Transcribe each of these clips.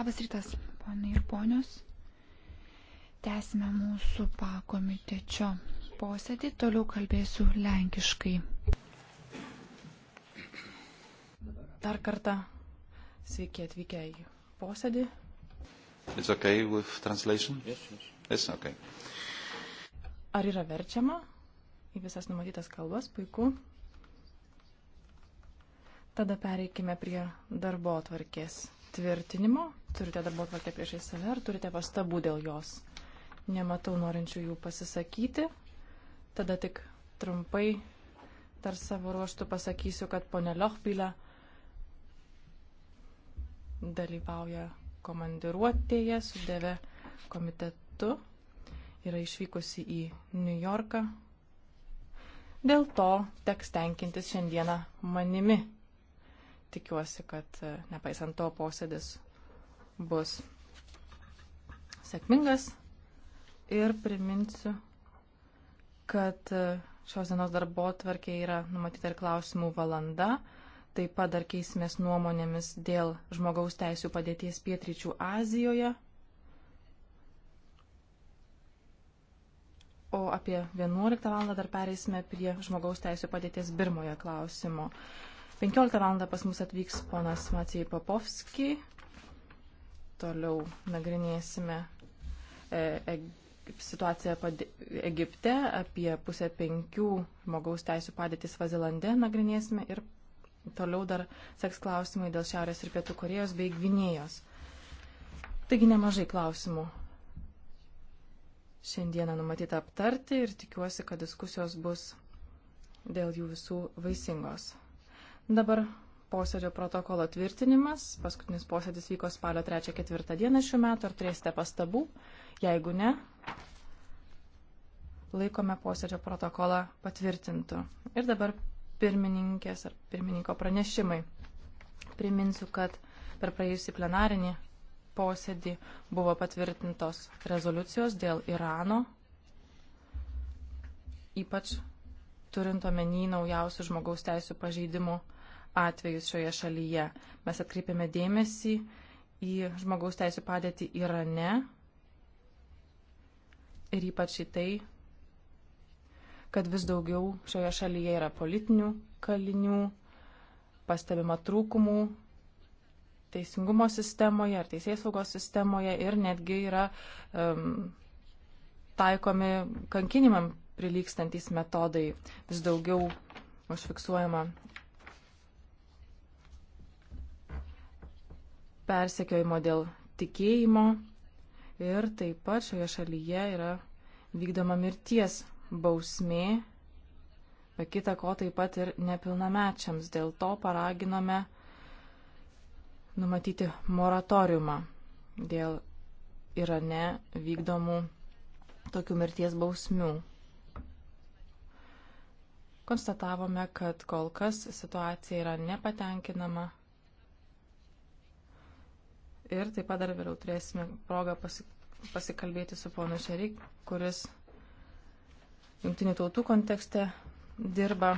Labas rytas, ponai ir ponios. Tęsime mūsų pakomitečio posėdį. Toliau kalbėsiu lenkiškai. Dar kartą sveiki atvykę į posėdį. It's okay with translation? Yes, yes. It's okay. Ar yra verčiama į visas numatytas kalbas? Puiku. Tada pereikime prie darbo atvarkės tvirtinimo. Turite darbo tvarkę priešai save ar turite pastabų dėl jos? Nematau norinčių jų pasisakyti. Tada tik trumpai dar savo ruoštų pasakysiu, kad ponė Lochpilė dalyvauja komandiruotėje su DV komitetu, yra išvykusi į New Yorką. Dėl to teks tenkintis šiandieną manimi. Tikiuosi, kad nepaisant to posėdis bus sėkmingas ir priminsiu, kad šios dienos darbo tvarkė yra numatyta ir klausimų valanda. Taip pat dar keisimės nuomonėmis dėl žmogaus teisų padėties pietryčių Azijoje. O apie 11 val. dar pereisime prie žmogaus teisų padėties Birmoje klausimo. 15 val. pas mus atvyks ponas Macijai Popovski, toliau nagrinėsime e, situaciją Egipte, apie pusę penkių žmogaus teisų padėtis Vazilande nagrinėsime ir toliau dar seks klausimai dėl Šiaurės ir Pietų Korejos bei Gvinėjos. Taigi nemažai klausimų šiandieną numatyta aptarti ir tikiuosi, kad diskusijos bus dėl jų visų vaisingos. Dabar posėdžio protokolo tvirtinimas. Paskutinis posėdis vyko spalio 3-4 dieną šių metų. Ar turėsite pastabų? Jeigu ne, laikome posėdžio protokolą patvirtintų. Ir dabar pirmininkės ar pirmininko pranešimai. Priminsiu, kad per praėjusį plenarinį posėdį buvo patvirtintos rezoliucijos dėl Irano, ypač turint omeny naujausių žmogaus teisų pažeidimų atvejus šioje šalyje. Mes atkreipėme dėmesį į žmogaus teisų padėtį Irane ir ypač į tai, kad vis daugiau šioje šalyje yra politinių kalinių, pastebima trūkumų teisingumo sistemoje ar teisėsaugos sistemoje ir netgi yra um, taikomi kankinimam prilykstantis metodai. Vis daugiau užfiksuojama persekiojimo dėl tikėjimo ir taip pat šioje šalyje yra vykdoma mirties bausmė, be kita ko taip pat ir nepilnamečiams. Dėl to paraginome numatyti moratoriumą dėl Irane vykdomų tokių mirties bausmių. Konstatavome, kad kol kas situacija yra nepatenkinama Ir taip pat dar vėliau turėsime progą pasi, pasikalbėti su ponu Šerik, kuris jungtinių tautų kontekste dirba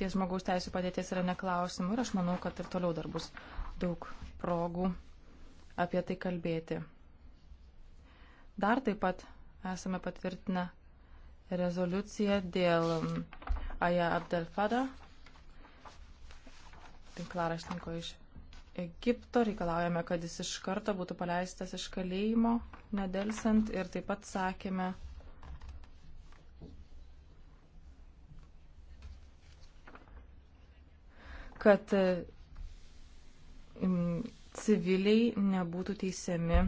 ties žmogaus teisų padėties yra neklausimų ir aš manau, kad ir toliau dar bus daug progų apie tai kalbėti. Dar taip pat esame patvirtinę rezoliuciją dėl Aja Abdelfada, tinklaraštinko iš Egipto, reikalaujame, kad jis iš karto būtų paleistas iš kalėjimo, nedelsant ir taip pat sakėme, kad mm, civiliai nebūtų teisiami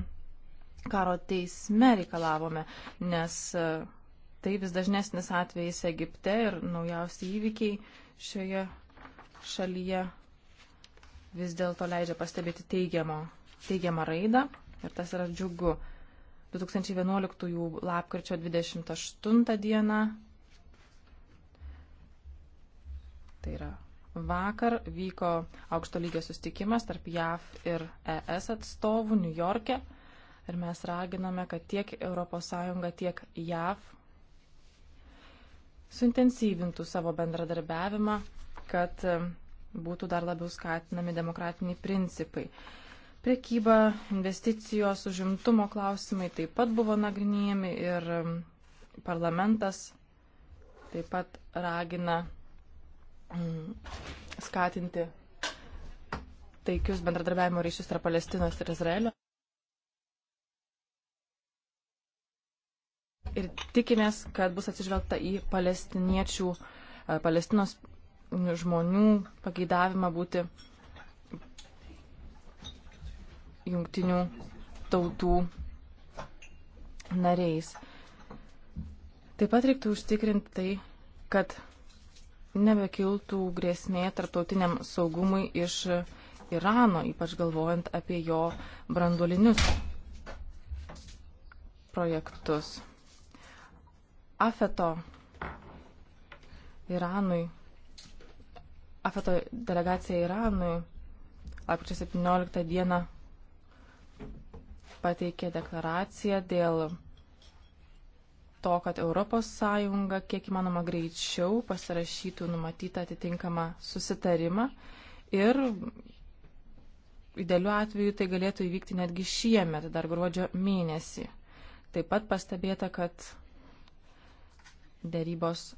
karo teisme reikalavome, nes e, tai vis dažnesnis atvejis Egipte ir naujausi įvykiai šioje šalyje vis dėlto leidžia pastebėti teigiamo, teigiamą raidą ir tas yra džiugu. 2011 lapkričio 28 dieną, tai yra vakar, vyko aukšto lygio sustikimas tarp JAV ir ES atstovų New York'e ir mes raginame, kad tiek ES, tiek JAV suintensyvintų savo bendradarbiavimą, kad būtų dar labiau skatinami demokratiniai principai. Prekyba, investicijos, užimtumo klausimai taip pat buvo nagrinėjami ir um, parlamentas taip pat ragina mm, skatinti taikius bendradarbiavimo ryšius tarp Palestinos ir Izraelio. Ir tikimės, kad bus atsižvelgta į palestiniečių, e, Palestinos žmonių pageidavimą būti jungtinių tautų nariais. Taip pat reiktų užtikrinti tai, kad nebekiltų grėsmė tarptautiniam saugumui iš Irano, ypač galvojant apie jo branduolinius projektus. Afeto Iranui Afeto delegacija Iranui lapkričio 17 dieną pateikė deklaraciją dėl to, kad ES kiek įmanoma greičiau pasirašytų numatytą atitinkamą susitarimą ir idealiu atveju tai galėtų įvykti netgi šiemet, dar gruodžio mėnesį. Taip pat pastebėta, kad dėrybos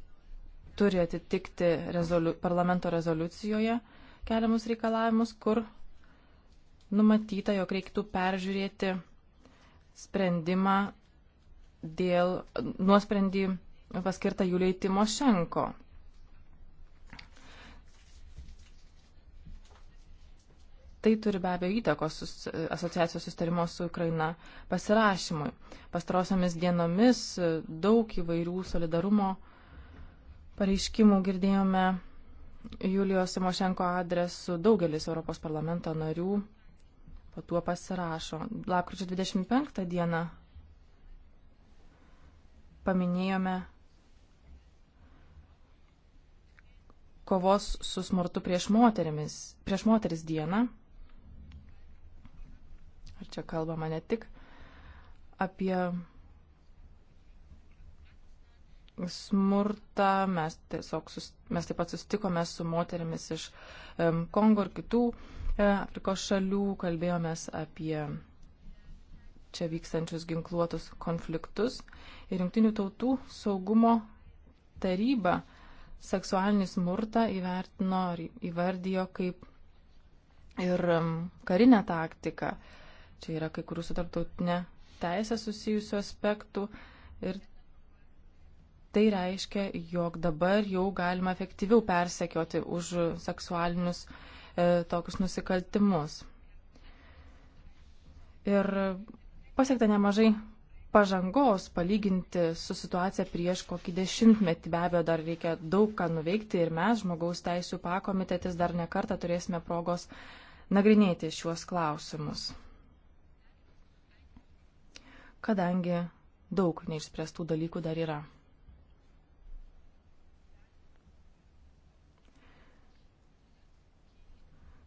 turi atitikti rezoliu, parlamento rezoliucijoje keliamus reikalavimus, kur numatyta, jog reiktų peržiūrėti sprendimą dėl nuosprendį paskirtą Julijai Timošenko. Tai turi be abejo įtakos sus, asociacijos sustarimo su Ukraina pasirašymui. Pastarosiomis dienomis daug įvairių solidarumo uh, pareiškimų girdėjome Julijos Simošenko adresu daugelis Europos parlamento narių po tuo pasirašo. Lapkričio 25 dieną paminėjome kovos su smurtu prieš, moterimis, prieš moteris dieną. Ar čia kalbama ne tik apie smurtą, mes, tiesiog, sus, mes taip pat sustikome su moterimis iš um, Kongo ir kitų e, Afrikos šalių, kalbėjomės apie čia vykstančius ginkluotus konfliktus ir Junktinių tautų saugumo taryba seksualinį smurtą įvertino ir įvardijo kaip ir karinę taktiką. Čia yra kai kurių su tarptautinė teisė susijusių aspektų ir Tai reiškia, jog dabar jau galima efektyviau persekioti už seksualinius e, tokius nusikaltimus. Ir pasiekta nemažai pažangos palyginti su situacija prieš kokį dešimtmetį. Be abejo, dar reikia daug ką nuveikti ir mes, žmogaus teisų pakomitetis, dar nekartą turėsime progos nagrinėti šiuos klausimus. Kadangi daug neišspręstų dalykų dar yra.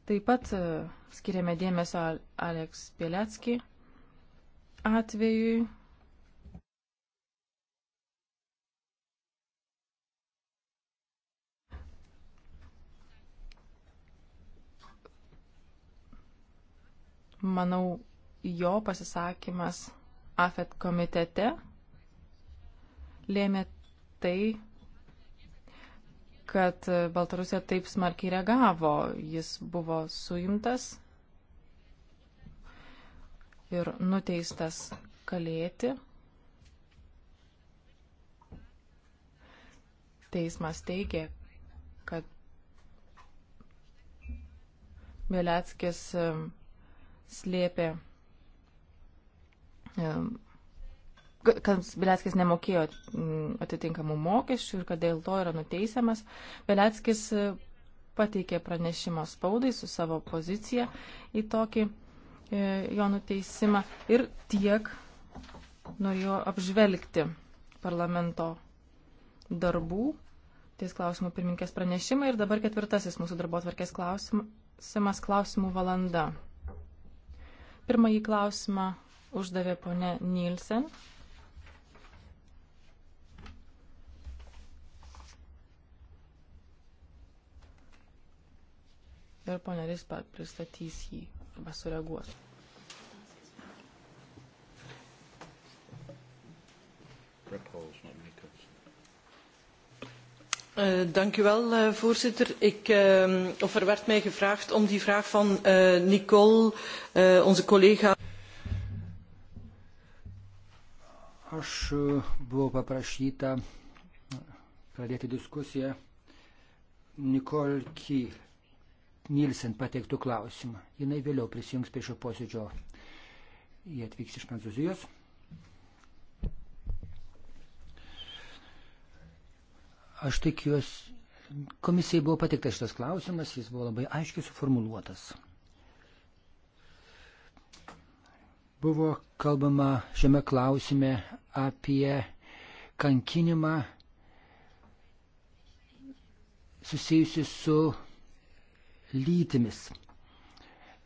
Taip pat e, skiriame dėmesio Aleks Pilecki atvejui. Manau, jo pasisakymas AFET komitete lėmė tai, kad Baltarusija taip smarkiai reagavo. Jis buvo suimtas ir nuteistas kalėti. Teismas teigė, kad Bieleckis e, slėpė e, kad Beleckis nemokėjo mm, atitinkamų mokesčių ir kad dėl to yra nuteisiamas. Beleckis e, pateikė pranešimą spaudai su savo pozicija į tokį e, jo nuteisimą ir tiek norėjo apžvelgti parlamento darbų. Ties klausimų pirminkės pranešimai ir dabar ketvirtasis mūsų darbo atvarkės klausimas - klausimų valanda. Pirmąjį klausimą uždavė ponė Nielsen ir ponė Rispa pristatys jį arba sureaguos. Eh, dank u wel, eh, voorzitter. Ik, eh, of er werd mij gevraagd om die vraag van Nicole, onze collega. Aš buvau paprašyta pradėti diskusiją Nicole Kiel Nilsen pateiktų klausimą. Jinai vėliau prisijungs prie šio posėdžio. Jie atvyks iš Prancūzijos. Aš tikiuosi, komisijai buvo pateiktas šitas klausimas, jis buvo labai aiškiai suformuluotas. Buvo kalbama šiame klausime apie kankinimą susijusi su lytimis.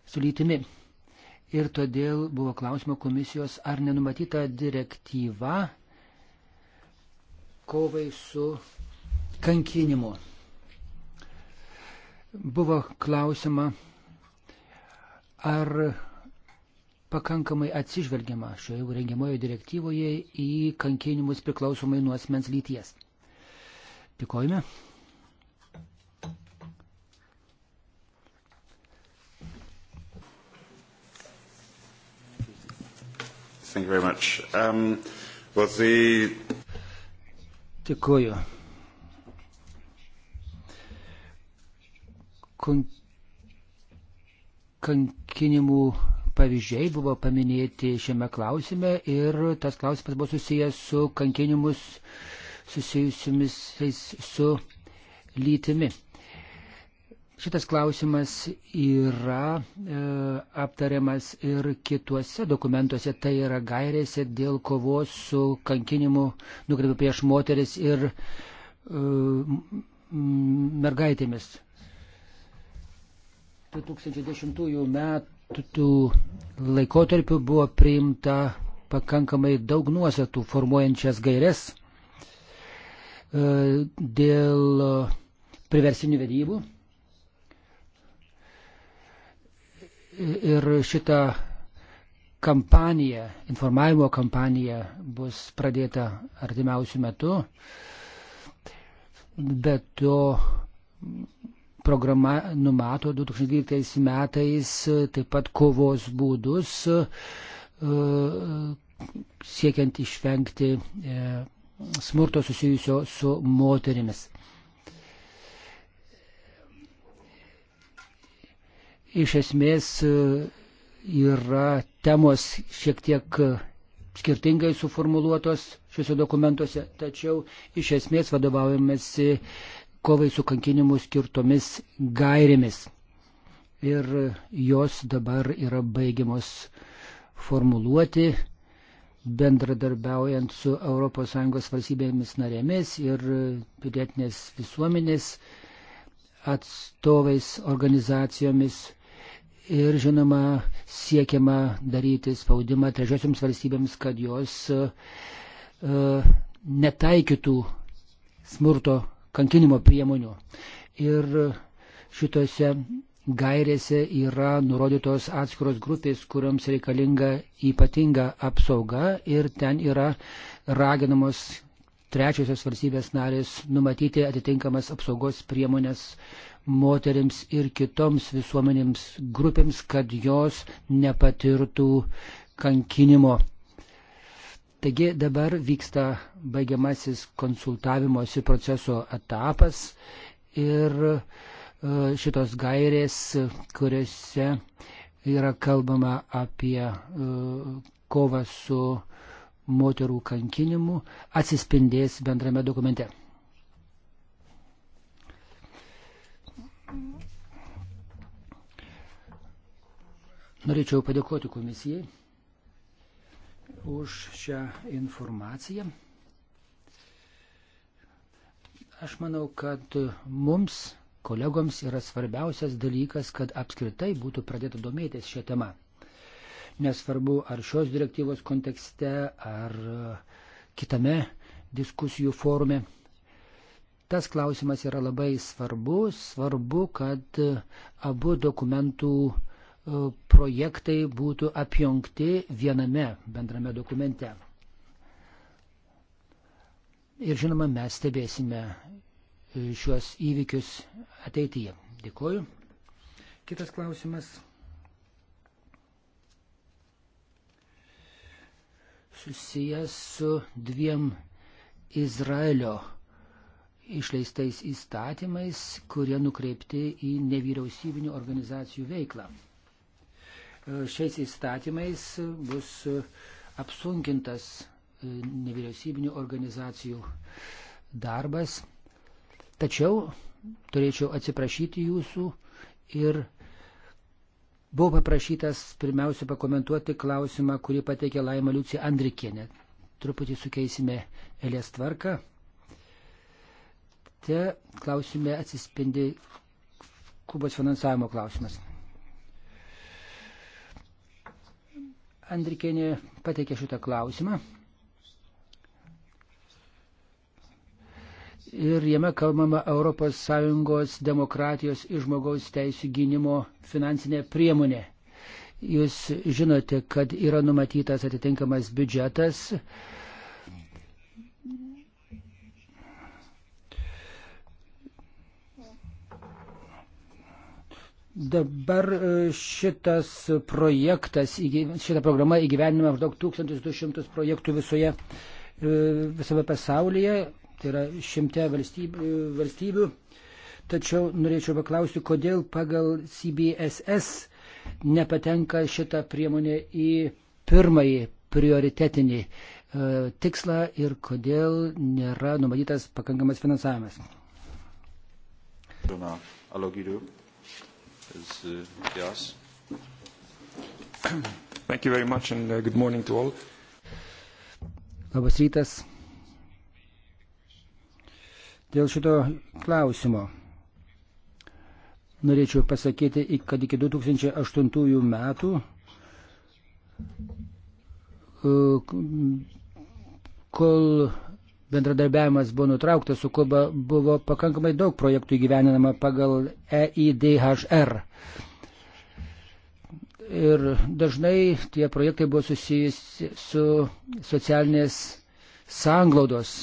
Su lytimi. Ir todėl buvo klausimo komisijos, ar nenumatyta direktyva kovai su kankinimu. Buvo klausima, ar pakankamai atsižvelgiama šioje rengiamojo direktyvoje į kankinimus priklausomai nuo asmens lyties. Dėkojame. Thank you very much. Um, well, the... Dėkuoju. Kankinimų pavyzdžiai buvo paminėti šiame klausime ir tas klausimas buvo susijęs su kankinimus susijusiamis su lytimi. Šitas klausimas yra e, aptariamas ir kituose dokumentuose, tai yra gairėse dėl kovos su kankinimu nukreipiu prieš moteris ir e, mergaitėmis. 2010 metų laikotarpiu buvo priimta pakankamai daug nuostatų formuojančias gairias e, dėl priversinių vedybų ir šita kampanija, informavimo kampanija bus pradėta artimiausių metų. Bet to programa numato 2012 metais taip pat kovos būdus e, siekiant išvengti e, smurto susijusio su moterimis. iš esmės e, yra temos šiek tiek e, skirtingai suformuluotos šiuose dokumentuose, tačiau iš esmės vadovaujamasi kovai su kankinimu skirtomis gairėmis. Ir jos dabar yra baigiamos formuluoti bendradarbiaujant su ES valstybėmis narėmis ir pilietinės visuomenės atstovais organizacijomis ir žinoma siekiama daryti spaudimą trečiosioms valstybėms, kad jos uh, netaikytų smurto kankinimo priemonių. Ir šitose gairėse yra nurodytos atskiros grupės, kuriams reikalinga ypatinga apsauga ir ten yra raginamos trečiosios valstybės narės numatyti atitinkamas apsaugos priemonės moteriams ir kitoms visuomenėms grupėms, kad jos nepatirtų kankinimo. Taigi dabar vyksta baigiamasis konsultavimosi proceso etapas ir e, šitos gairės, kuriuose yra kalbama apie e, kovą su uh, moterų kankinimų atsispindės bendrame dokumente. Norėčiau padėkoti komisijai už šią informaciją. Aš manau, kad mums, kolegoms, yra svarbiausias dalykas, kad apskritai būtų pradėta domėtis šią temą nesvarbu ar šios direktyvos kontekste, ar e, kitame diskusijų forume. Tas klausimas yra labai svarbus, svarbu, kad e, abu dokumentų e, projektai būtų apjungti viename bendrame dokumente. Ir žinoma, mes stebėsime šiuos įvykius ateityje. Dėkuoju. Kitas klausimas. susijęs su dviem Izraelio išleistais įstatymais, kurie nukreipti į nevyriausybinių organizacijų veiklą. E, šiais įstatymais bus apsunkintas e, nevyriausybinių organizacijų darbas. Tačiau turėčiau atsiprašyti jūsų ir Buvo paprašytas pirmiausia pakomentuoti klausimą, kurį pateikė Laima Liucija Andrikienė. Truputį sukeisime eilės tvarką. Te klausime atsispindi Kubos finansavimo klausimas. Andrikienė pateikė šitą klausimą. ir jame kalbama ES demokratijos ir žmogaus teisų gynimo finansinė priemonė. Jūs žinote, kad yra numatytas atitinkamas biudžetas. Dabar e, šitas projektas, šita programa įgyvenima maždaug 1200 projektų visoje, e, visame pasaulyje, tai yra šimte valstybių, valstybių. Tačiau norėčiau paklausti, kodėl pagal CBSS nepatenka šita priemonė į pirmąjį prioritetinį e, tikslą ir kodėl nėra numatytas pakankamas finansavimas. Uh, uh, Labas rytas. Dėl šito klausimo norėčiau pasakyti, kad iki 2008 metų e, kol bendradarbiavimas buvo nutrauktas su Kuba, buvo pakankamai daug projektų įgyveninama pagal EIDHR. Ir dažnai tie projektai buvo susijęs su socialinės sanglaudos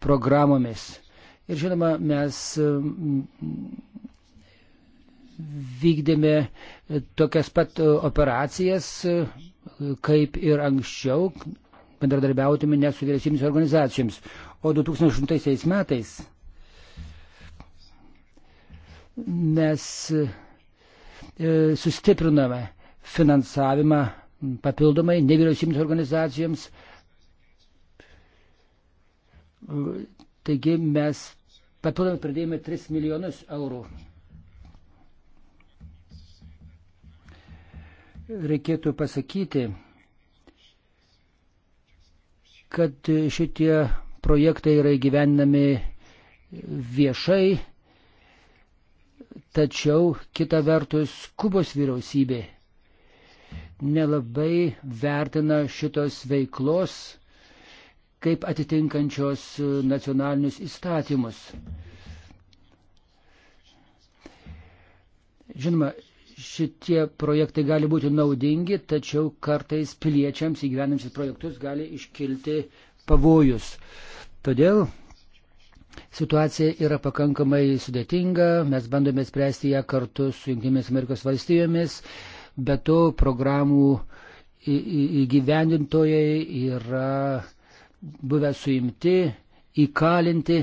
programomis. Ir žinoma, mes mm, vykdėme tokias pat e, operacijas, e, kaip ir anksčiau, bendradarbiautume net su vyriausybėmis organizacijomis. O 2008 metais mes e, sustiprinome finansavimą papildomai nevyriausybėms organizacijoms, Taigi mes papildomai pridėjome 3 milijonus eurų. Reikėtų pasakyti, kad šitie projektai yra įgyvendinami viešai, tačiau kita vertus Kubos vyriausybė nelabai vertina šitos veiklos kaip atitinkančios e, nacionalinius įstatymus. Žinoma, šitie projektai gali būti naudingi, tačiau kartais piliečiams įgyvenančius projektus gali iškilti pavojus. Todėl situacija yra pakankamai sudėtinga, mes bandome spręsti ją kartu su Junktinėmis Amerikos valstijomis, bet to programų įgyvendintojai yra buvę suimti, įkalinti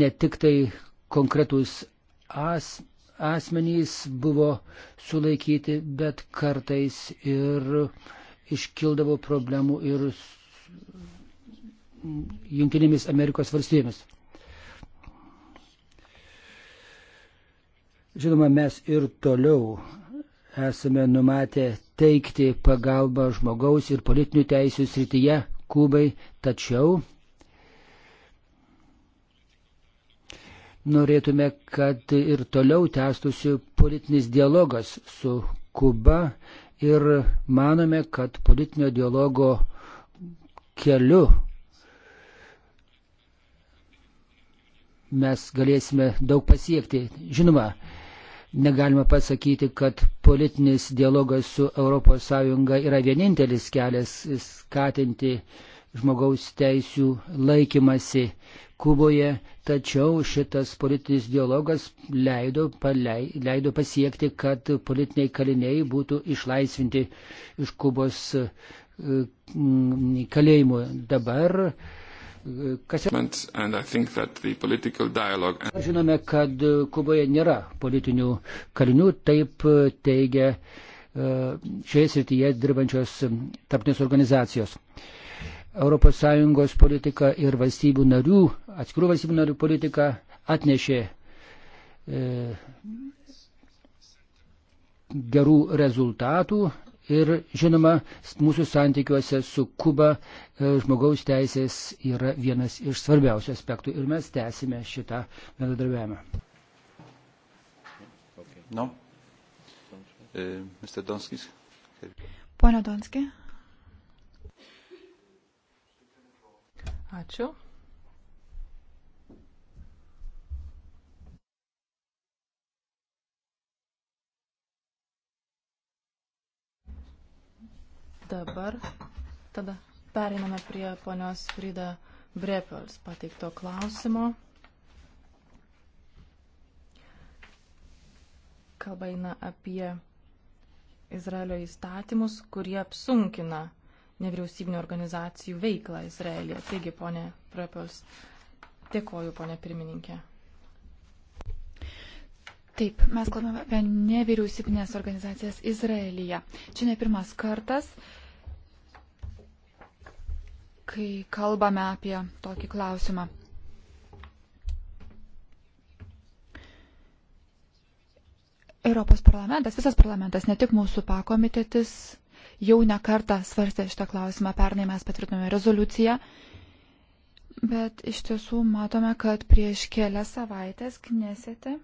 ne tik tai konkretus as, asmenys buvo sulaikyti, bet kartais ir iškildavo problemų ir Junktinėmis Amerikos valstybėmis. Žinoma, mes ir toliau esame numatę teikti pagalbą žmogaus ir politinių teisų srityje Kubai, tačiau norėtume, kad ir toliau tęstųsi politinis dialogas su Kuba ir manome, kad politinio dialogo keliu mes galėsime daug pasiekti. Žinoma, Negalime pasakyti, kad politinis dialogas su ES yra vienintelis kelias skatinti žmogaus teisių laikymasi Kuboje, tačiau šitas politinis dialogas leido, palei, leido pasiekti, kad politiniai kaliniai būtų išlaisvinti iš Kubos e, kalėjimų. Dabar uh, Kas dialogue... Žinome, kad e, Kuboje nėra politinių kalinių, taip e, teigia e, šioje srityje dirbančios tarptinės organizacijos. ES politika ir valstybių narių, atskirų valstybių narių politika atnešė e, gerų rezultatų, ir žinoma, mūsų santykiuose su Kuba e, žmogaus teisės yra vienas iš svarbiausių aspektų ir mes tęsime šitą bendradarbiavimą. No. E, Mr. Donskis. Pone Donski. Ačiū. Dabar tada periname prie ponios Frida Brepels pateikto klausimo. Kalba eina apie Izraelio įstatymus, kurie apsunkina nevyriausybinio organizacijų veiklą Izraelyje. Taigi, ponė Brepels, dėkoju, ponė pirmininkė. Taip, mes kalbame apie nevyriausybinės organizacijas Izraelyje. Čia ne pirmas kartas, kai kalbame apie tokį klausimą. Europos parlamentas, visas parlamentas, ne tik mūsų pakomitetis, jau ne kartą svarstė šitą klausimą. Pernai mes patvirtinome rezoliuciją Bet iš tiesų matome, kad prieš kelias savaitės Knesete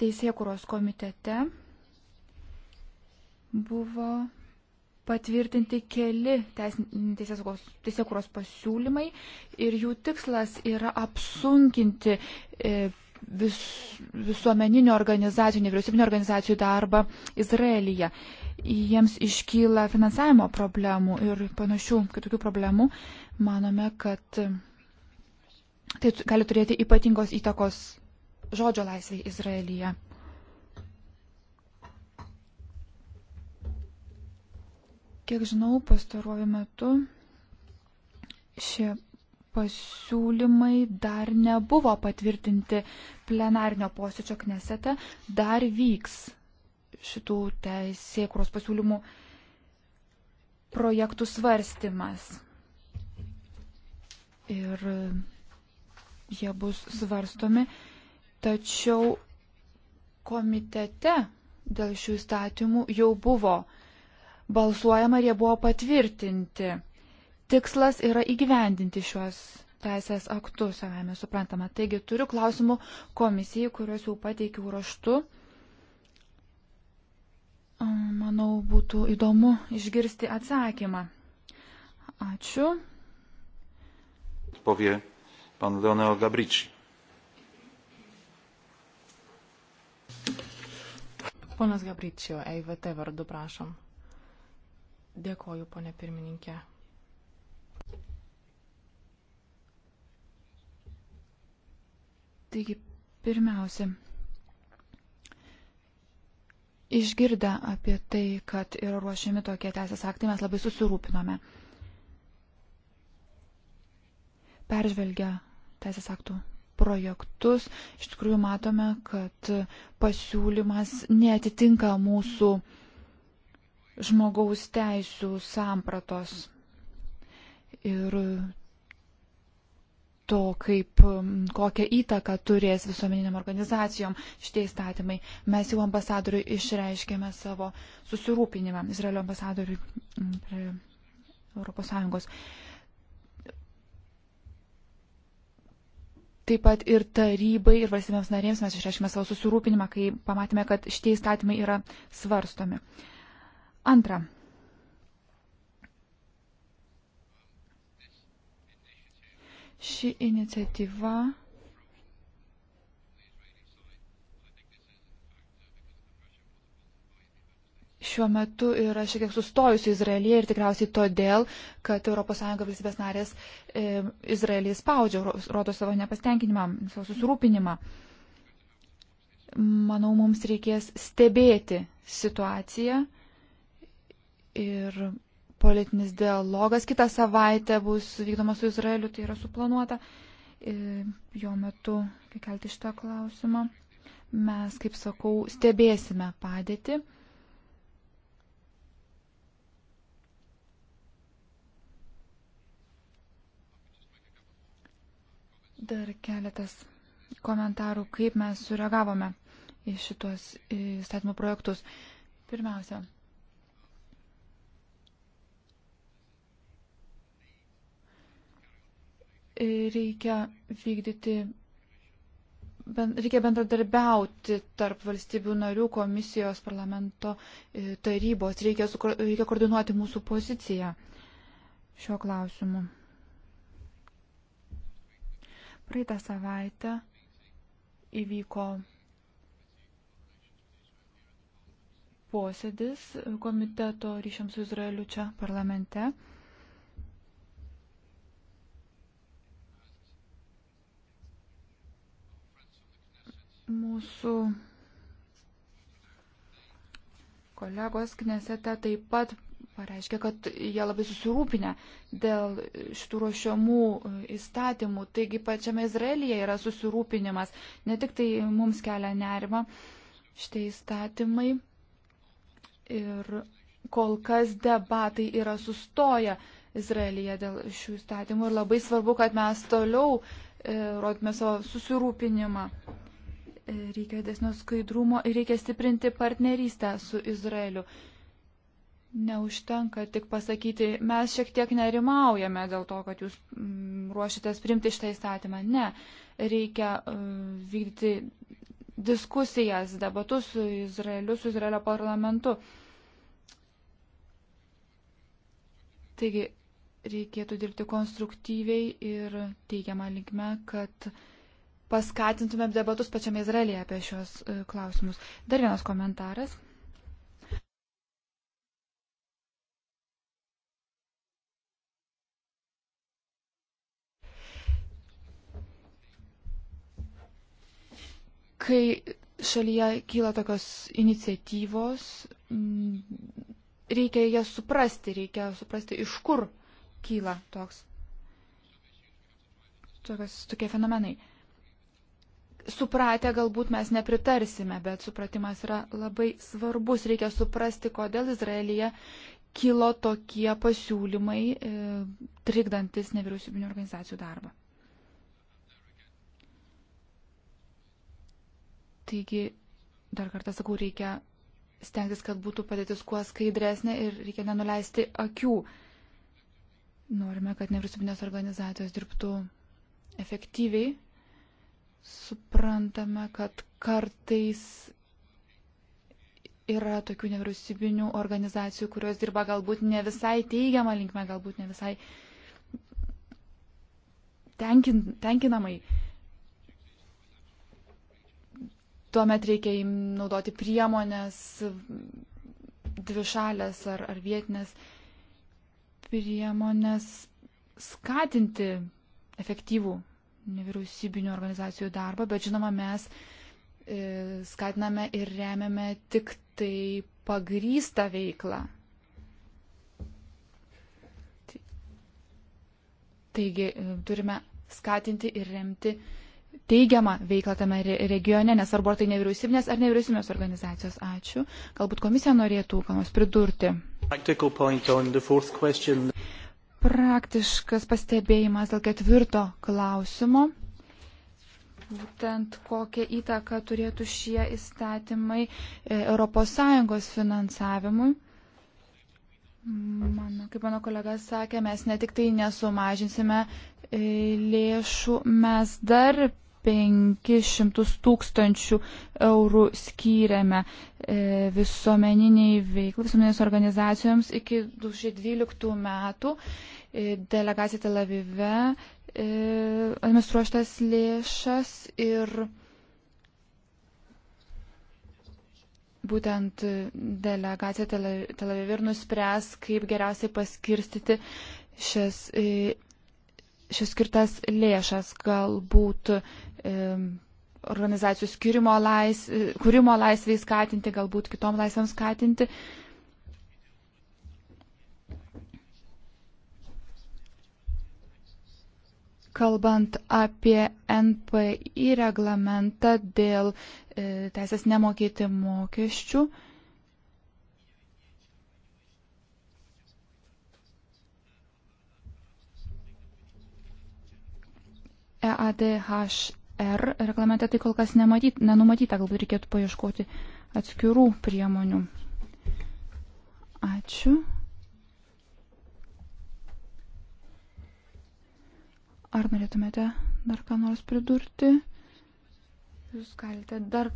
Teisėkuros komitete buvo patvirtinti keli teisėkuros pasiūlymai ir jų tikslas yra apsunkinti e, vis, visuomeninių organizacijų, nevyriausybinio organizacijų darbą Izraelyje. Jiems iškyla finansavimo problemų ir panašių kitokių problemų. Manome, kad tai gali turėti ypatingos įtakos žodžio laisvėj Izraelyje. Kiek žinau, pastaruoju metu šie pasiūlymai dar nebuvo patvirtinti plenarnio posėdžio knesete, dar vyks šitų teisėkros pasiūlymų projektų svarstymas. Ir jie bus svarstomi Tačiau komitete dėl šių įstatymų jau buvo balsuojama ir jie buvo patvirtinti. Tikslas yra įgyvendinti šiuos teisės aktus, savame suprantama. Taigi turiu klausimų komisijai, kuriuos jau pateikiau raštu. Manau, būtų įdomu išgirsti atsakymą. Ačiū. Povie pan Leonel Gabričiai. Ponas Gabričio, EIVT vardu prašom. Dėkoju, ponė pirmininkė. Taigi, pirmiausia, išgirdę apie tai, kad yra ruošiami tokie teisės aktai, mes labai susirūpinome. Peržvelgę teisės aktų projektus, iš tikrųjų matome, kad pasiūlymas netitinka mūsų žmogaus teisų sampratos ir to, kaip, kokią įtaką turės visuomeniniam organizacijom šitie įstatymai. Mes jau ambasadoriui išreiškėme savo susirūpinimą, Izraelio ambasadoriui mm, prie ES. taip pat ir tarybai ir valstybėms narėms mes išreiškime savo susirūpinimą, kai pamatėme, kad šitie įstatymai yra svarstomi. Antra. Ši iniciatyva šiuo metu yra šiek tiek sustojusi Izraelyje ir tikriausiai todėl, kad ES valstybės narės e, Izraelį spaudžia, rodo savo nepastenkinimą, savo susirūpinimą. Manau, mums reikės stebėti situaciją ir politinis dialogas kitą savaitę bus vykdomas su Izraeliu, tai yra suplanuota. E, jo metu, kai kelti šitą klausimą, mes, kaip sakau, stebėsime padėtį. Dar keletas komentarų, kaip mes sureagavome į šitos įstatymų projektus. Pirmiausia, reikia vykdyti, ben, reikia bendradarbiauti tarp valstybių narių, komisijos, parlamento, e, tarybos, reikia, reikia koordinuoti mūsų poziciją šiuo klausimu. Praeitą savaitę įvyko posėdis komiteto ryšiams su Izraeliu čia parlamente. Mūsų kolegos Knesete taip pat pareiškia, kad jie labai susirūpinę dėl šitų ruošiamų e, įstatymų. Taigi pačiame Izraelyje yra susirūpinimas. Ne tik tai mums kelia nerima šitie įstatymai. Ir kol kas debatai yra sustoję Izraelyje dėl šių įstatymų. Ir labai svarbu, kad mes toliau e, rodytume savo susirūpinimą e, reikia desnio skaidrumo ir reikia stiprinti partnerystę su Izraeliu neužtenka tik pasakyti, mes šiek tiek nerimaujame dėl to, kad jūs mm, ruošitės primti šitą įstatymą. Ne, reikia e, vykdyti diskusijas, debatus su Izraeliu, su Izraelio parlamentu. Taigi reikėtų dirbti konstruktyviai ir teigiamą linkme, kad paskatintumėm debatus pačiame Izraelyje apie šios e, klausimus. Dar vienas komentaras. Kai šalyje kyla tokios iniciatyvos, mm, reikia jas suprasti, reikia suprasti, iš kur kyla toks, tokios, tokie fenomenai. Supratę galbūt mes nepritarsime, bet supratimas yra labai svarbus. Reikia suprasti, kodėl Izraelyje kilo tokie pasiūlymai, e, trikdantis nevyriausybinio organizacijų darbą. Taigi, dar kartą sakau, reikia stengtis, kad būtų padėtis kuo skaidresnė ir reikia nenuleisti akių. Norime, kad nevyriausybinės organizacijos dirbtų efektyviai. Suprantame, kad kartais yra tokių nevyriausybinių organizacijų, kurios dirba galbūt ne visai teigiamą linkmę, galbūt ne visai tenkin, tenkinamai. tuomet reikia naudoti priemonės dvišalės ar, ar vietinės priemonės skatinti efektyvų nevyriausybinių organizacijų darbą, bet žinoma, mes e, skatiname ir remiame tik tai pagrystą veiklą. Taigi e, turime skatinti ir remti uh, teigiamą veiklą tame regione, nesvarbu ar tai nevyriausybinės ar nevyriausybinės organizacijos. Ačiū. Galbūt komisija norėtų ką nors pridurti. Praktiškas pastebėjimas dėl ketvirto klausimo. Būtent kokią įtaką turėtų šie įstatymai ES finansavimui. Mano, kaip mano kolega sakė, mes ne tik tai nesumažinsime e, lėšų, mes dar 500 tūkstančių eurų skyrėme e, visuomeniniai veiklai, visuomeninės organizacijoms iki 2012 metų. E, delegacija Tel Avive e, administruoja šitas lėšas ir būtent delegacija Tel Avive ir nuspręs, kaip geriausiai paskirstyti šias šis skirtas lėšas, galbūt e, organizacijų skirimo lais, kūrimo laisvai skatinti, galbūt kitom laisvėm skatinti. Kalbant apie NPI reglamentą dėl e, teisės nemokėti mokesčių, e, EADHR reglamente tai kol kas nematyt, nenumatyta, galbūt reikėtų paieškoti atskirų priemonių. Ačiū. Ar norėtumėte dar ką nors pridurti? Jūs galite dar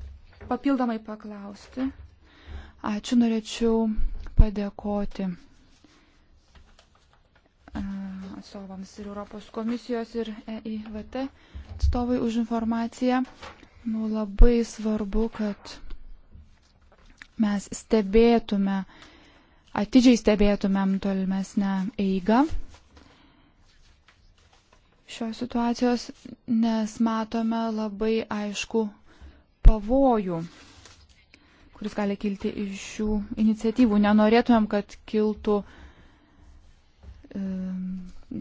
papildomai paklausti. Ačiū, norėčiau padėkoti atstovams ir Europos komisijos ir EIVT atstovai už informaciją. Nu, labai svarbu, kad mes stebėtume, atidžiai stebėtumėm tolimesnę eigą šios situacijos, nes matome labai aišku pavojų, kuris gali kilti iš šių iniciatyvų. Nenorėtumėm, kad kiltų uh,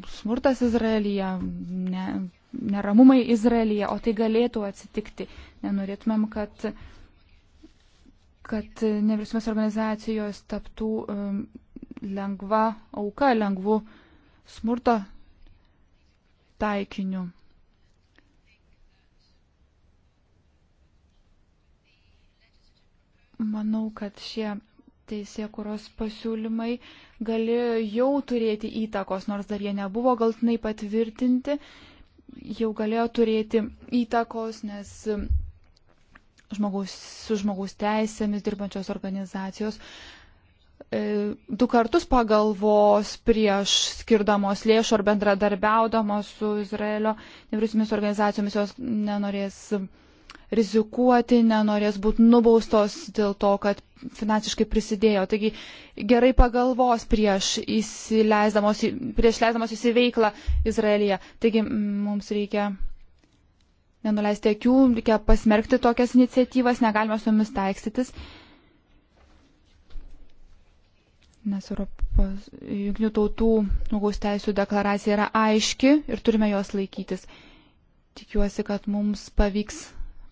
smurtas Izraelyje, ne, neramumai Izraelyje, o tai galėtų atsitikti. Nenorėtumėm, kad, kad nevyriausybės organizacijos taptų um, lengva auka, lengvų smurto taikiniu. Manau, kad šie teisėkuros pasiūlymai gali jau turėti įtakos, nors dar jie nebuvo galtinai patvirtinti, jau galėjo turėti įtakos, nes žmogus, su žmogaus teisėmis dirbančios organizacijos e, du kartus pagalvos prieš skirdamos lėšų ar bendradarbiaudamos su Izraelio nevyriausybės organizacijomis jos nenorės rizikuoti, nenorės būti nubaustos dėl to, kad finansiškai prisidėjo. Taigi gerai pagalvos prieš įsileisdamos, prieš leisdamos įsiveiklą Izraelyje. Taigi mums reikia nenuleisti akių, reikia pasmerkti tokias iniciatyvas, negalime su jomis taikstytis. Nes Europos jungtinių tautų žmogaus teisų deklaracija yra aiški ir turime jos laikytis. Tikiuosi, kad mums pavyks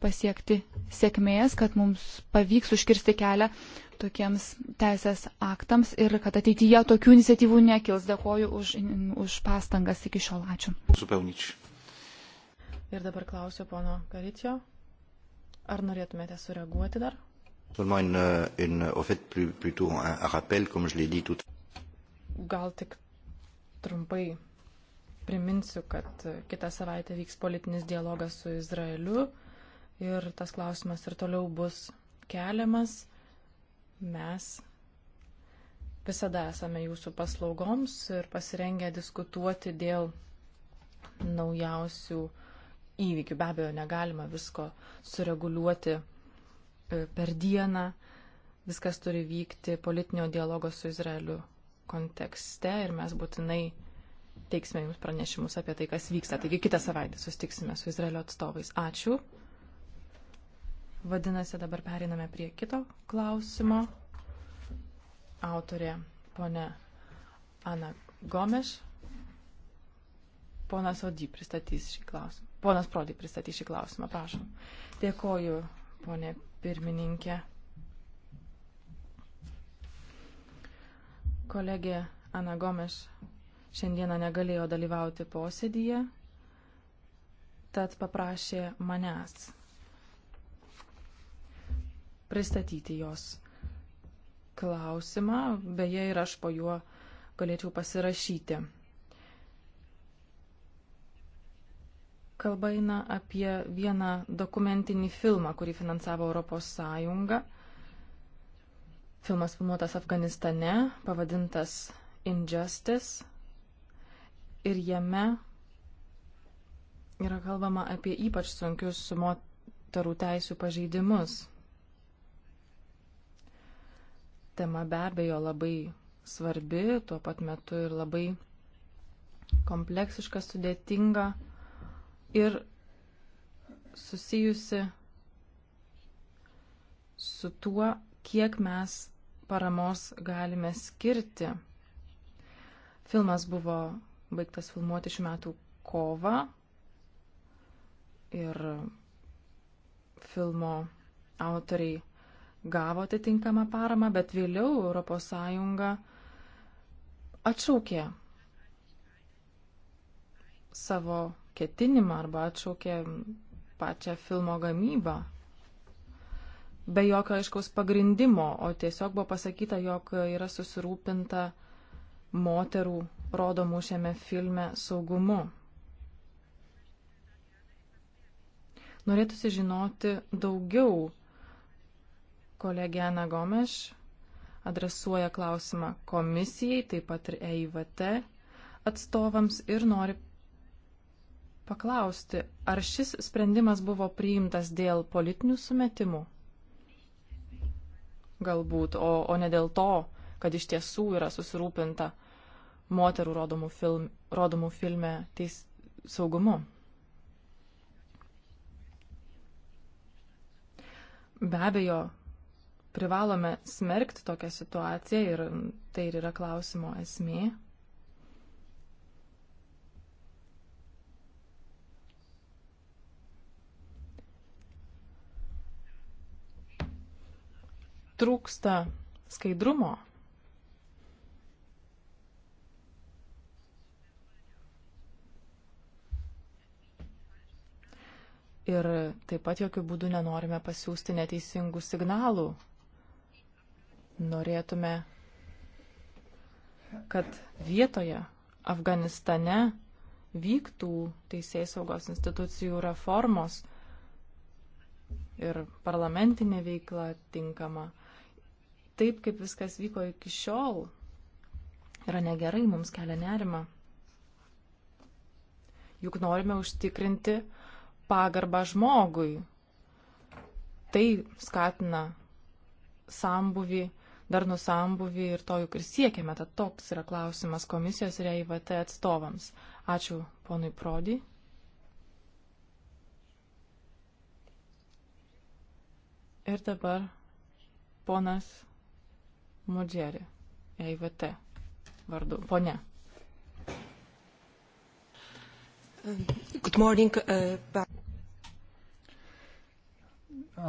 pasiekti sėkmės, kad mums pavyks užkirsti kelią tokiems teisės aktams ir kad ateityje tokių iniciatyvų nekils. Dėkoju už, už pastangas iki šiol. Ačiū. Supelnyčiai. Ir dabar klausiu pono Karicijo. Ar norėtumėte sureaguoti dar? Gal tik trumpai priminsiu, kad kitą savaitę vyks politinis dialogas su Izraeliu ir tas klausimas ir toliau bus keliamas. Mes visada esame jūsų paslaugoms ir pasirengę diskutuoti dėl naujausių įvykių. Be abejo, negalima visko sureguliuoti e, per dieną. Viskas turi vykti politinio dialogo su Izraeliu kontekste ir mes būtinai teiksime jums pranešimus apie tai, kas vyksta. Taigi kitą savaitę sustiksime su Izraelio atstovais. Ačiū. Vadinasi, dabar periname prie kito klausimo. Autorė ponė Ana Gomeš. Ponas Odį pristatys šį klausimą. Ponas Prodį pristatys šį klausimą, prašom. Dėkoju, ponė pirmininkė. Kolegė Ana Gomeš šiandieną negalėjo dalyvauti posėdyje, tad paprašė manęs pristatyti jos klausimą, beje ir aš po juo galėčiau pasirašyti. Kalba eina apie vieną dokumentinį filmą, kurį finansavo Europos Sąjunga. Filmas filmuotas Afganistane, pavadintas Injustice. Ir jame yra kalbama apie ypač sunkius moterų teisų pažeidimus tema be abejo labai svarbi, tuo pat metu ir labai kompleksiška, sudėtinga ir susijusi su tuo, kiek mes paramos galime skirti. Filmas buvo baigtas filmuoti šių metų kovą ir filmo autoriai gavo atitinkamą paramą, bet vėliau ES atšaukė savo ketinimą arba atšaukė pačią filmo gamybą. Be jokio aiškaus pagrindimo, o tiesiog buvo pasakyta, jog yra susirūpinta moterų rodomų šiame filme saugumu. Norėtųsi žinoti daugiau kolegė Ana Gomeš adresuoja klausimą komisijai, taip pat ir EIVT atstovams ir nori paklausti, ar šis sprendimas buvo priimtas dėl politinių sumetimų? Galbūt, o, o ne dėl to, kad iš tiesų yra susirūpinta moterų rodomų, film, rodomų filme teis saugumu. Be abejo, privalome smerkti tokią situaciją ir tai ir yra klausimo esmė. Trūksta skaidrumo. Ir taip pat jokių būdų nenorime pasiūsti neteisingų signalų Norėtume, kad vietoje Afganistane vyktų teisės saugos institucijų reformos ir parlamentinė veikla tinkama. Taip, kaip viskas vyko iki šiol, yra negerai, mums kelia nerima. Juk norime užtikrinti pagarbą žmogui. Tai skatina sambuvi darnų sambuvį ir to juk ir siekiame, tad toks yra klausimas komisijos ir EIVT atstovams. Ačiū ponui Prodi. Ir dabar ponas Mudžeri, EIVT vardu, ponė. Good morning. Uh,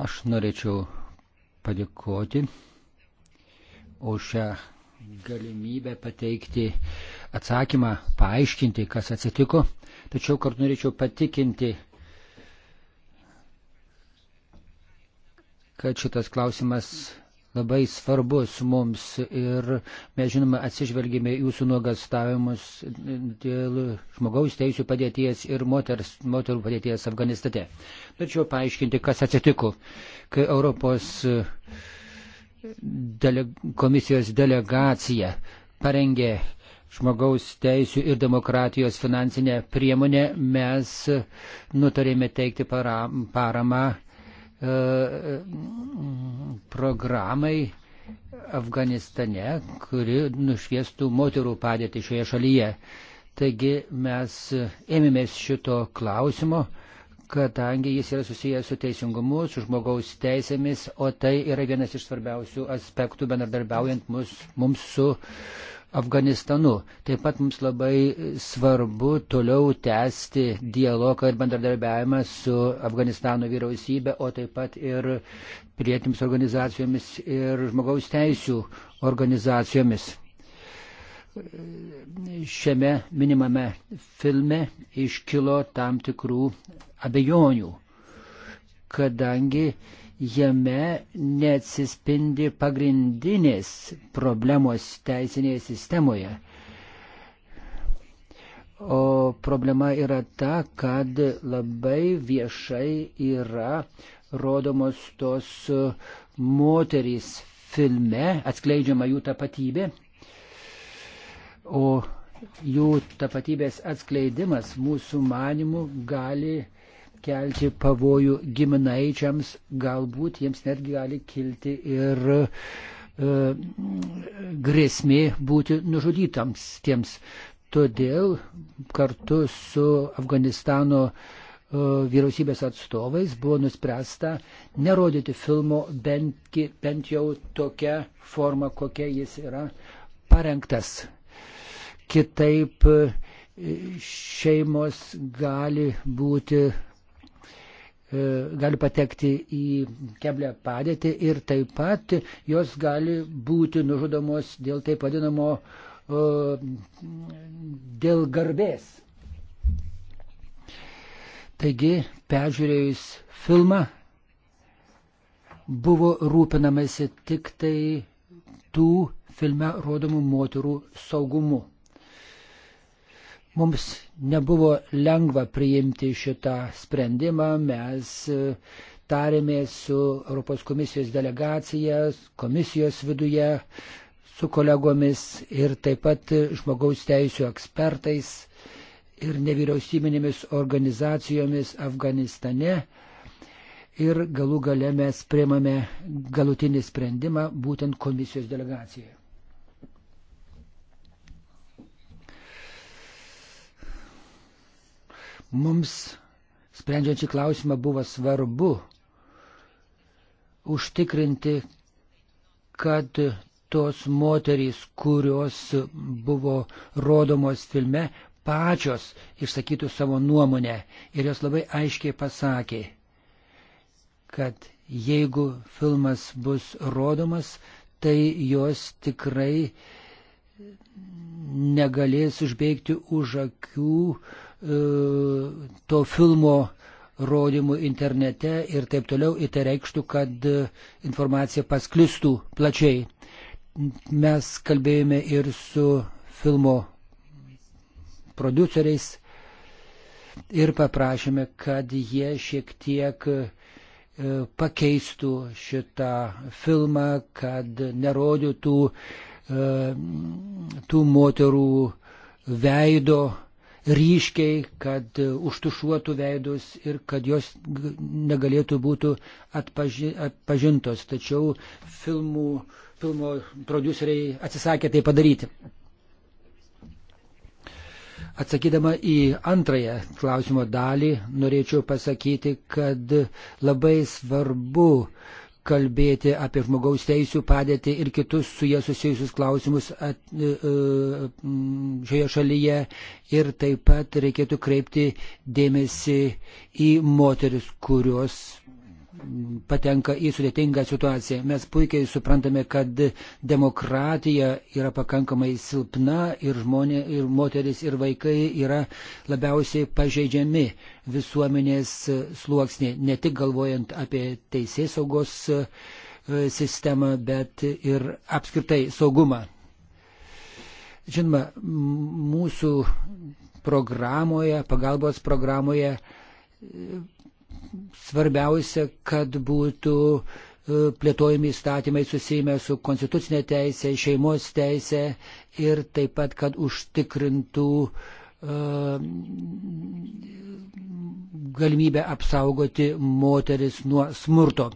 Aš norėčiau padėkoti už šią galimybę pateikti atsakymą, paaiškinti, kas atsitiko. Tačiau kartu norėčiau patikinti, kad šitas klausimas labai svarbus mums ir mes žinoma atsižvelgėme jūsų nuogastavimus dėl žmogaus teisų padėties ir moters, moterų padėties Afganistate. Tačiau paaiškinti, kas atsitiko, kai Europos dele, komisijos delegacija parengė žmogaus teisų ir demokratijos finansinę priemonę, mes nutarėme teikti para, paramą e, programai Afganistane, kuri nušviestų moterų padėtį šioje šalyje. Taigi mes ėmėmės šito klausimo kadangi jis yra susijęs su teisingumu, su žmogaus teisėmis, o tai yra vienas iš svarbiausių aspektų bendradarbiaujant mus, mums su Afganistanu. Taip pat mums labai svarbu toliau tęsti dialogą ir bendradarbiavimą su Afganistano vyriausybė, o taip pat ir prietims organizacijomis ir žmogaus teisų organizacijomis šiame minimame filme iškilo tam tikrų abejonių, kadangi jame neatsispindi pagrindinės problemos teisinėje sistemoje. O problema yra ta, kad labai viešai yra rodomos tos moterys filme, atskleidžiama jų tapatybė o jų tapatybės atskleidimas mūsų manimų gali kelti pavojų giminaičiams, galbūt jiems netgi gali kilti ir e, grėsmė būti nužudytams tiems. Todėl kartu su Afganistano e, vyriausybės atstovais buvo nuspręsta nerodyti filmo bent, bent jau tokia forma, kokia jis yra parengtas kitaip e, šeimos gali būti e, gali patekti į keblę padėtį ir taip pat jos gali būti nužudomos dėl taip vadinamo e, dėl garbės. Taigi, peržiūrėjus filmą, buvo rūpinamasi tik tai tų filme rodomų moterų saugumu. Mums nebuvo lengva priimti šitą sprendimą, mes e, tarėmės su Europos komisijos delegacija, komisijos viduje, su kolegomis ir taip pat žmogaus teisų ekspertais ir nevyriausybinėmis organizacijomis Afganistane. Ir galų gale mes priemame galutinį sprendimą būtent komisijos delegacijoje. Mums, sprendžiant šį klausimą, buvo svarbu užtikrinti, kad tos moterys, kurios buvo rodomos filme, pačios išsakytų savo nuomonę ir jos labai aiškiai pasakė, kad jeigu filmas bus rodomas, tai jos tikrai negalės užbėgti už akių E, to filmo rodymų internete ir taip toliau, ir tai reikštų, kad e, informacija pasklistų plačiai. Mes kalbėjome ir su filmo produceriais ir paprašėme, kad jie šiek tiek e, pakeistų šitą filmą, kad nerodytų tų moterų veido, ryškiai, kad užtušuotų veidus ir kad jos negalėtų būti atpaži, atpažintos. Tačiau filmų, filmo produceriai atsisakė tai padaryti. Atsakydama į antrąją klausimo dalį, norėčiau pasakyti, kad labai svarbu uh, kalbėti apie žmogaus teisų padėtį ir kitus su jie susijusius klausimus at, e, e, šioje šalyje. Ir taip pat reikėtų kreipti dėmesį į moteris, kurios patenka į sudėtingą situaciją. Mes puikiai suprantame, kad demokratija yra pakankamai silpna ir žmonė, ir moteris, ir vaikai yra labiausiai pažeidžiami visuomenės sluoksnė, ne tik galvojant apie teisės saugos e, sistemą, bet ir apskritai saugumą. Žinoma, mūsų programoje, pagalbos programoje e, svarbiausia, kad būtų e, plėtojami įstatymai susijęme su konstitucinė teisė, šeimos teisė ir taip pat, kad užtikrintų uh, galimybę apsaugoti moteris nuo smurto.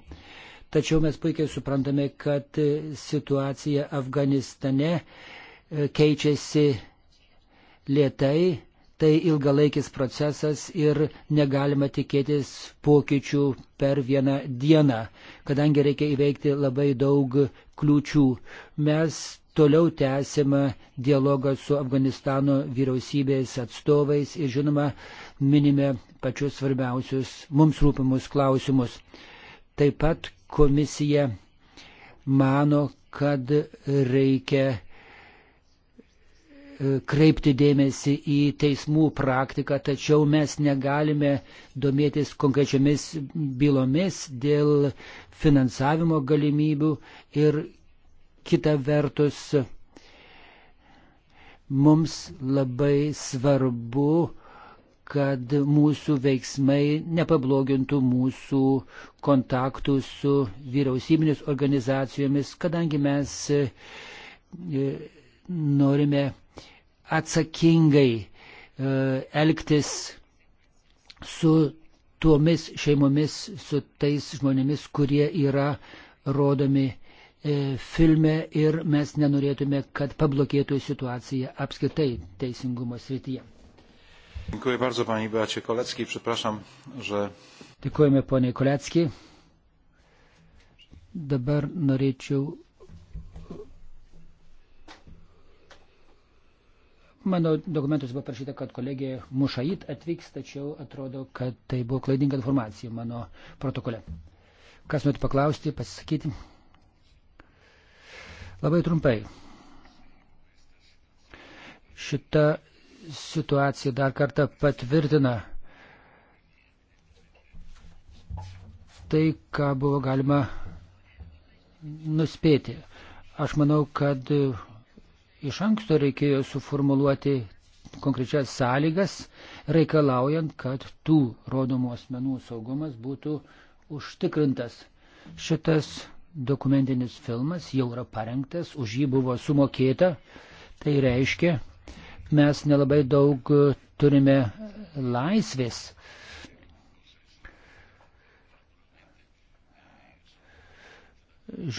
Tačiau mes puikiai suprantame, kad situacija Afganistane e, keičiasi lietai Tai ilgalaikis procesas ir negalima tikėtis pokyčių per vieną dieną, kadangi reikia įveikti labai daug kliūčių. Mes toliau tęsime dialogą su Afganistano vyriausybės atstovais ir žinoma minime pačius svarbiausius mums rūpimus klausimus. Taip pat komisija mano, kad reikia E, kreipti dėmesį į teismų praktiką, tačiau mes negalime domėtis konkrečiamis bylomis dėl finansavimo galimybių ir kita vertus mums labai svarbu, kad mūsų veiksmai nepablogintų mūsų kontaktų su vyriausybinės organizacijomis, kadangi mes e, norime atsakingai e, elgtis su tuomis šeimomis, su tais žmonėmis, kurie yra rodomi e, filme ir mes nenorėtume, kad pablokėtų situacija apskritai teisingumo srityje. Dziękuję bardzo pani Beacie Kolecki. Przepraszam, że. Dziękujemy panie Kolecki. Dabar norėčiau Mano dokumentus buvo parašyta, kad kolegė Mušait atvyks, tačiau atrodo, kad tai buvo klaidinga informacija mano protokole. Kas norėtų paklausti, pasisakyti? Labai trumpai. Šita situacija dar kartą patvirtina tai, ką buvo galima nuspėti. Aš manau, kad iš anksto reikėjo suformuluoti konkrečias sąlygas, reikalaujant, kad tų rodomų asmenų saugumas būtų užtikrintas. Šitas dokumentinis filmas jau yra parengtas, už jį buvo sumokėta, tai reiškia, mes nelabai daug turime laisvės.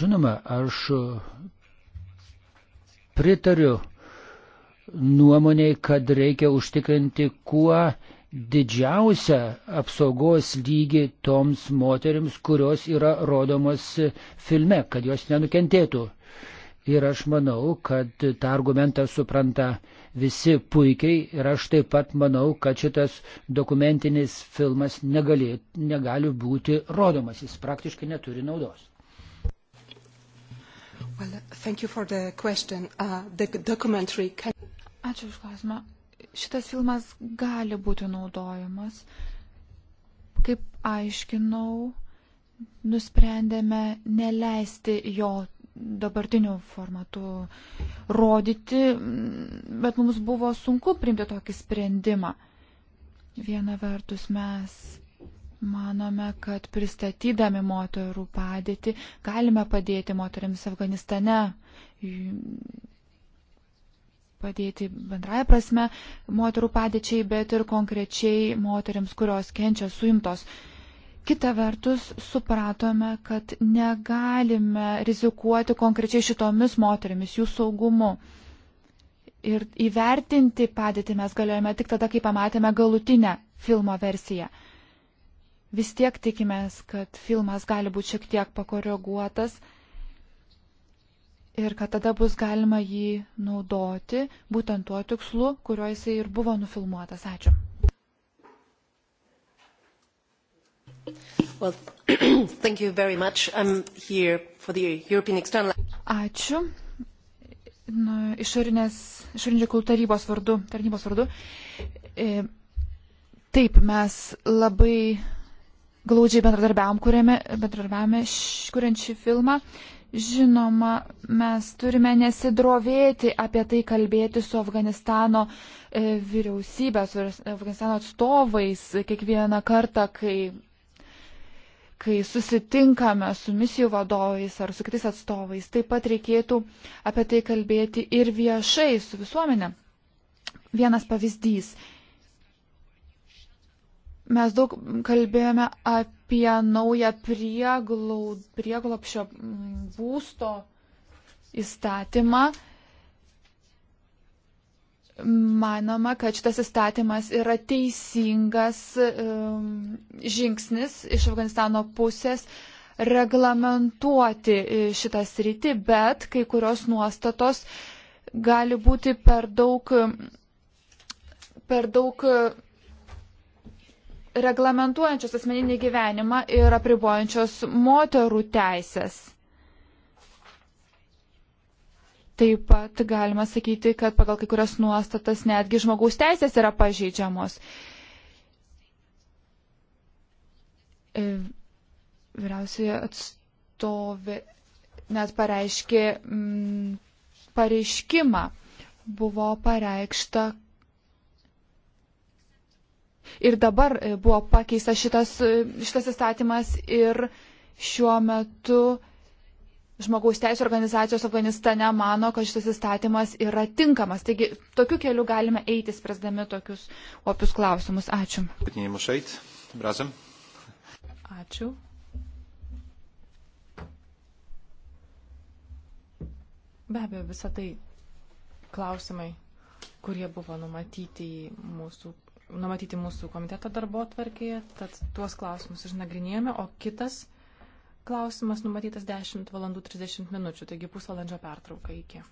Žinoma, aš pritariu nuomoniai, kad reikia užtikrinti kuo didžiausią apsaugos lygį toms moteriams, kurios yra rodomos filme, kad jos nenukentėtų. Ir aš manau, kad tą argumentą supranta visi puikiai ir aš taip pat manau, kad šitas dokumentinis filmas negali, negali būti rodomas, jis praktiškai neturi naudos. Well, thank you for the question. Uh, the documentary can... Ačiū už klausimą. Šitas filmas gali būti naudojamas. Kaip aiškinau, nusprendėme neleisti jo dabartiniu formatu rodyti, bet mums buvo sunku priimti tokį sprendimą. Viena vertus mes Manome, kad pristatydami moterų padėtį galime padėti moteriams Afganistane, padėti bendrąją prasme moterų padėčiai, bet ir konkrečiai moteriams, kurios kenčia suimtos. Kita vertus, supratome, kad negalime rizikuoti konkrečiai šitomis moterimis, jų saugumu. Ir įvertinti padėtį mes galėjome tik tada, kai pamatėme galutinę filmo versiją vis tiek tikimės, kad filmas gali būti šiek tiek pakoreguotas ir kad tada bus galima jį naudoti būtent tuo tikslu, kuriuo jisai ir buvo nufilmuotas. Ačiū. Well, external... Ačiū. Nu, išorinės, išorinių reikalų tarybos vardu, tarnybos vardu. E, taip, mes labai glaudžiai bendradarbiavame kuriant šį filmą. Žinoma, mes turime nesidrovėti apie tai kalbėti su Afganistano e, vyriausybė, su Afganistano atstovais kiekvieną kartą, kai, kai susitinkame su misijų vadovais ar su kitais atstovais. Taip pat reikėtų apie tai kalbėti ir viešai su visuomenė. Vienas pavyzdys Mes daug kalbėjome apie naują prieglopšio būsto įstatymą. Manoma, kad šitas įstatymas yra teisingas um, žingsnis iš Afganistano pusės reglamentuoti e, šitą sritį, bet kai kurios nuostatos gali būti per daug, per daug reglamentuojančios asmeninį gyvenimą ir apribojančios moterų teisės. Taip pat galima sakyti, kad pagal kai kurias nuostatas netgi žmogaus teisės yra pažeidžiamos. E, Vyriausiai atstovė net pareiškė m, mm, pareiškimą. Buvo pareikšta, Ir dabar e, buvo pakeista šitas, e, šitas įstatymas ir šiuo metu žmogaus teisų organizacijos Afganistane mano, kad šitas įstatymas yra tinkamas. Taigi tokiu keliu galime eiti, spręsdami tokius opius klausimus. Ačiū. Ačiū. Be abejo, visą tai klausimai, kurie buvo numatyti į mūsų numatyti mūsų komiteto darbo tvarkėje, tad tuos klausimus išnagrinėjome, o kitas klausimas numatytas 10 valandų 30 minučių, taigi pusvalandžio pertrauka iki.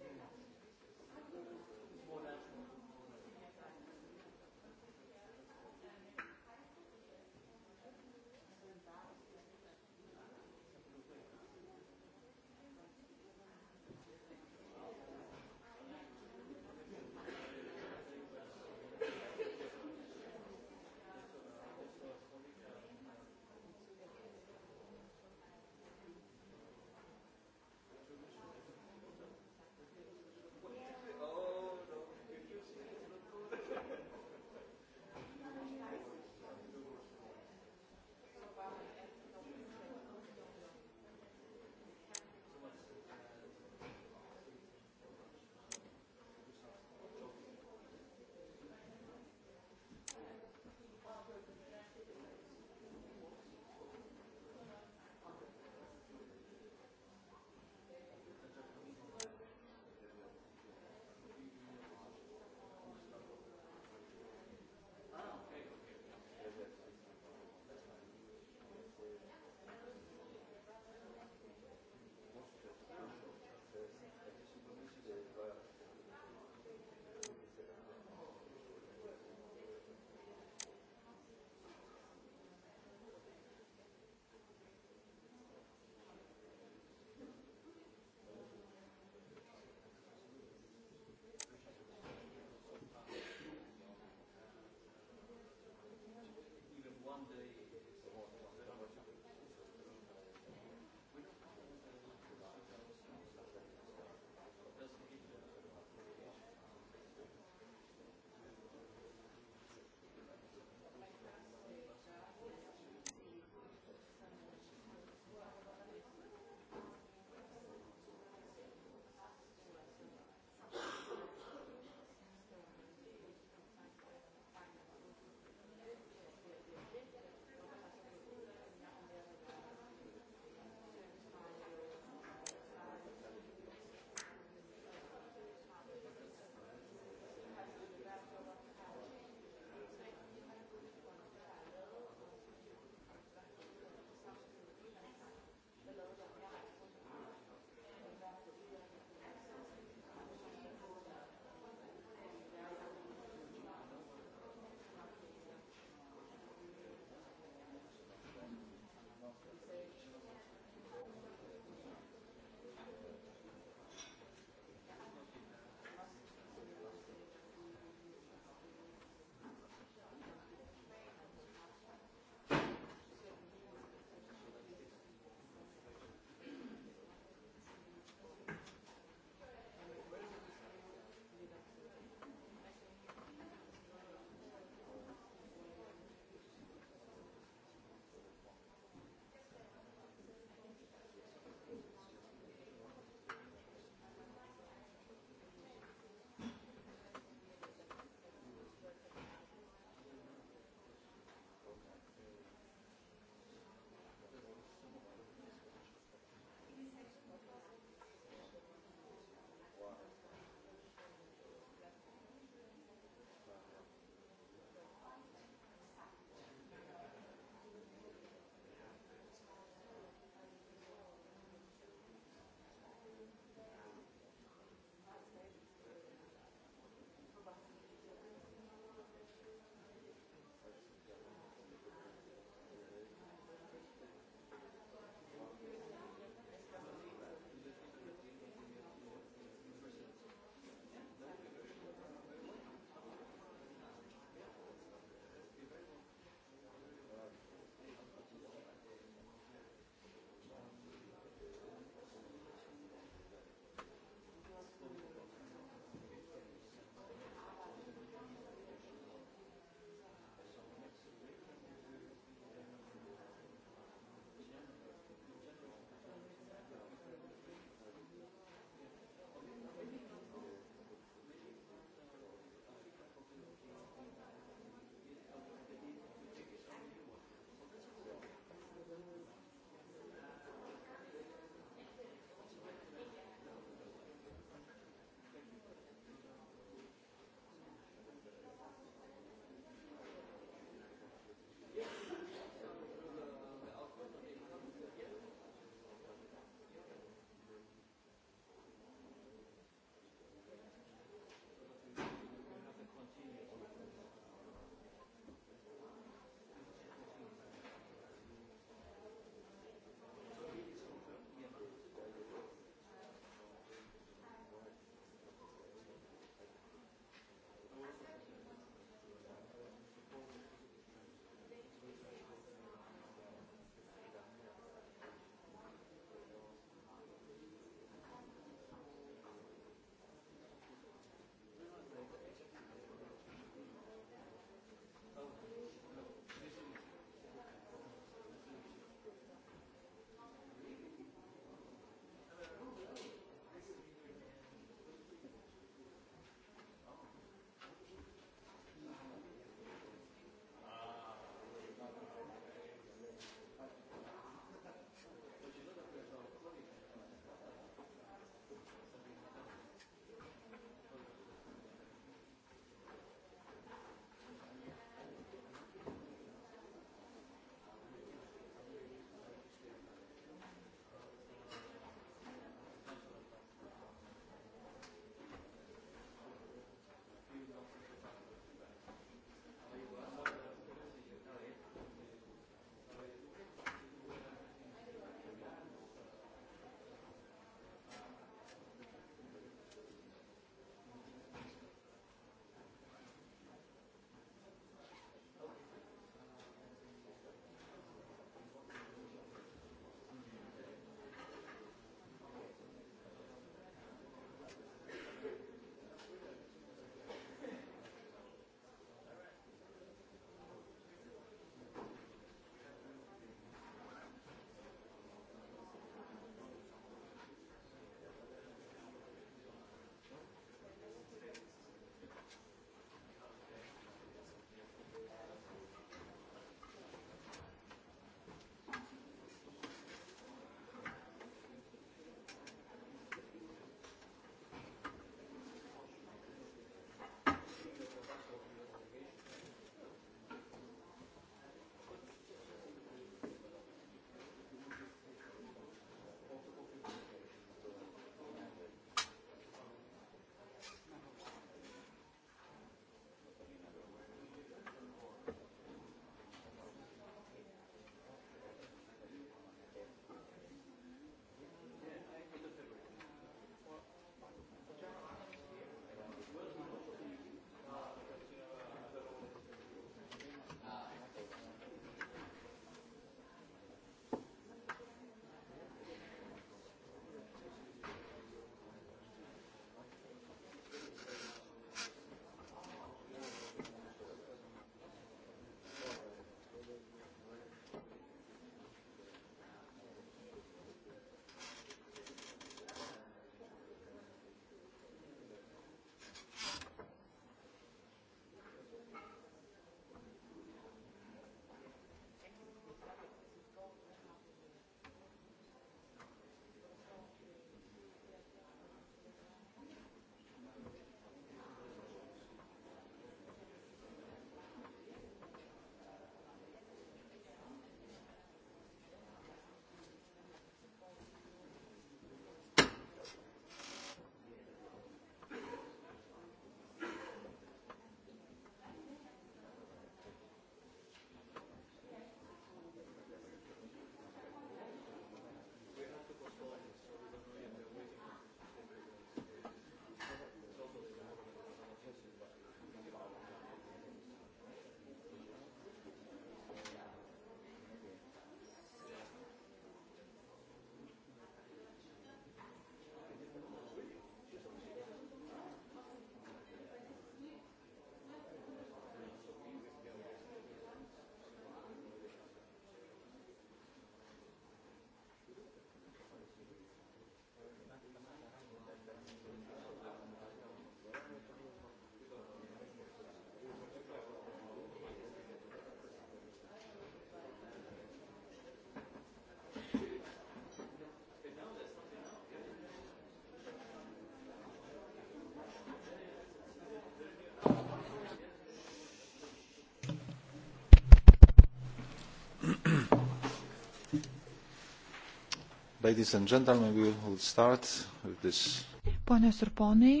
Ladies and gentlemen, we will start with this. Ponios ir ponai,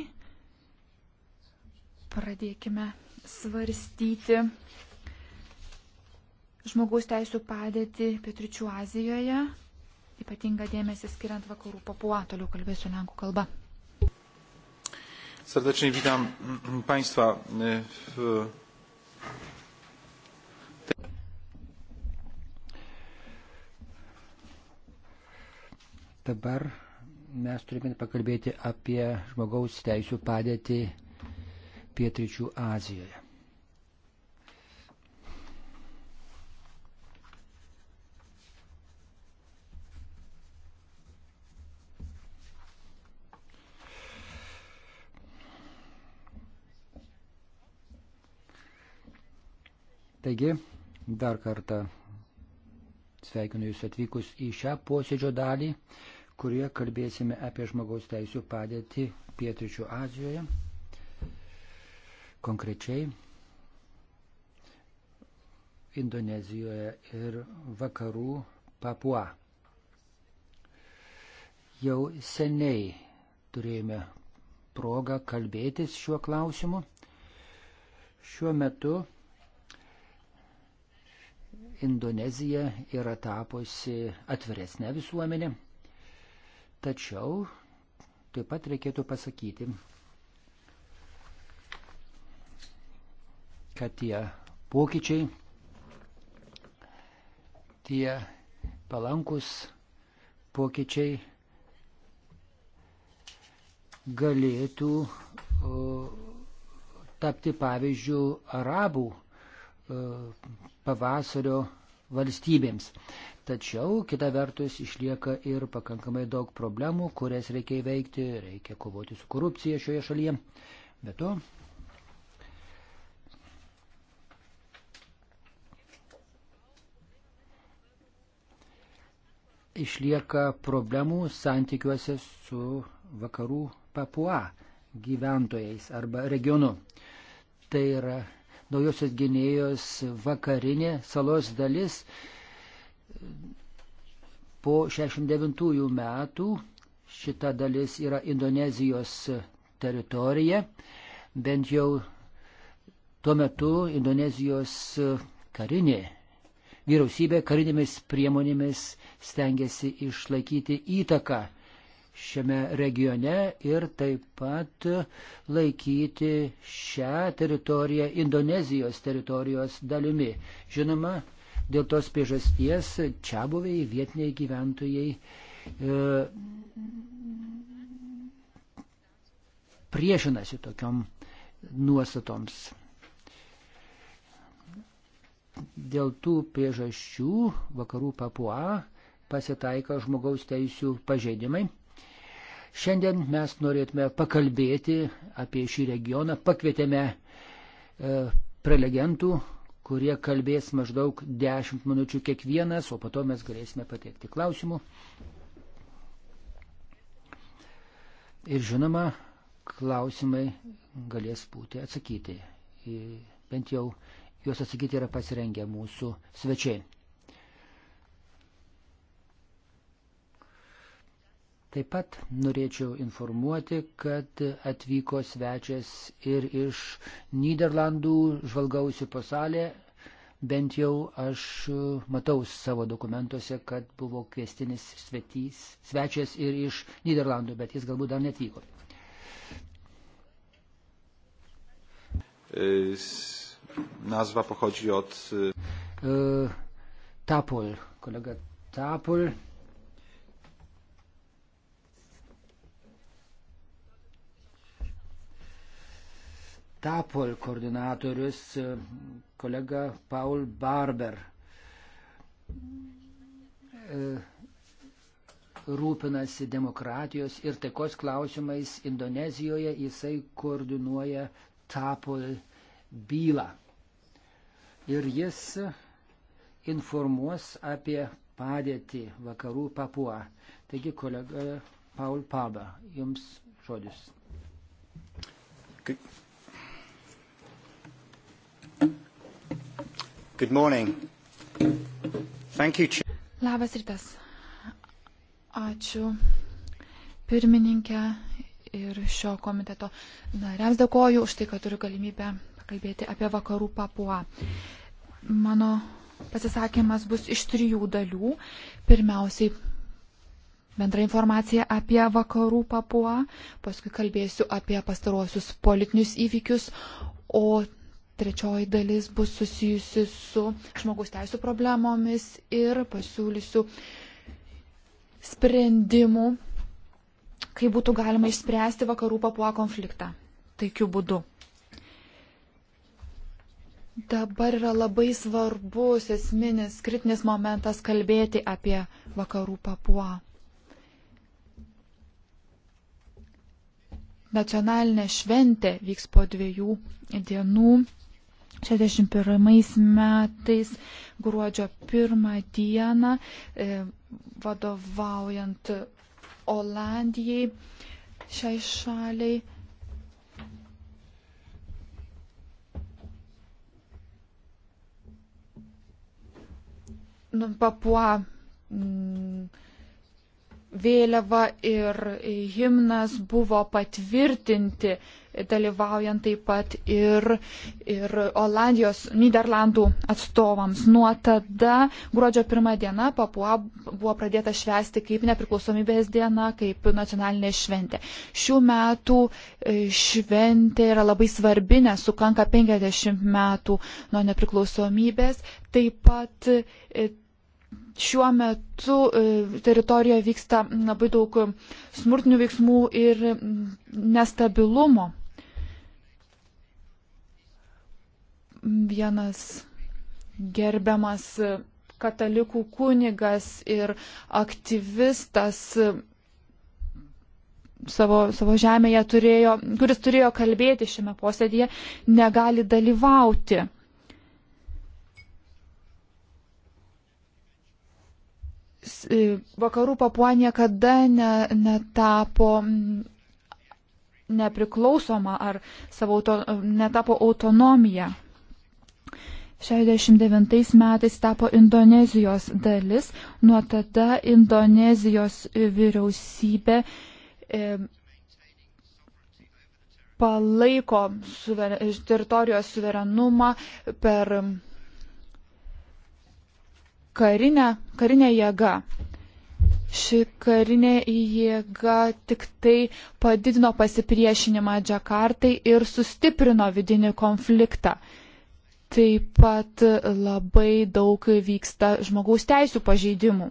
pradėkime svarstyti žmogaus teisų padėtį Pietričių Azijoje, ypatinga dėmesį skiriant vakarų papuo, toliau kalbėsiu lenkų kalba. Serdecznie witam Państwa w Dabar mes turime pakalbėti apie žmogaus teisų padėtį pietryčių Azijoje. Taigi, dar kartą sveikinu Jūs atvykus į šią posėdžio dalį kurioje kalbėsime apie žmogaus teisų padėtį Pietričių Azijoje. Konkrečiai Indonezijoje ir vakarų Papua. Jau seniai turėjome progą kalbėtis šiuo klausimu. Šiuo metu Indonezija yra tapusi atviresnė visuomenė. Tačiau taip pat reikėtų pasakyti, kad tie pokyčiai, tie palankus pokyčiai galėtų o, tapti pavyzdžių arabų o, pavasario valstybėms. Tačiau, kita vertus, išlieka ir pakankamai daug problemų, kurias reikia įveikti, reikia kovoti su korupcija šioje šalyje. Be to, išlieka problemų santykiuose su vakarų papua gyventojais arba regionu. Tai yra naujosios gynėjos vakarinė salos dalis Po 69 metų šita dalis yra Indonezijos teritorija, bent jau tuo metu Indonezijos karinė vyriausybė karinėmis priemonėmis stengiasi išlaikyti įtaką šiame regione ir taip pat laikyti šią teritoriją Indonezijos teritorijos dalimi. Žinoma, Dėl tos priežasties čia buviai vietiniai gyventojai e, priešinasi tokiom nuostatoms. Dėl tų priežasčių vakarų papua pasitaiko žmogaus teisų pažeidimai. Šiandien mes norėtume pakalbėti apie šį regioną, pakvietėme e, prelegentų kurie kalbės maždaug 10 minučių kiekvienas, o po to mes galėsime pateikti klausimų. Ir žinoma, klausimai galės būti atsakyti. Bent jau juos atsakyti yra pasirengę mūsų svečiai. Taip pat norėčiau informuoti, kad atvyko svečias ir iš Niderlandų, žvalgausiu pasalė, bent jau aš matau savo dokumentuose, kad buvo kviestinis svetys, svečias ir iš Niderlandų, bet jis galbūt dar netvyko. Nazva pochodzi od. E, Tapul, kolega Tapul TAPOL koordinatorius e, kolega Paul Barber e, rūpinasi demokratijos ir taikos klausimais Indonezijoje, jisai koordinuoja TAPOL bylą. Ir jis informuos apie padėtį vakarų papuo. Taigi, kolega Paul Paba, jums žodis. Kaip? Good morning. Thank you. Labas rytas. Ačiū pirmininkė ir šio komiteto nariams dėkoju už tai, kad turiu galimybę pakalbėti apie vakarų papuą. Mano pasisakymas bus iš trijų dalių. Pirmiausiai bendra informacija apie vakarų papuą, paskui kalbėsiu apie pastaruosius politinius įvykius, o Trečioji dalis bus susijusi su žmogus teisų problemomis ir pasiūlysiu sprendimų, kaip būtų galima išspręsti vakarų papuo konfliktą taikiu būdu. Dabar yra labai svarbus esminis kritinis momentas kalbėti apie vakarų papuo. Nacionalinė šventė vyks po dviejų dienų 61 metais gruodžio 1 dieną e, vadovaujant Olandijai šiai šaliai. Nu, Papua mm, vėliava ir himnas buvo patvirtinti, dalyvaujant taip pat ir, ir Olandijos, Niderlandų atstovams. Nuo tada gruodžio pirmą dieną Papua buvo pradėta švęsti kaip nepriklausomybės diena, kaip nacionalinė šventė. Šių metų e, šventė yra labai svarbi, nes sukanka 50 metų nuo nepriklausomybės. Taip pat e, šiuo metu e, teritorijoje vyksta labai daug e, smurtinių veiksmų ir mm, nestabilumo. Vienas gerbiamas e, katalikų kunigas ir aktyvistas savo, savo žemėje turėjo, kuris turėjo kalbėti šiame posėdėje, negali dalyvauti. E, vakarų papua niekada ne, netapo nepriklausoma ar savo auto, netapo autonomija. 69 metais tapo Indonezijos dalis, nuo tada Indonezijos vyriausybė e, palaiko suver, teritorijos suverenumą per karinę, karinę jėgą. Ši karinė jėga tik tai padidino pasipriešinimą Džakartai ir sustiprino vidinį konfliktą. Taip pat labai daug vyksta žmogaus teisų pažeidimų.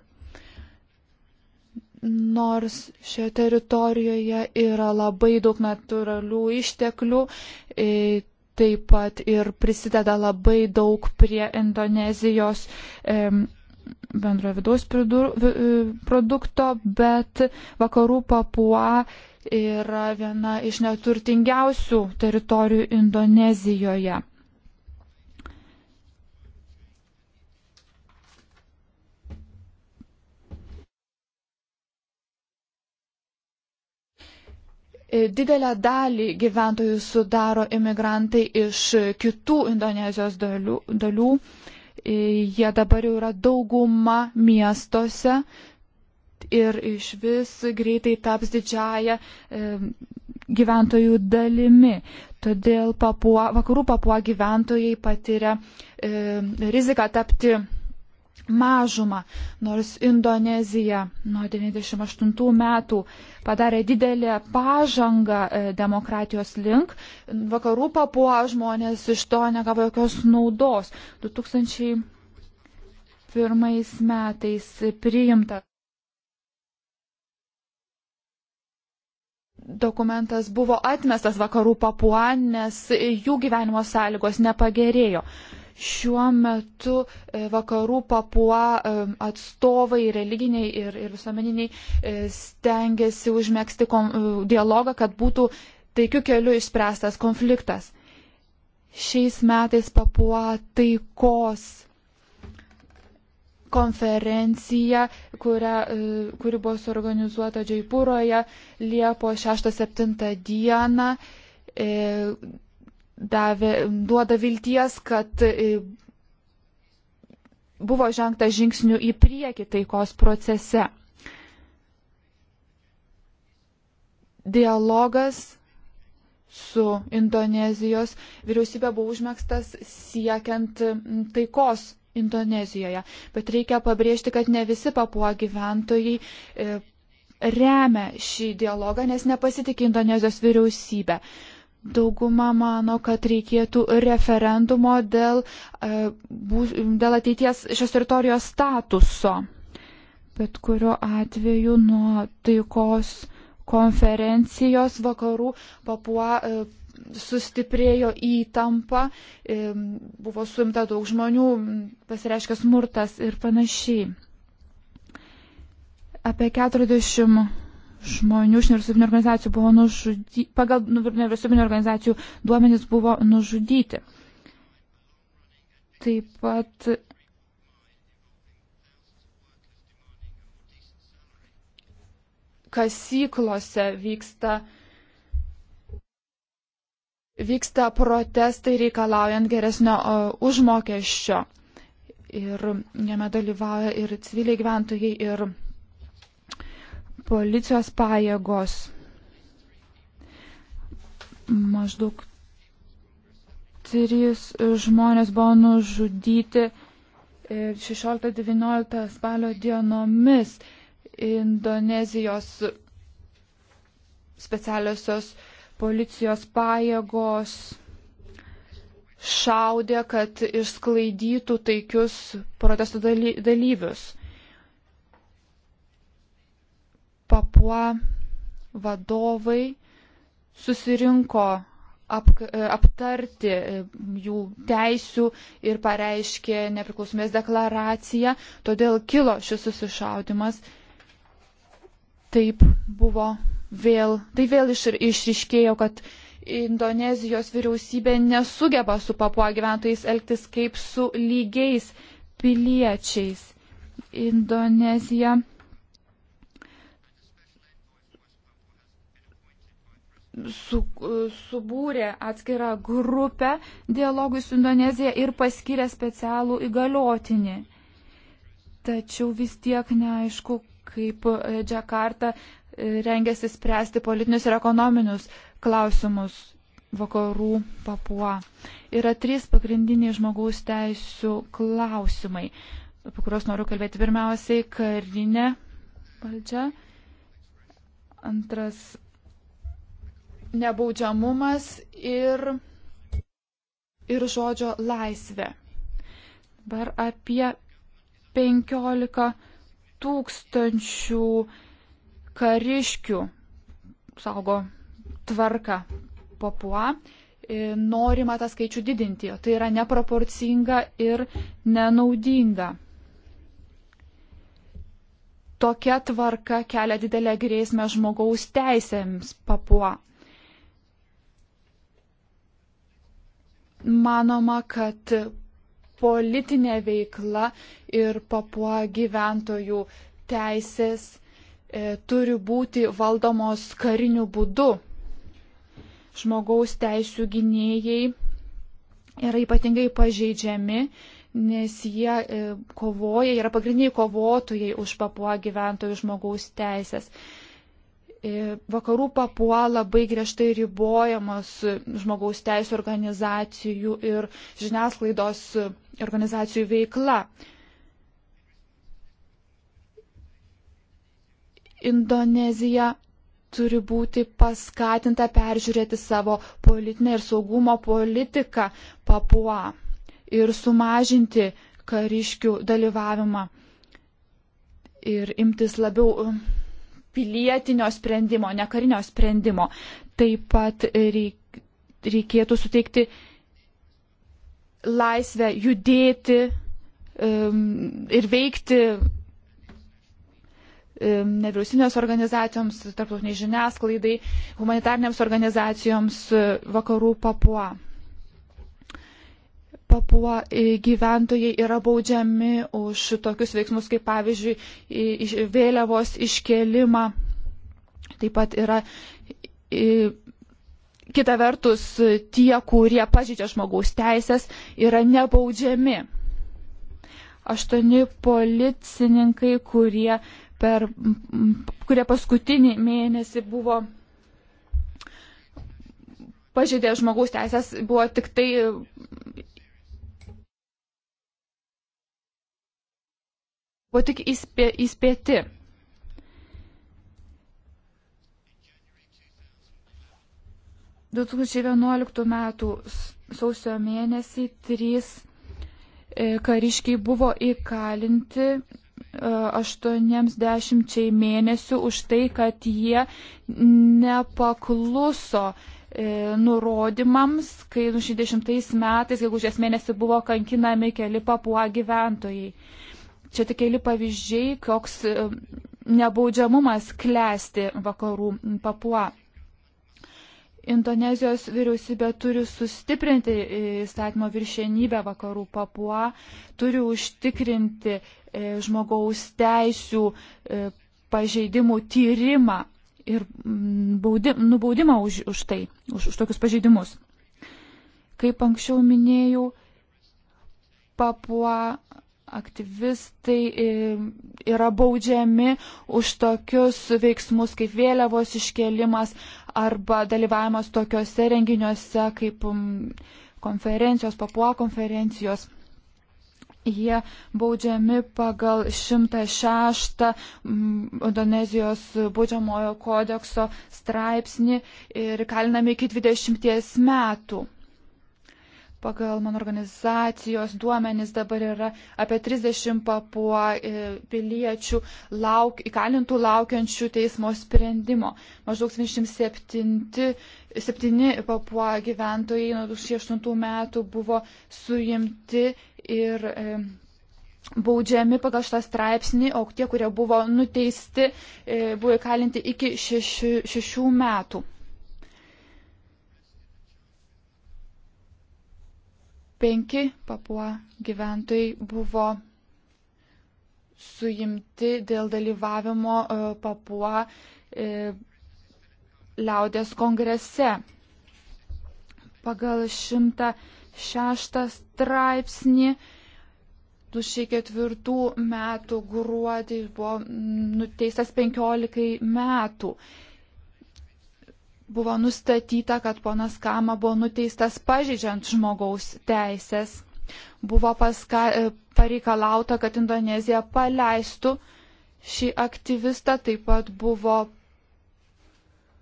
Nors šioje teritorijoje yra labai daug natūralių išteklių, e, taip pat ir prisideda labai daug prie Indonezijos bendrojo vidaus e, produkto, bet vakarų papua yra viena iš neturtingiausių teritorijų Indonezijoje. E, didelę dalį gyventojų sudaro imigrantai iš kitų Indonezijos dalių. dalių jie dabar jau yra dauguma miestuose ir iš vis greitai taps didžiaja e, gyventojų dalimi. Todėl papua, vakarų papuo gyventojai patiria e, riziką tapti mažumą, nors Indonezija nuo 1998 metų padarė didelę pažangą e, demokratijos link, vakarų papua žmonės iš to negavo jokios naudos. 2001 metais priimta. Dokumentas buvo atmestas vakarų papua, nes jų gyvenimo sąlygos nepagerėjo. Šiuo metu e, vakarų papua e, atstovai religiniai ir, ir visuomeniniai e, stengiasi užmėgsti dialogą, kad būtų taikių kelių išspręstas konfliktas. Šiais metais papua taikos konferencija, kuria, kuri buvo suorganizuota Džiaipūroje Liepo 6-7 dieną davė, duoda vilties, kad e, buvo žengta žingsnių į priekį taikos procese. Dialogas su Indonezijos vyriausybė buvo užmėgstas siekiant taikos Indonezijoje. Bet reikia pabrėžti, kad ne visi papuo gyventojai e, remia šį dialogą, nes nepasitikė Indonezijos vyriausybė. Dauguma mano, kad reikėtų referendumo dėl, e, dėl ateities šios teritorijos statuso. Bet kuriuo atveju nuo taikos konferencijos vakarų papua e, sustiprėjo įtampa, e, buvo suimta daug žmonių, pasireiškia smurtas ir panašiai. Apie 40 žmonių iš nevyriausybinio organizacijų buvo nužudyti, pagal nu, nevyriausybinio organizacijų duomenys buvo nužudyti. Taip pat kasyklose vyksta, vyksta protestai reikalaujant geresnio užmokesčio. Ir jame dalyvauja ir civiliai gyventojai, ir policijos pajėgos maždaug trys žmonės buvo nužudyti 16-19 e, spalio dienomis Indonezijos specialiosios policijos pajėgos šaudė, kad išsklaidytų taikius protesto dalyvius. papua vadovai susirinko ap, e, aptarti e, jų teisių ir pareiškė nepriklausomės deklaraciją, todėl kilo šis susišaudimas. Taip buvo vėl, tai vėl iš, išriškėjo, kad Indonezijos vyriausybė nesugeba su papuo gyventojais elgtis kaip su lygiais piliečiais. Indonezija su, subūrė atskirą grupę dialogui su Indonezija ir paskyrė specialų įgaliotinį. Tačiau vis tiek neaišku, kaip e, Džakarta e, rengiasi spręsti politinius ir ekonominius klausimus vakarų papuo. Yra trys pagrindiniai žmogaus teisų klausimai, apie kuriuos noriu kalbėti. Pirmiausiai karinė valdžia, antras nebaudžiamumas ir, ir žodžio laisvė. Dabar apie 15 tūkstančių kariškių saugo tvarką papua. E, norima tą skaičių didinti, o tai yra neproporcinga ir nenaudinga. Tokia tvarka kelia didelę grėsmę žmogaus teisėms papua. manoma, kad politinė veikla ir papua gyventojų teisės e, turi būti valdomos kariniu būdu. Žmogaus teisų gynėjai yra ypatingai pažeidžiami, nes jie e, kovoja, yra pagrindiniai kovotojai už papua gyventojų žmogaus teisės. E, E, vakarų papua labai griežtai ribojamos žmogaus teisų organizacijų ir žiniasklaidos organizacijų veikla. Indonezija turi būti paskatinta peržiūrėti savo politinę ir saugumo politiką papua ir sumažinti kariškių dalyvavimą ir imtis labiau pilietinio sprendimo, ne karinio sprendimo. Taip pat reikėtų suteikti laisvę judėti um, ir veikti um, nevyriausybinės organizacijoms, tarptautiniai žiniasklaidai, humanitarniams organizacijoms uh, vakarų papua. Papua gyventojai yra baudžiami už tokius veiksmus, kaip pavyzdžiui, vėliavos iškelimą. Taip pat yra kita vertus tie, kurie pažydžia žmogaus teisės, yra nebaudžiami. Aštuoni policininkai, kurie, per, kurie paskutinį mėnesį buvo pažydė žmogaus teisės, buvo tik tai buvo tik įspė, įspėti. Du 2011 m. sausio mėnesį trys e, kariškiai buvo įkalinti 80 e, mėnesių už tai, kad jie nepakluso e, nurodymams, kai 60 metais, jeigu šias mėnesį buvo kankinami keli papuo gyventojai. Čia tik keli pavyzdžiai, koks e, nebaudžiamumas klesti vakarų papua. Indonezijos vyriausybė turi sustiprinti įstatymo viršienybę vakarų papua, turi užtikrinti e, žmogaus teisų e, pažeidimų tyrimą ir mm, baudi, nubaudimą už, už tai, už, už tokius pažeidimus. Kaip anksčiau minėjau, papua aktyvistai e, yra baudžiami už tokius veiksmus kaip vėliavos iškelimas arba dalyvavimas tokiuose renginiuose kaip konferencijos, papua konferencijos. Jie baudžiami pagal 106 Indonezijos baudžiamojo kodekso straipsnį ir kalinami iki 20 metų. Pagal mano organizacijos duomenys dabar yra apie 30 papuo e, piliečių lauk, įkalintų laukiančių teismo sprendimo. Maždaug 77 7 papuo gyventojai nuo 2008 metų buvo suimti ir e, baudžiami pagal šitą straipsnį, o tie, kurie buvo nuteisti, e, buvo įkalinti iki 6 metų. Penki papuo gyventojai buvo suimti dėl dalyvavimo e, papuo e, liaudės kongrese. Pagal 106 straipsnį 2004 metų gruodį buvo nuteistas 15 metų buvo nustatyta, kad ponas Kama buvo nuteistas pažydžiant žmogaus teisės. Buvo paska, e, pareikalauta, kad Indonezija paleistų šį aktyvistą, taip pat buvo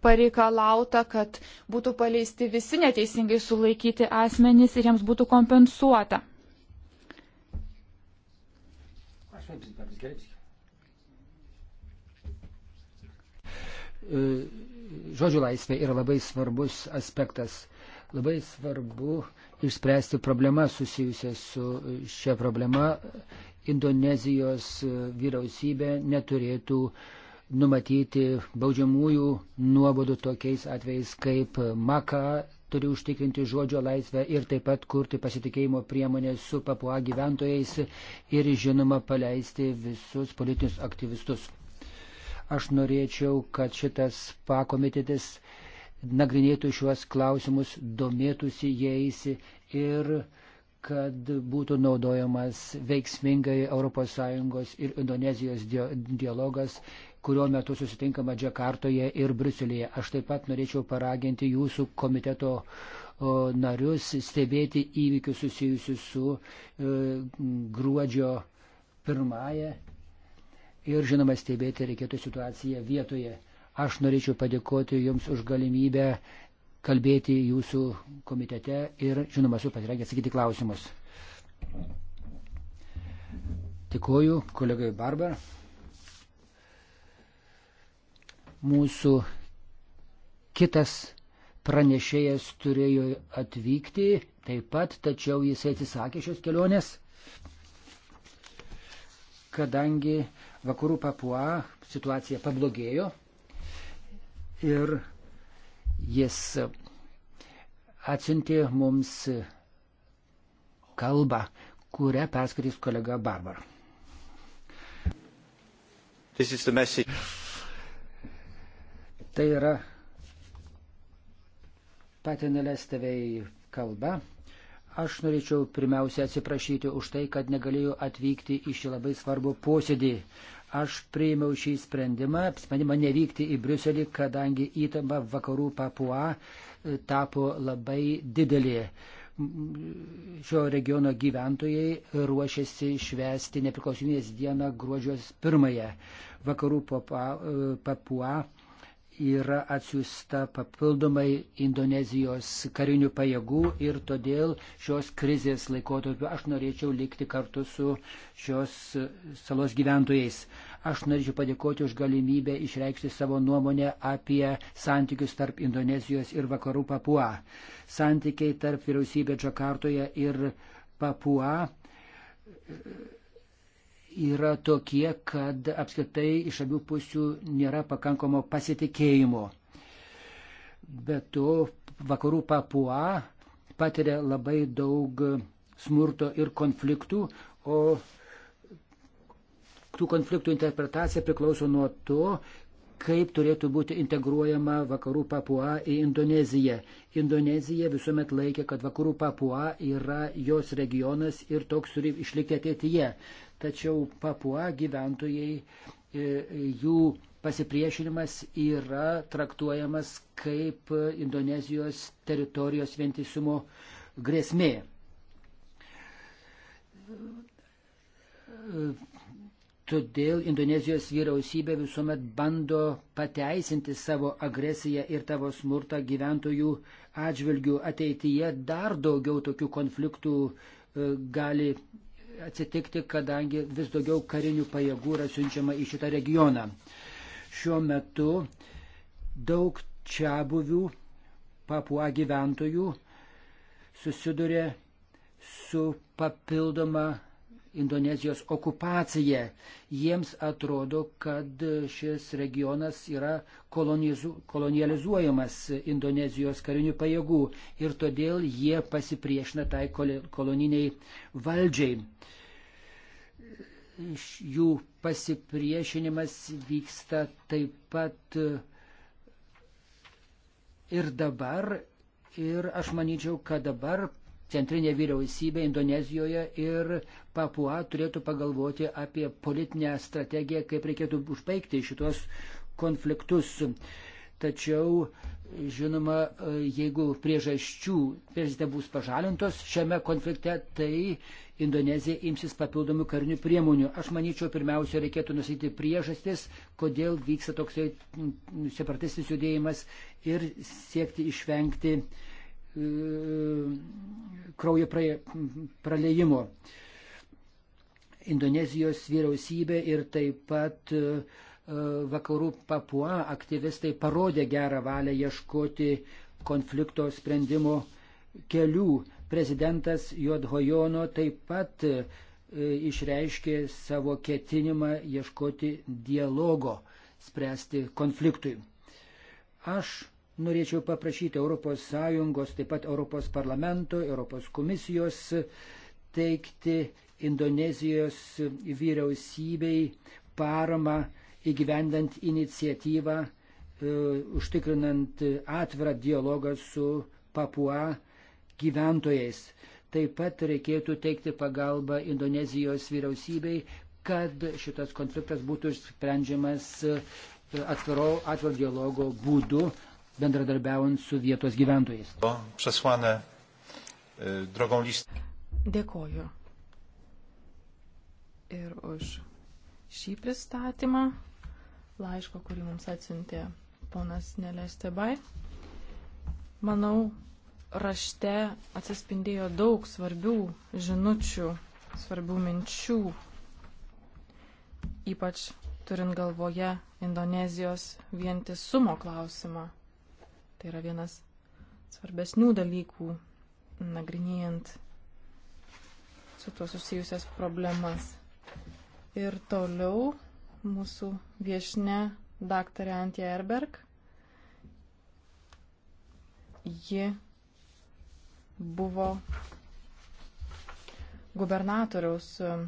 pareikalauta, kad būtų paleisti visi neteisingai sulaikyti asmenys ir jiems būtų kompensuota. E žodžių laisvė yra labai svarbus aspektas. Labai svarbu išspręsti problemą susijusią su šia problema. Indonezijos vyriausybė neturėtų numatyti baudžiamųjų nuobodų tokiais atvejais kaip Maka turi užtikrinti žodžio laisvę ir taip pat kurti pasitikėjimo priemonės su papua gyventojais ir žinoma paleisti visus politinius aktyvistus. Aš norėčiau, kad šitas pakomitetis nagrinėtų šiuos klausimus, domėtųsi jais ir kad būtų naudojamas veiksmingai ES ir Indonezijos dialogas, kurio metu susitinkama Džakartoje ir Briuselėje. Aš taip pat norėčiau paraginti jūsų komiteto narius stebėti įvykius susijusius su e, gruodžio pirmąją ir žinoma stebėti reikėtų situaciją vietoje. Aš norėčiau padėkoti Jums už galimybę kalbėti Jūsų komitete ir žinoma esu pasirengęs atsakyti klausimus. Dėkuoju kolegai Barbar. Mūsų kitas pranešėjas turėjo atvykti taip pat, tačiau jis atsisakė šios kelionės, kadangi Vakarų Papua situacija pablogėjo ir jis atsiuntė mums kalbą, kurią perskaitys kolega Barbara. Tai yra patinėlės tevei kalba, Aš norėčiau pirmiausia atsiprašyti už tai, kad negalėjau atvykti į šį labai svarbų posėdį. Aš priėmiau šį sprendimą, sprendimą nevykti į Briuselį, kadangi įtampa vakarų Papua e, tapo labai didelė. Šio regiono gyventojai ruošiasi švęsti nepriklausomybės dieną gruodžios pirmąją. Vakarų Papua e, yra atsiųsta papildomai Indonezijos karinių pajėgų ir todėl šios krizės laikotarpiu aš norėčiau likti kartu su šios salos gyventojais. Aš norėčiau padėkoti už galimybę išreikšti savo nuomonę apie santykius tarp Indonezijos ir vakarų Papua. Santykiai tarp vyriausybė Džakartoje ir Papua yra tokie, kad apskritai iš abių pusių nėra pakankamo pasitikėjimo. Be to, vakarų papua patiria labai daug smurto ir konfliktų, o tų konfliktų interpretacija priklauso nuo to, kaip turėtų būti integruojama vakarų papua į Indoneziją. Indonezija visuomet laikė, kad vakarų papua yra jos regionas ir toks turi išlikti ateityje tačiau papua gyventojai e, jų pasipriešinimas yra traktuojamas kaip Indonezijos teritorijos vientisumo grėsmė. Todėl Indonezijos vyriausybė visuomet bando pateisinti savo agresiją ir tavo smurtą gyventojų atžvilgių. Ateityje dar daugiau tokių konfliktų e, gali atsitikti, kadangi vis daugiau karinių pajėgų yra siunčiama į šitą regioną. Šiuo metu daug čia buvių papua gyventojų susiduria su papildoma Indonezijos okupaciją. Jiems atrodo, kad šis regionas yra kolonizu, kolonializuojamas Indonezijos karinių pajėgų ir todėl jie pasipriešina tai koloniniai valdžiai. Jų pasipriešinimas vyksta taip pat ir dabar. Ir aš manyčiau, kad dabar centrinė vyriausybė Indonezijoje ir Papua turėtų pagalvoti apie politinę strategiją, kaip reikėtų užbaigti šitos konfliktus. Tačiau, žinoma, jeigu priežasčių priežastė bus pažalintos šiame konflikte, tai Indonezija imsis papildomų karinių priemonių. Aš manyčiau, pirmiausia, reikėtų nusiti priežastis, kodėl vyksta toksai separatistis judėjimas ir siekti išvengti uh, E, kraujo praleimo. Indonezijos vyriausybė ir taip pat e, vakarų papua aktyvistai parodė gerą valią ieškoti konflikto sprendimo kelių. Prezidentas Jodhojono taip pat e, išreiškė savo ketinimą ieškoti dialogo, spręsti konfliktui. Aš norėčiau paprašyti ES, taip pat ES parlamento, ES komisijos teikti Indonezijos vyriausybei paramą įgyvendant iniciatyvą, e, užtikrinant atvirą dialogą su Papua gyventojais. Taip pat reikėtų teikti pagalbą Indonezijos vyriausybei, kad šitas konfliktas būtų išsprendžiamas e, atviro, atviro dialogo būdu, bendradarbiaujant su vietos gyventojais. Dėkoju. Ir už šį pristatymą laiško, kurį mums atsintė ponas Nelestebai. Manau, rašte atsispindėjo daug svarbių žinučių, svarbių minčių, ypač turint galvoje Indonezijos vientisumo klausimą. Tai yra vienas svarbesnių dalykų, nagrinėjant su tuo susijusias problemas. Ir toliau mūsų viešne daktarė Antje Erberg. Ji buvo gubernatoriaus um,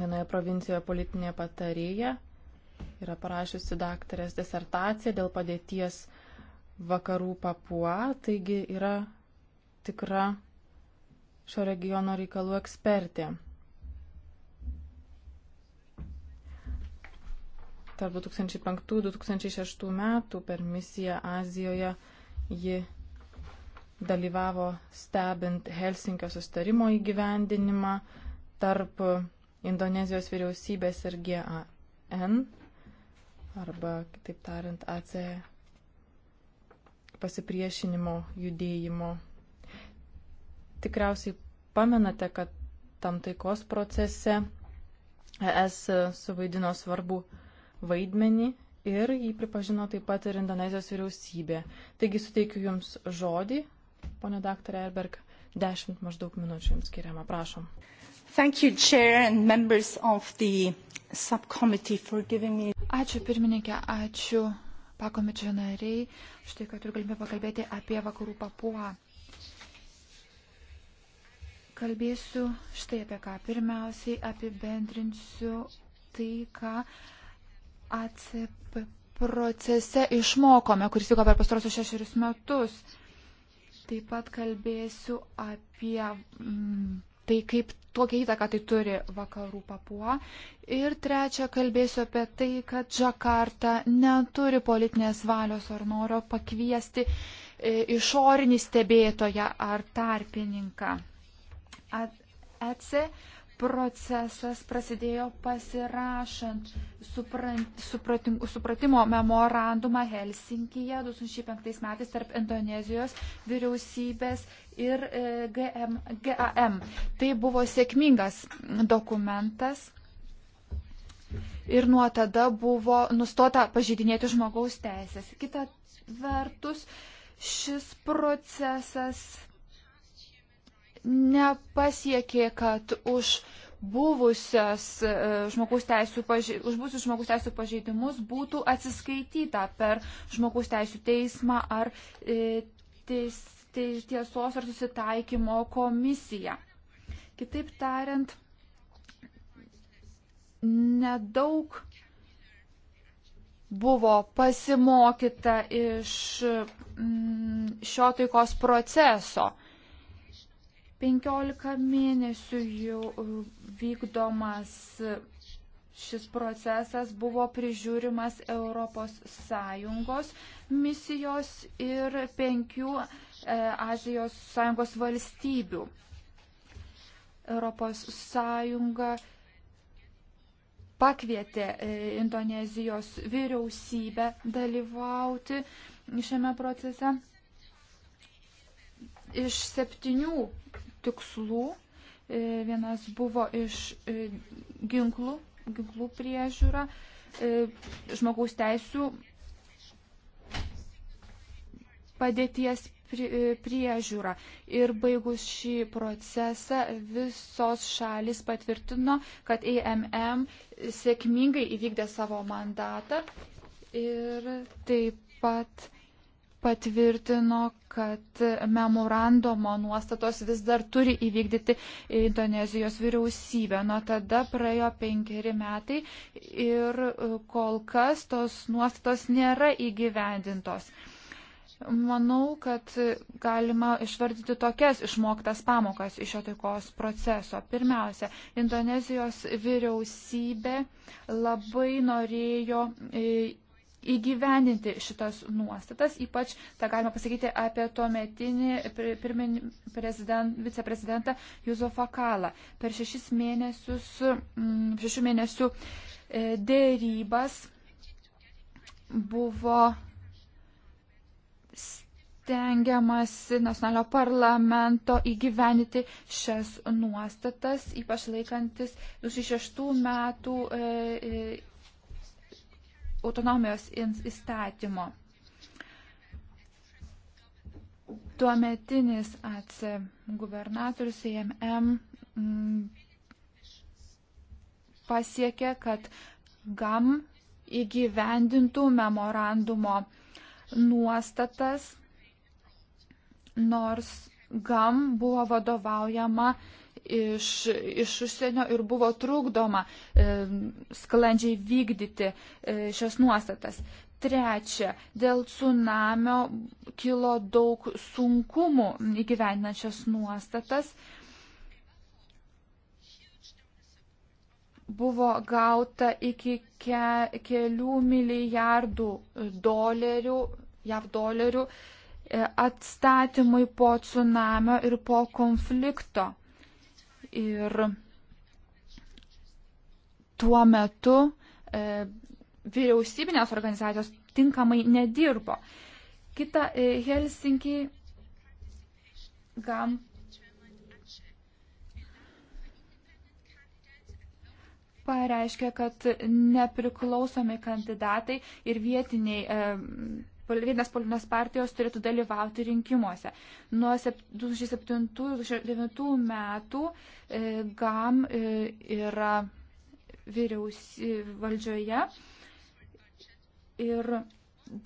vienoje provincijoje politinė patarėja, yra parašiusi daktarės disertaciją dėl padėties vakarų papua, taigi yra tikra šio regiono reikalų ekspertė. Tarp 2005-2006 metų per misiją Azijoje ji dalyvavo stebint Helsinkio sustarimo įgyvendinimą tarp Indonezijos vyriausybės ir GAN arba, kitaip tariant, ACE pasipriešinimo judėjimo. Tikriausiai pamenate, kad tam taikos procese ES suvaidino svarbu vaidmenį ir jį pripažino taip pat ir Indonezijos vyriausybė. Taigi suteikiu Jums žodį, ponė daktarė Erberg, dešimt maždaug minučių Jums skiriama, prašom. Thank you, Chair and members of the subcommittee for giving me. Ačiū pirmininkė, ačiū pakomičio nariai, štai kad turiu galimybę pakalbėti apie vakarų papuą. Kalbėsiu štai apie ką. Pirmiausiai apibendrinsiu tai, ką ACP procese išmokome, kuris vyko per pastarosius šešerius metus. Taip pat kalbėsiu apie mm, tai kaip tokia įtaka tai turi vakarų papua. Ir trečia, kalbėsiu apie tai, kad Džakarta neturi politinės valios ar noro pakviesti e, išorinį stebėtoją ar tarpininką. EC procesas prasidėjo pasirašant supratim, supratimo memorandumą Helsinkyje 2005 metais tarp Indonezijos vyriausybės ir e, GM, GAM. Tai buvo sėkmingas dokumentas. Ir nuo tada buvo nustota pažydinėti žmogaus teisės. Kita vertus, šis procesas nepasiekė, kad už buvusias e, žmogaus teisų, paži... už buvusius žmogaus teisų pažeidimus būtų atsiskaityta per žmogaus teisų teismą ar e, teis... tiesos ar susitaikymo komisiją. Kitaip tariant, nedaug buvo pasimokyta iš mm, šio taikos proceso. 15 mėnesių jau e, vykdomas šis procesas buvo prižiūrimas ES misijos ir penkių e, Azijos sąjungos valstybių. ES pakvietė e, Indonezijos vyriausybę dalyvauti šiame procese. Iš septynių tikslų. E, vienas buvo iš e, ginklų, ginklų priežiūra, e, žmogaus teisų padėties priežiūra. Ir baigus šį procesą visos šalis patvirtino, kad AMM sėkmingai įvykdė savo mandatą ir taip pat patvirtino, kad memorandumo nuostatos vis dar turi įvykdyti Indonezijos vyriausybė. Nuo tada praėjo penkeri metai ir kol kas tos nuostatos nėra įgyvendintos. Manau, kad galima išvardyti tokias išmoktas pamokas iš šio taikos proceso. Pirmiausia, Indonezijos vyriausybė labai norėjo įgyveninti šitas nuostatas, ypač tą galima pasakyti apie tuometinį viceprezidentą Juzofą Kalą. Per šešis mėnesius, mm, šešių mėnesių e, dėrybas buvo stengiamasi nacionalinio parlamento įgyvenyti šias nuostatas, ypač laikantis 2006 metų e, e, autonomijos įstatymo. Tuometinis AC gubernatorius EMM pasiekė, kad GAM įgyvendintų memorandumo nuostatas, nors GAM buvo vadovaujama iš, iš užsienio ir buvo trukdoma e, sklandžiai vykdyti e, šias nuostatas. Trečia, dėl tsunamio kilo daug sunkumų įgyvendinant šias nuostatas. Buvo gauta iki ke, kelių milijardų dolerių, jav dolerių e, atstatymui po tsunamio ir po konflikto. Ir tuo metu e, vyriausybinės organizacijos tinkamai nedirbo. Kita e, Helsinki gam. pareiškia, kad nepriklausomi kandidatai ir vietiniai e, vienas politinės partijos turėtų dalyvauti rinkimuose. Nuo 2007-2009 metų e, GAM e, yra vyriausi valdžioje ir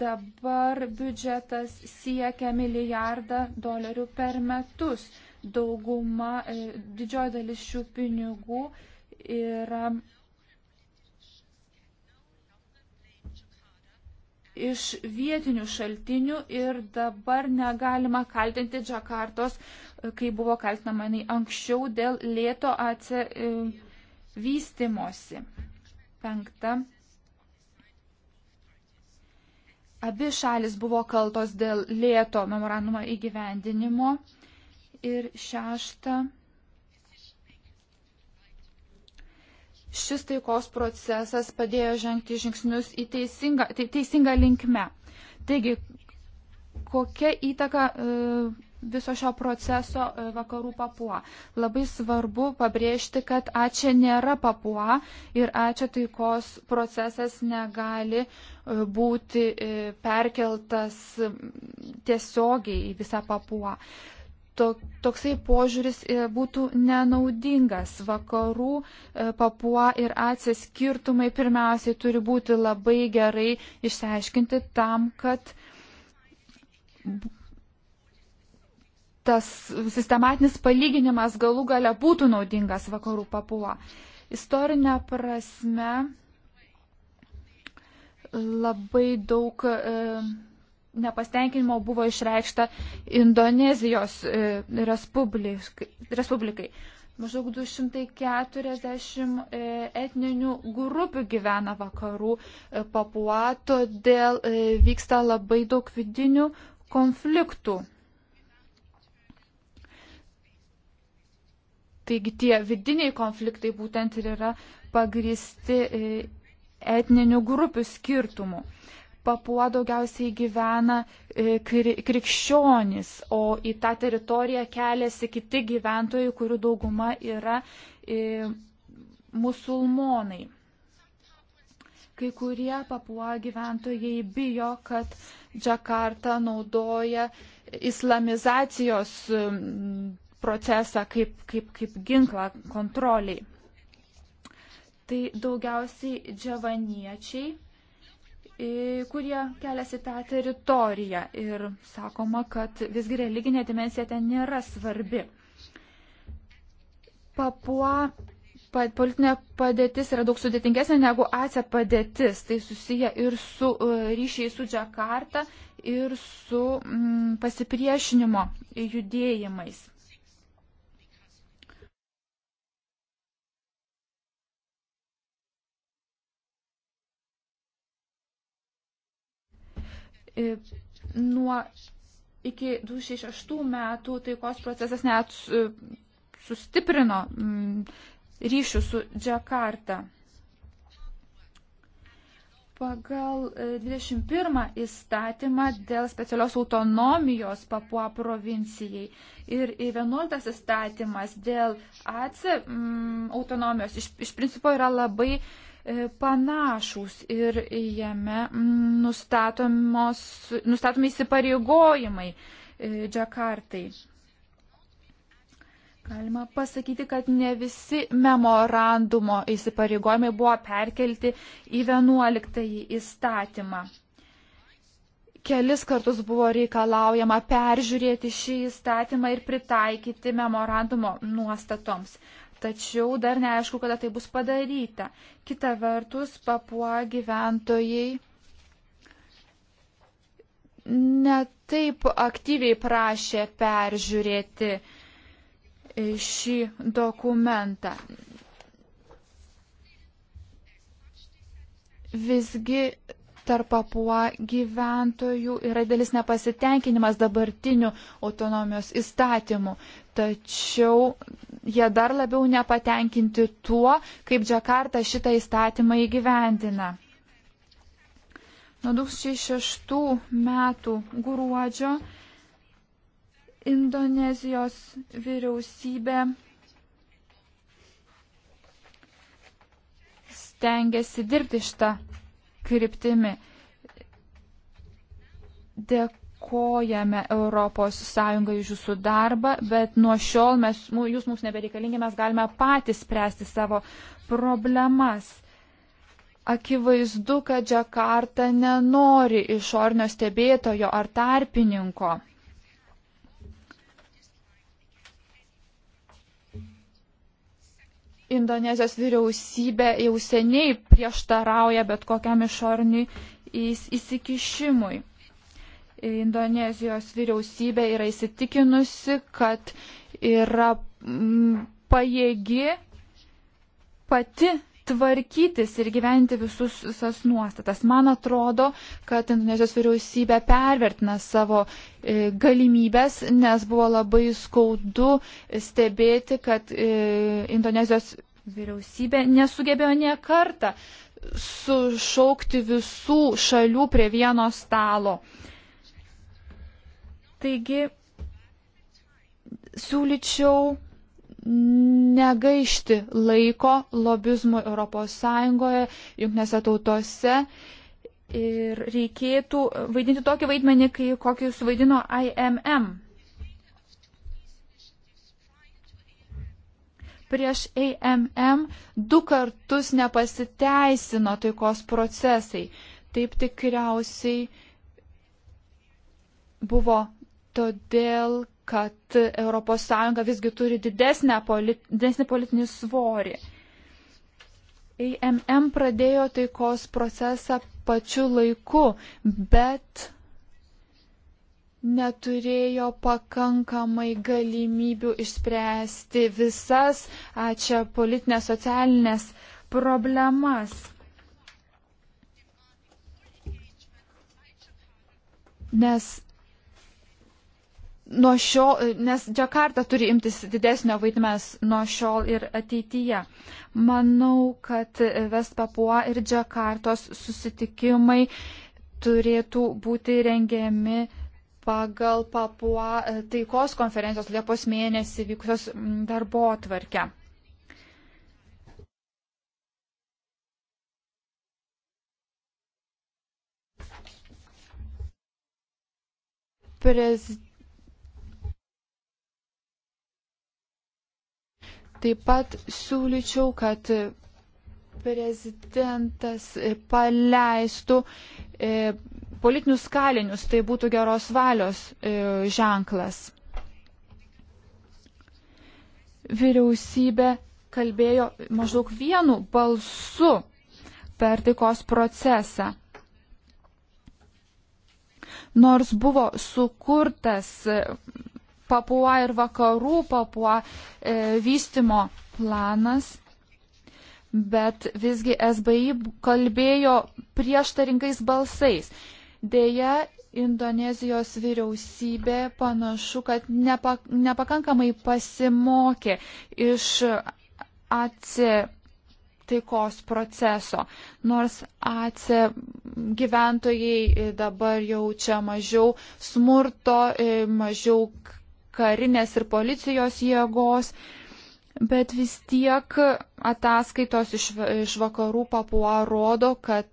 dabar biudžetas siekia milijardą dolerių per metus. Dauguma, e, didžioji dalis šių pinigų yra iš vietinių šaltinių ir dabar negalima kaltinti Džakartos, kai buvo kaltinama jinai anksčiau dėl lėto atsivystimosi. E, Penkta. Abi šalis buvo kaltos dėl lėto memorandumo įgyvendinimo. Ir šešta. šis taikos procesas padėjo žengti žingsnius į teisingą, te, teisingą linkmę. Taigi, kokia įtaka e, viso šio proceso e, vakarų papua? Labai svarbu pabrėžti, kad ačia nėra papua ir ačia taikos procesas negali e, būti e, perkeltas tiesiogiai į visą papuą. E, to, toksai požiūris e, būtų nenaudingas. Vakarų e, papua ir atsė skirtumai pirmiausiai turi būti labai gerai išsiaiškinti tam, kad tas sistematinis palyginimas galų gale būtų naudingas vakarų papua. Istorinė prasme labai daug. E, nepastenkinimo buvo išreikšta Indonezijos e, Respublikai. Maždaug 240 e, etninių grupių gyvena vakarų e, Papua, todėl vyksta labai daug vidinių konfliktų. Taigi tie vidiniai konfliktai būtent ir yra pagristi etninių grupių skirtumų. Papua daugiausiai gyvena e, krikščionys, o į tą teritoriją keliasi kiti gyventojai, kurių dauguma yra e, musulmonai. Kai kurie Papua gyventojai bijo, kad Džakarta naudoja islamizacijos procesą kaip, kaip, kaip ginklą kontroliai. Tai daugiausiai džiavaniečiai kurie keliasi tą teritoriją ir sakoma, kad visgi religinė dimensija ten nėra svarbi. Papua politinė padėtis yra daug sudėtingesnė negu ACE padėtis. Tai susiję ir su e, ryšiai su Džakarta, ir su mm, pasipriešinimo judėjimais. E, nuo iki 2006 metų taikos procesas net e, sustiprino mm, ryšių su Džakarta. Pagal 21 e, įstatymą dėl specialios autonomijos Papua provincijai ir 11 įstatymas dėl AC mm, autonomijos iš, iš principo yra labai uh, E, panašus ir jame nustatomi įsipareigojimai e, Džakartai. Galima pasakyti, kad ne visi memorandumo įsipareigojimai buvo perkelti į 11 įstatymą. Kelis kartus buvo reikalaujama peržiūrėti šį įstatymą ir pritaikyti memorandumo nuostatoms tačiau dar neaišku, kada tai bus padaryta. Kita vertus, papua gyventojai netaip aktyviai prašė peržiūrėti e, šį dokumentą. Visgi tarp papua gyventojų yra dėlis nepasitenkinimas dabartiniu autonomijos įstatymu tačiau jie dar labiau nepatenkinti tuo, kaip Džakarta šitą įstatymą įgyvendina. Nuo 2006 metų gruodžio Indonezijos vyriausybė stengiasi dirbti šitą kryptimį. Dėk dėkojame ES už jūsų darbą, bet nuo šiol mes, jūs mums nebereikalingi, mes galime patys spręsti savo problemas. Akivaizdu, kad Džakarta nenori išornio stebėtojo ar tarpininko. Indonezijos vyriausybė jau seniai prieštarauja bet kokiam išorniui įsikišimui. Indonezijos vyriausybė yra įsitikinusi, kad yra mm, pajėgi pati tvarkytis ir gyventi visus, visas nuostatas. Man atrodo, kad Indonezijos vyriausybė pervertina savo e, galimybės, nes buvo labai skaudu stebėti, kad e, Indonezijos vyriausybė nesugebėjo nie kartą sušaukti visų šalių prie vieno stalo. E, Taigi, siūlyčiau negaišti laiko lobizmo ES, jungtinėse tautose ir reikėtų vaidinti tokį vaidmenį, kai, kokį suvaidino IMM. Prieš AMM du kartus nepasiteisino taikos procesai. Taip tikriausiai buvo todėl kad ES visgi turi didesnį, polit, didesnį politinį svorį. AMM pradėjo taikos procesą pačiu laiku, bet neturėjo pakankamai galimybių išspręsti visas čia politinės, socialinės problemas. Nes nuo šio, nes Džakarta turi imtis didesnio vaidmens nuo šiol ir ateityje. Manau, kad Vespapua ir Džakartos susitikimai turėtų būti rengiami pagal Papua taikos konferencijos Liepos mėnesį vykusios darbo atvarkę. Prezid Taip pat siūlyčiau, kad prezidentas paleistų e, politinius kalinius, tai būtų geros valios e, ženklas. Vyriausybė kalbėjo maždaug vienu balsu per taikos procesą. Nors buvo sukurtas papua ir vakarų papua e, vystimo planas. Bet visgi SBI kalbėjo prieštaringais balsais. Deja, Indonezijos vyriausybė panašu, kad nepa, nepakankamai pasimokė iš atsi taikos proceso. Nors atsi gyventojai dabar jaučia mažiau smurto, e, mažiau karinės ir policijos jėgos, bet vis tiek ataskaitos iš, iš vakarų papuo rodo, kad,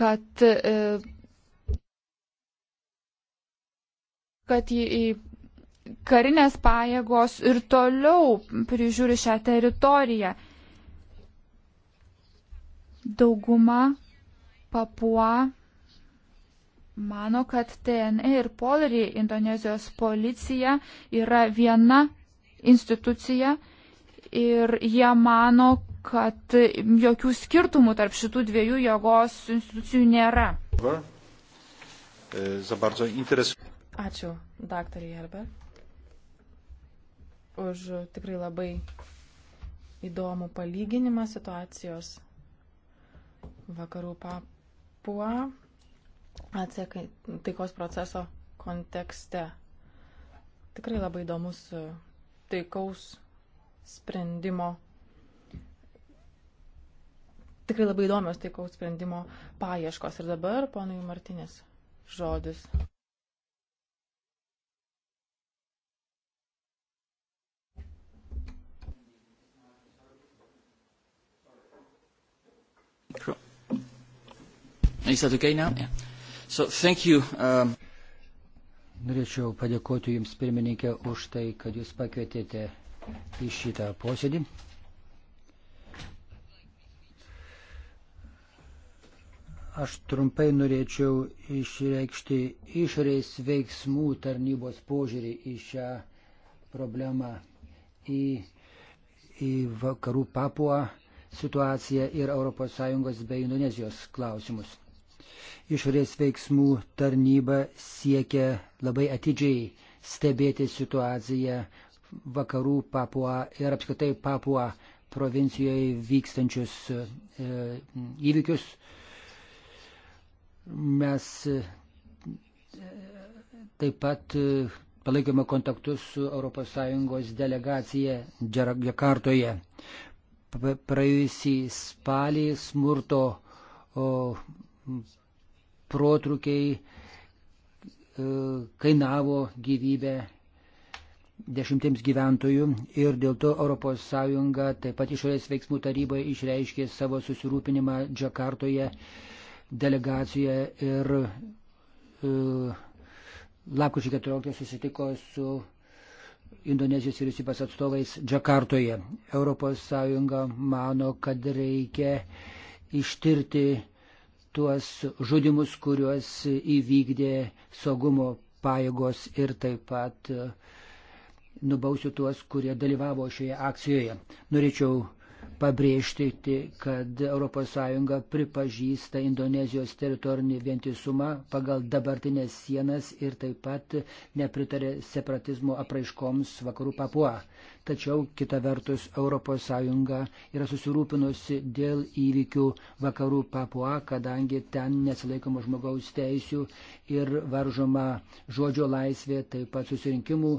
kad, e, kad į, į karinės pajėgos ir toliau prižiūri šią teritoriją. Dauguma papua mano, kad TNE ir Polerį Indonezijos policija yra viena institucija ir jie mano, kad jokių skirtumų tarp šitų dviejų jėgos institucijų nėra. Ačiū, daktarė Herber, už tikrai labai įdomų palyginimą situacijos vakarų papuo atsekai taikos proceso kontekste. Tikrai labai įdomus e, taikaus sprendimo. Tikrai labai įdomios taikaus sprendimo paieškos. Ir dabar ponui Martinis žodis. Is that okay now? Yeah. So, thank you. Um... Norėčiau padėkoti Jums, pirmininkė, už tai, kad Jūs pakvietėte į šitą posėdį. Aš trumpai norėčiau išreikšti išorės veiksmų tarnybos požiūrį į šią problemą, į, į vakarų papuą situaciją ir ES bei Indonezijos klausimus. Išorės veiksmų tarnyba siekia labai atidžiai stebėti situaciją vakarų Papua ir apskritai Papua provincijoje vykstančius e, įvykius. Mes e, taip pat e, palaikome kontaktus su ES delegacija Džakartoje. Praėjusį spalį smurto o, protrukiai e, kainavo gyvybę dešimtims gyventojų ir dėl to ES taip pat išorės veiksmų taryboje išreiškė savo susirūpinimą Džakartoje delegacijoje ir uh, lapkričio 14 susitiko su Indonezijos vyriausybės atstovais Džakartoje. ES mano, kad reikia ištirti tuos žudimus, kuriuos įvykdė saugumo pajėgos ir taip pat e, nubausiu tuos, kurie dalyvavo šioje akcijoje. Norėčiau pabrėžti, kad ES pripažįsta Indonezijos teritorinį vientisumą pagal dabartinės sienas ir taip pat nepritarė separatizmo apraiškoms vakarų papua. Tačiau kita vertus ES yra susirūpinusi dėl įvykių vakarų papua, kadangi ten nesilaikoma žmogaus teisių ir varžoma žodžio laisvė, taip pat susirinkimų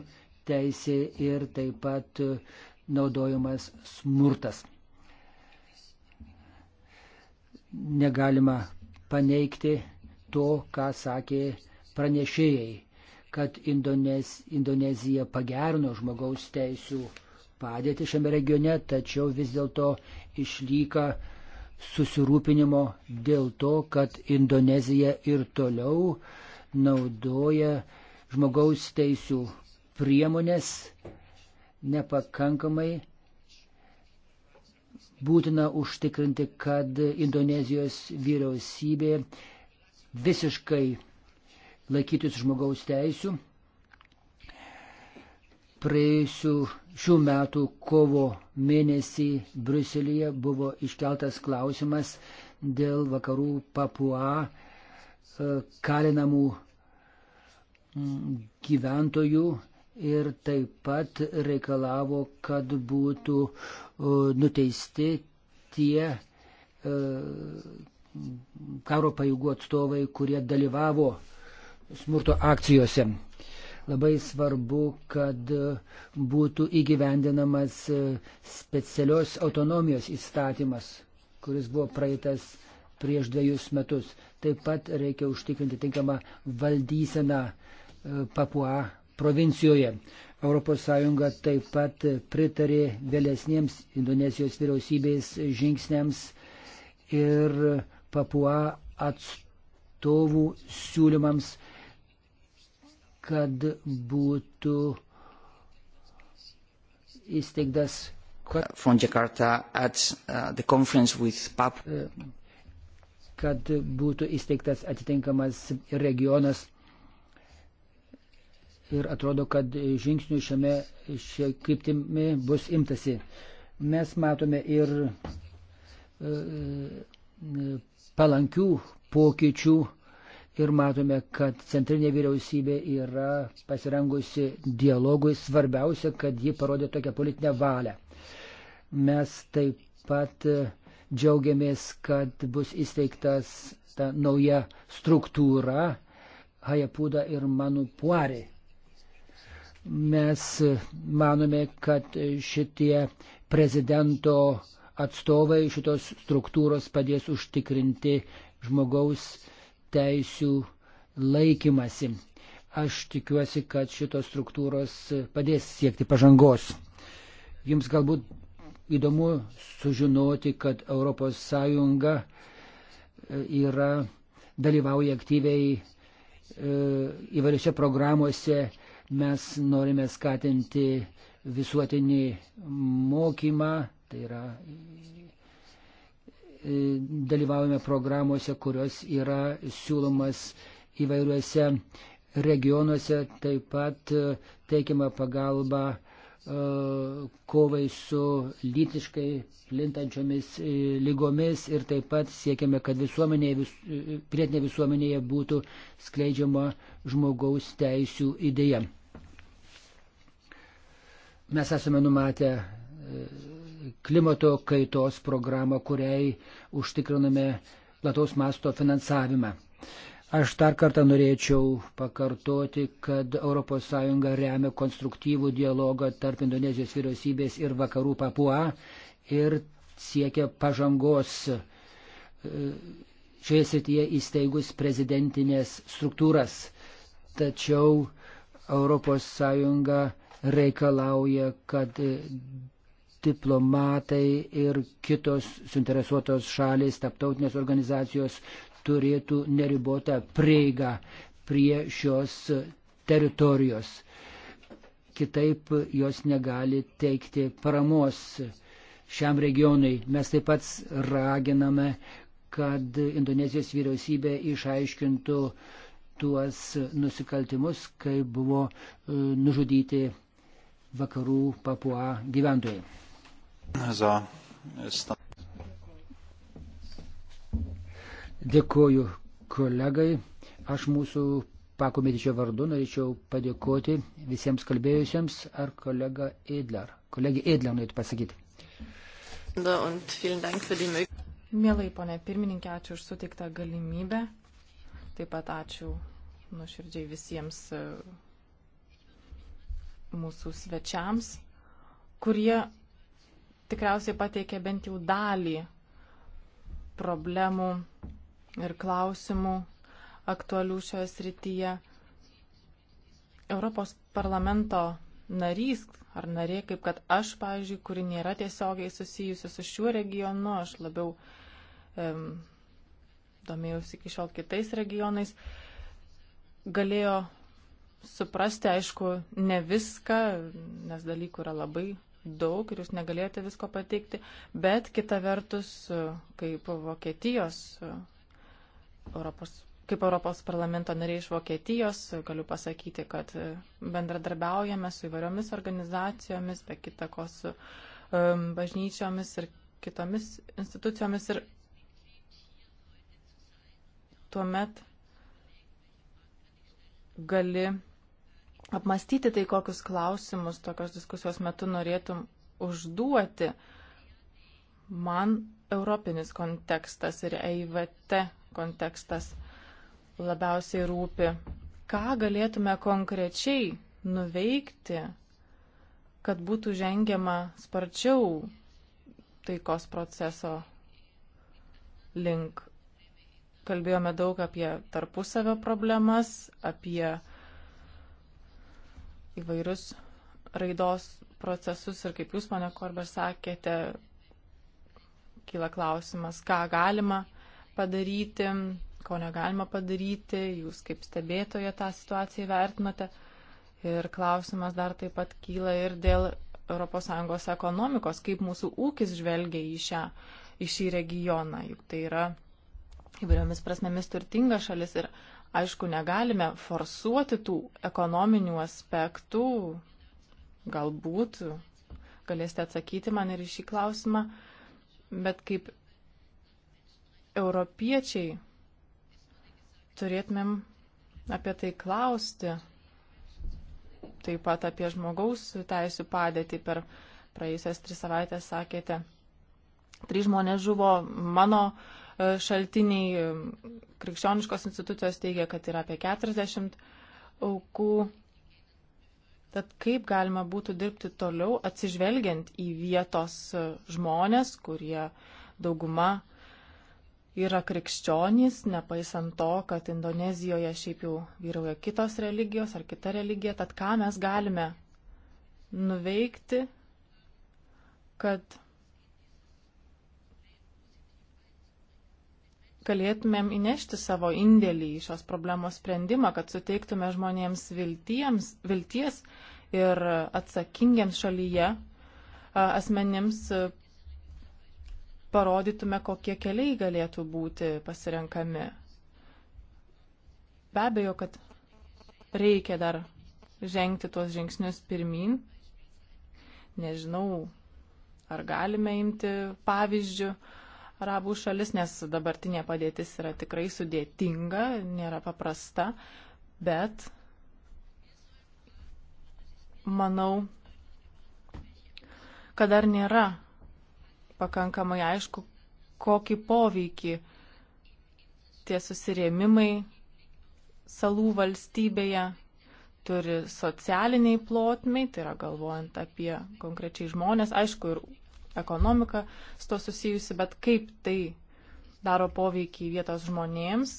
teisė ir taip pat naudojamas smurtas negalima paneigti to, ką sakė pranešėjai, kad Indonez, Indonezija pagerino žmogaus teisų padėti šiame regione, tačiau vis dėlto išlyka susirūpinimo dėl to, kad Indonezija ir toliau naudoja žmogaus teisų priemonės nepakankamai būtina užtikrinti, kad Indonezijos vyriausybė visiškai laikytųsi žmogaus teisų. Praėjusių šių metų kovo mėnesį Bruselėje buvo iškeltas klausimas dėl vakarų papua e, kalinamų gyventojų ir taip pat reikalavo, kad būtų e, nuteisti tie e, karo pajėgų atstovai, kurie dalyvavo smurto akcijose. Labai svarbu, kad būtų įgyvendinamas e, specialios autonomijos įstatymas, kuris buvo praeitas prieš dviejus metus. Taip pat reikia užtikrinti tinkamą valdyseną Papua provincijoje. ES taip pat pritarė vėlesniems Indonezijos vyriausybės žingsniams ir papua atstovų siūlymams, kad būtų įsteigtas from Jakarta at uh, the conference with Papua. Kad būtų įsteigtas atitinkamas regionas ir atrodo, kad žingsnių šiame šia kryptimi bus imtasi. Mes matome ir e, e, palankių pokyčių ir matome, kad centrinė vyriausybė yra pasirengusi dialogui. Svarbiausia, kad ji parodė tokią politinę valią. Mes taip pat e, džiaugiamės, kad bus įsteigtas ta nauja struktūra Hajapuda ir Manu Puarė. Mes manome, kad šitie prezidento atstovai šitos struktūros padės užtikrinti žmogaus teisių laikymasi. Aš tikiuosi, kad šitos struktūros padės siekti pažangos. Jums galbūt įdomu sužinoti, kad ES e, yra dalyvauja aktyviai e, įvairiose programuose Mes norime skatinti visuotinį mokymą, tai yra e, dalyvaujame programuose, kurios yra siūlomas įvairiuose regionuose, taip pat e, teikiama pagalba e, kovai su lytiškai plintančiomis lygomis ir taip pat siekiame, kad visuomenėje, vis, pilietinė visuomenėje būtų skleidžiama žmogaus teisų idėja. Mes esame numatę e, klimato kaitos programą, kuriai užtikriname plataus masto finansavimą. Aš dar kartą norėčiau pakartoti, kad ES remia konstruktyvų dialogą tarp Indonezijos vyriausybės ir vakarų Papua ir siekia pažangos e, šioje srityje įsteigus prezidentinės struktūras. Tačiau ES reikalauja, kad diplomatai ir kitos suinteresuotos šalis, taptautinės organizacijos turėtų neribotą prieigą prie šios teritorijos. Kitaip jos negali teikti paramos šiam regionui. Mes taip pat raginame, kad Indonezijos vyriausybė išaiškintų tuos nusikaltimus, kai buvo e, nužudyti vakarų papua gyventojai. Dėkuoju kolegai. Aš mūsų pakomitečio vardu norėčiau padėkoti visiems kalbėjusiems. Ar kolega Edler? Kolegė Edler norėtų pasakyti. Mielai, ponė pirmininkė, ačiū už suteiktą galimybę. Taip pat ačiū nuoširdžiai visiems mūsų svečiams, kurie tikriausiai pateikė bent jau dalį problemų ir klausimų aktualių šioje srityje. Europos parlamento narys ar narė, kaip kad aš, pavyzdžiui, kuri nėra tiesiogiai susijusi su šiuo regionu, aš labiau um, e, domėjausi iki šiol kitais regionais, galėjo suprasti, aišku, ne viską, nes dalykų yra labai daug ir jūs negalėjote visko pateikti, bet kita vertus, kaip Vokietijos, Europos, kaip Europos parlamento nariai iš Vokietijos, galiu pasakyti, kad bendradarbiaujame su įvairiomis organizacijomis, be kitakos um, bažnyčiomis ir kitomis institucijomis ir tuomet gali apmastyti tai, kokius klausimus tokios diskusijos metu norėtum užduoti. Man europinis kontekstas ir EIVT kontekstas labiausiai rūpi. Ką galėtume konkrečiai nuveikti, kad būtų žengiama sparčiau taikos proceso link. Kalbėjome daug apie tarpusavio problemas, apie įvairius raidos procesus ir kaip jūs, mane Korber, sakėte, kyla klausimas, ką galima padaryti, ko negalima padaryti, jūs kaip stebėtoje tą situaciją vertinate. Ir klausimas dar taip pat kyla ir dėl ES ekonomikos, kaip mūsų ūkis žvelgia į, šią, į šį regioną, juk tai yra įvairiomis prasmėmis turtinga šalis ir Aišku, negalime forsuoti tų ekonominių aspektų. Galbūt galėsite atsakyti man ir į šį klausimą. Bet kaip europiečiai turėtumėm apie tai klausti. Taip pat apie žmogaus teisų padėtį per praėjusias tris savaitės sakėte. Trys žmonės žuvo mano uh, šaltiniai, e, krikščioniškos institucijos teigia, kad yra apie 40 aukų. Tad kaip galima būtų dirbti toliau, atsižvelgiant į vietos e, žmonės, kurie dauguma yra krikščionys, nepaisant to, kad Indonezijoje šiaip jau vyrauja kitos religijos ar kita religija, tad ką mes galime nuveikti, kad galėtumėm įnešti savo indėlį į šios problemos sprendimą, kad suteiktume žmonėms viltiems, vilties ir atsakingiems šalyje asmenims parodytume, kokie keliai galėtų būti pasirenkami. Be abejo, kad reikia dar žengti tuos žingsnius pirmin. Nežinau, ar galime imti pavyzdžių arabų šalis, nes dabartinė padėtis yra tikrai sudėtinga, nėra paprasta, bet manau, kad dar nėra pakankamai aišku, kokį poveikį tie susirėmimai salų valstybėje turi socialiniai plotmiai, tai yra galvojant apie konkrečiai žmonės, aišku, ir ekonomika su to susijusi, bet kaip tai daro poveikį vietos žmonėms,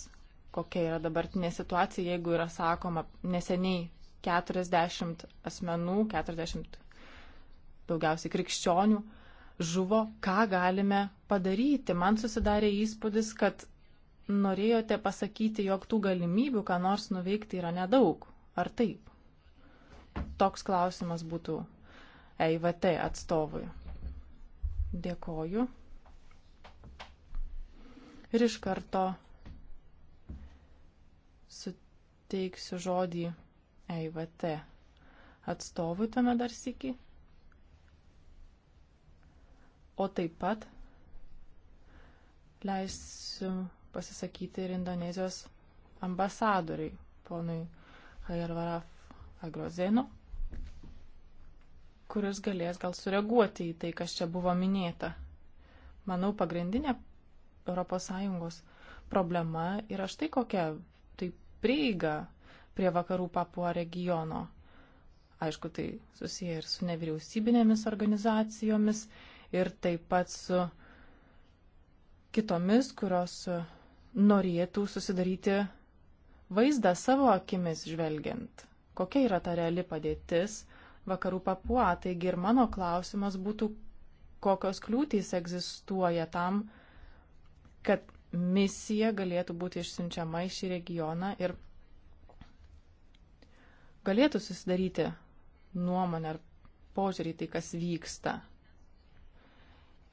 kokia yra dabartinė situacija, jeigu yra sakoma neseniai 40 asmenų, 40 daugiausiai krikščionių žuvo, ką galime padaryti. Man susidarė įspūdis, kad norėjote pasakyti, jog tų galimybių, ką nors nuveikti, yra nedaug. Ar taip? Toks klausimas būtų EIVT atstovui. Dėkoju. Ir iš karto suteiksiu žodį EIVT atstovui tame dar sėki. O taip pat leisiu pasisakyti ir Indonezijos ambasadoriai, ponui Hajarvaraf Agrozeno kuris galės gal sureaguoti į tai, kas čia buvo minėta. Manau, pagrindinė ES problema yra štai kokia - tai prieiga prie vakarų papuo regiono. Aišku, tai susiję ir su nevyriausybinėmis organizacijomis ir taip pat su kitomis, kurios norėtų susidaryti vaizdą savo akimis žvelgiant, kokia yra ta reali padėtis vakarų papua. Taigi ir mano klausimas būtų, kokios kliūtys egzistuoja tam, kad misija galėtų būti išsiunčiama į šį regioną ir galėtų susidaryti nuomonę ar požiūrį tai, kas vyksta.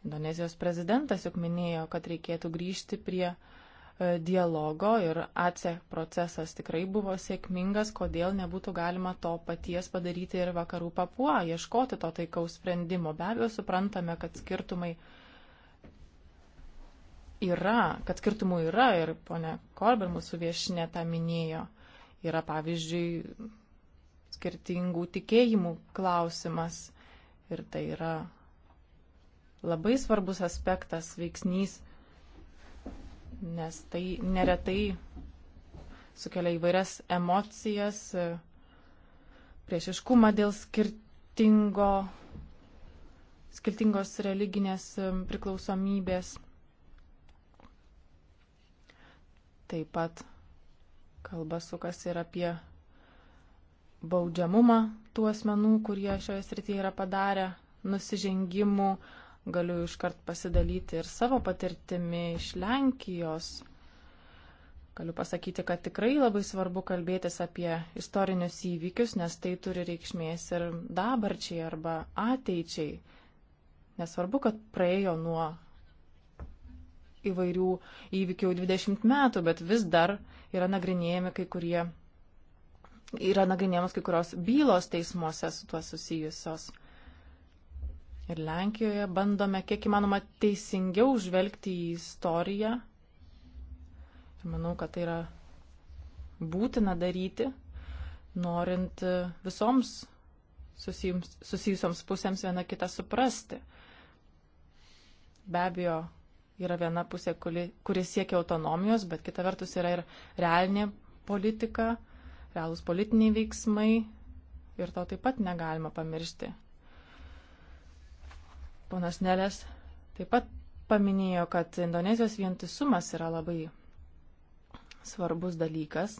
Indonezijos prezidentas juk minėjo, kad reikėtų grįžti prie uh, E, dialogo ir ACE procesas tikrai buvo sėkmingas, kodėl nebūtų galima to paties padaryti ir vakarų papuo, ieškoti to taikaus sprendimo. Be abejo, suprantame, kad skirtumai yra, kad skirtumų yra ir ponia Korber mūsų viešinė tą minėjo. Yra pavyzdžiui skirtingų tikėjimų klausimas ir tai yra labai svarbus aspektas, veiksnys nes tai neretai sukelia įvairias emocijas, priešiškumą dėl skirtingo, skirtingos religinės priklausomybės. Taip pat kalba sukas ir apie baudžiamumą tų asmenų, kurie šioje srityje yra padarę nusižengimų galiu iškart pasidalyti ir savo patirtimi iš Lenkijos. Galiu pasakyti, kad tikrai labai svarbu kalbėtis apie istorinius įvykius, nes tai turi reikšmės ir dabarčiai arba ateičiai. Nesvarbu, kad praėjo nuo įvairių įvykių 20 metų, bet vis dar yra nagrinėjami kai kurie, yra nagrinėjamas kai kurios bylos teismuose su tuo susijusios ir Lenkijoje bandome kiek įmanoma teisingiau žvelgti į istoriją. Ir manau, kad tai yra būtina daryti, norint visoms susijusioms pusėms viena kitą suprasti. Be abejo, yra viena pusė, kuri, kuri siekia autonomijos, bet kita vertus yra ir realinė politika, realūs politiniai veiksmai ir to taip pat negalima pamiršti. Ponas Nelės taip pat paminėjo, kad Indonezijos vientisumas yra labai svarbus dalykas.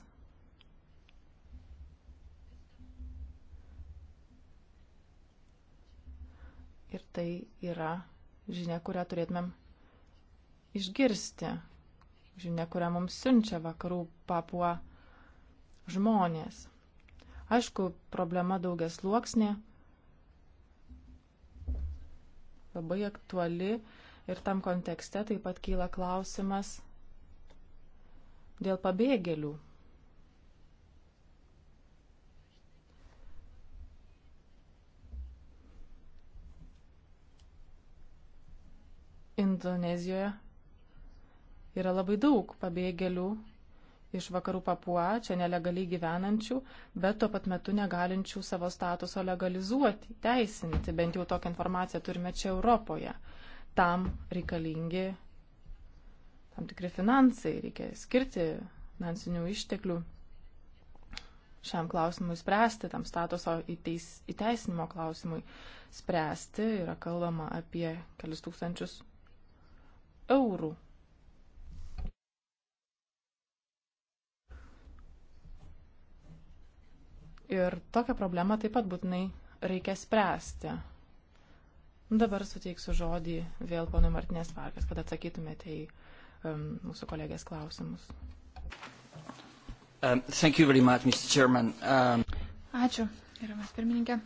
Ir tai yra žinia, kurią turėtumėm išgirsti, žinia, kurią mums siunčia vakarų papua žmonės. Aišku, problema daugias luoksnė, labai aktuali ir tam kontekste taip pat kyla klausimas dėl pabėgėlių. Indonezijoje yra labai daug pabėgėlių iš vakarų papua, čia nelegaliai gyvenančių, bet tuo pat metu negalinčių savo statuso legalizuoti, teisinti. Bent jau tokią informaciją turime čia Europoje. Tam reikalingi tam tikri finansai, reikia skirti finansinių išteklių šiam klausimui spręsti, tam statuso įteis, įteisinimo klausimui spręsti. Yra kalbama apie kelius tūkstančius eurų Ir tokią problemą taip pat būtinai reikia spręsti. Dabar suteiksiu žodį vėl ponui Martinės Varkas, kad atsakytumėte į um, mūsų kolegės klausimus. Um, much, Mr. Chairman. Um... Ačiū, gerbiamas pirmininkė.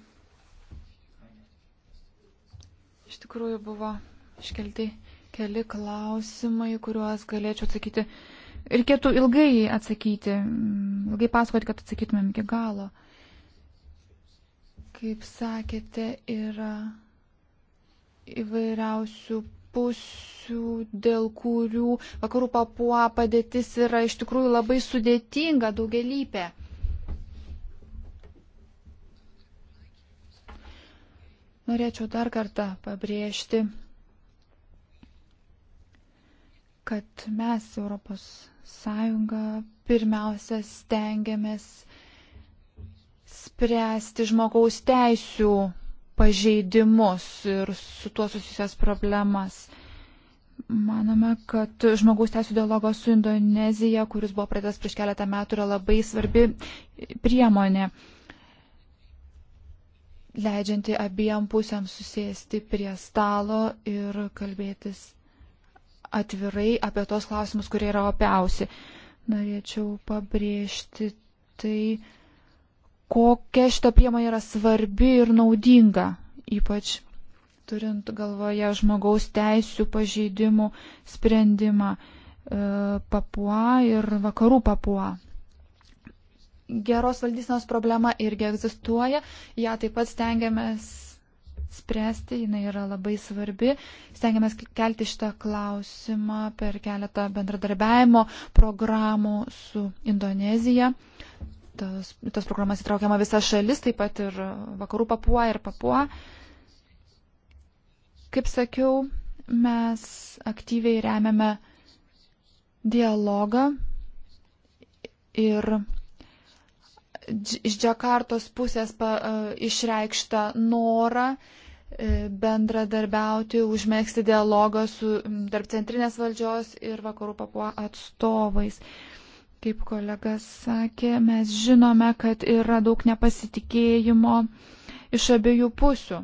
Iš tikrųjų buvo iškelti keli klausimai, kuriuos galėčiau atsakyti. Reikėtų ilgai atsakyti, mm, ilgai pasakoti, kad atsakytumėm iki galo. Uh, kaip sakėte, yra įvairiausių pusių, dėl kurių vakarų papua padėtis yra iš tikrųjų labai sudėtinga, daugelypė. Norėčiau dar kartą pabrėžti, kad mes, Europos Sąjunga, pirmiausia stengiamės spręsti žmogaus teisų pažeidimus ir su tuo susijusias problemas. Manome, kad žmogaus teisų dialogas su Indonezija, kuris buvo pradėtas prieš keletą metų, yra labai svarbi priemonė, leidžianti abiem pusėm susėsti prie stalo ir kalbėtis atvirai apie tos klausimus, kurie yra opiausi. Norėčiau pabrėžti tai, kokia šita priemonė yra svarbi ir naudinga, ypač turint galvoje žmogaus teisų pažeidimų sprendimą e, Papua ir vakarų Papua. Geros valdysenos problema irgi egzistuoja, ją taip pat stengiamės spręsti, jinai yra labai svarbi. Stengiamės kelti šitą klausimą per keletą bendradarbiajimo programų su Indonezija tas, tas programas įtraukiama visa šalis, taip pat ir vakarų papua ir papua. Kaip sakiau, mes aktyviai remiame dialogą ir iš Džakartos pusės pa, e, išreikštą norą e, bendradarbiauti, užmėgsti dialogą su tarp centrinės valdžios ir vakarų papuo atstovais. Uh, Kaip kolegas sakė, mes žinome, kad yra daug nepasitikėjimo iš abiejų pusių.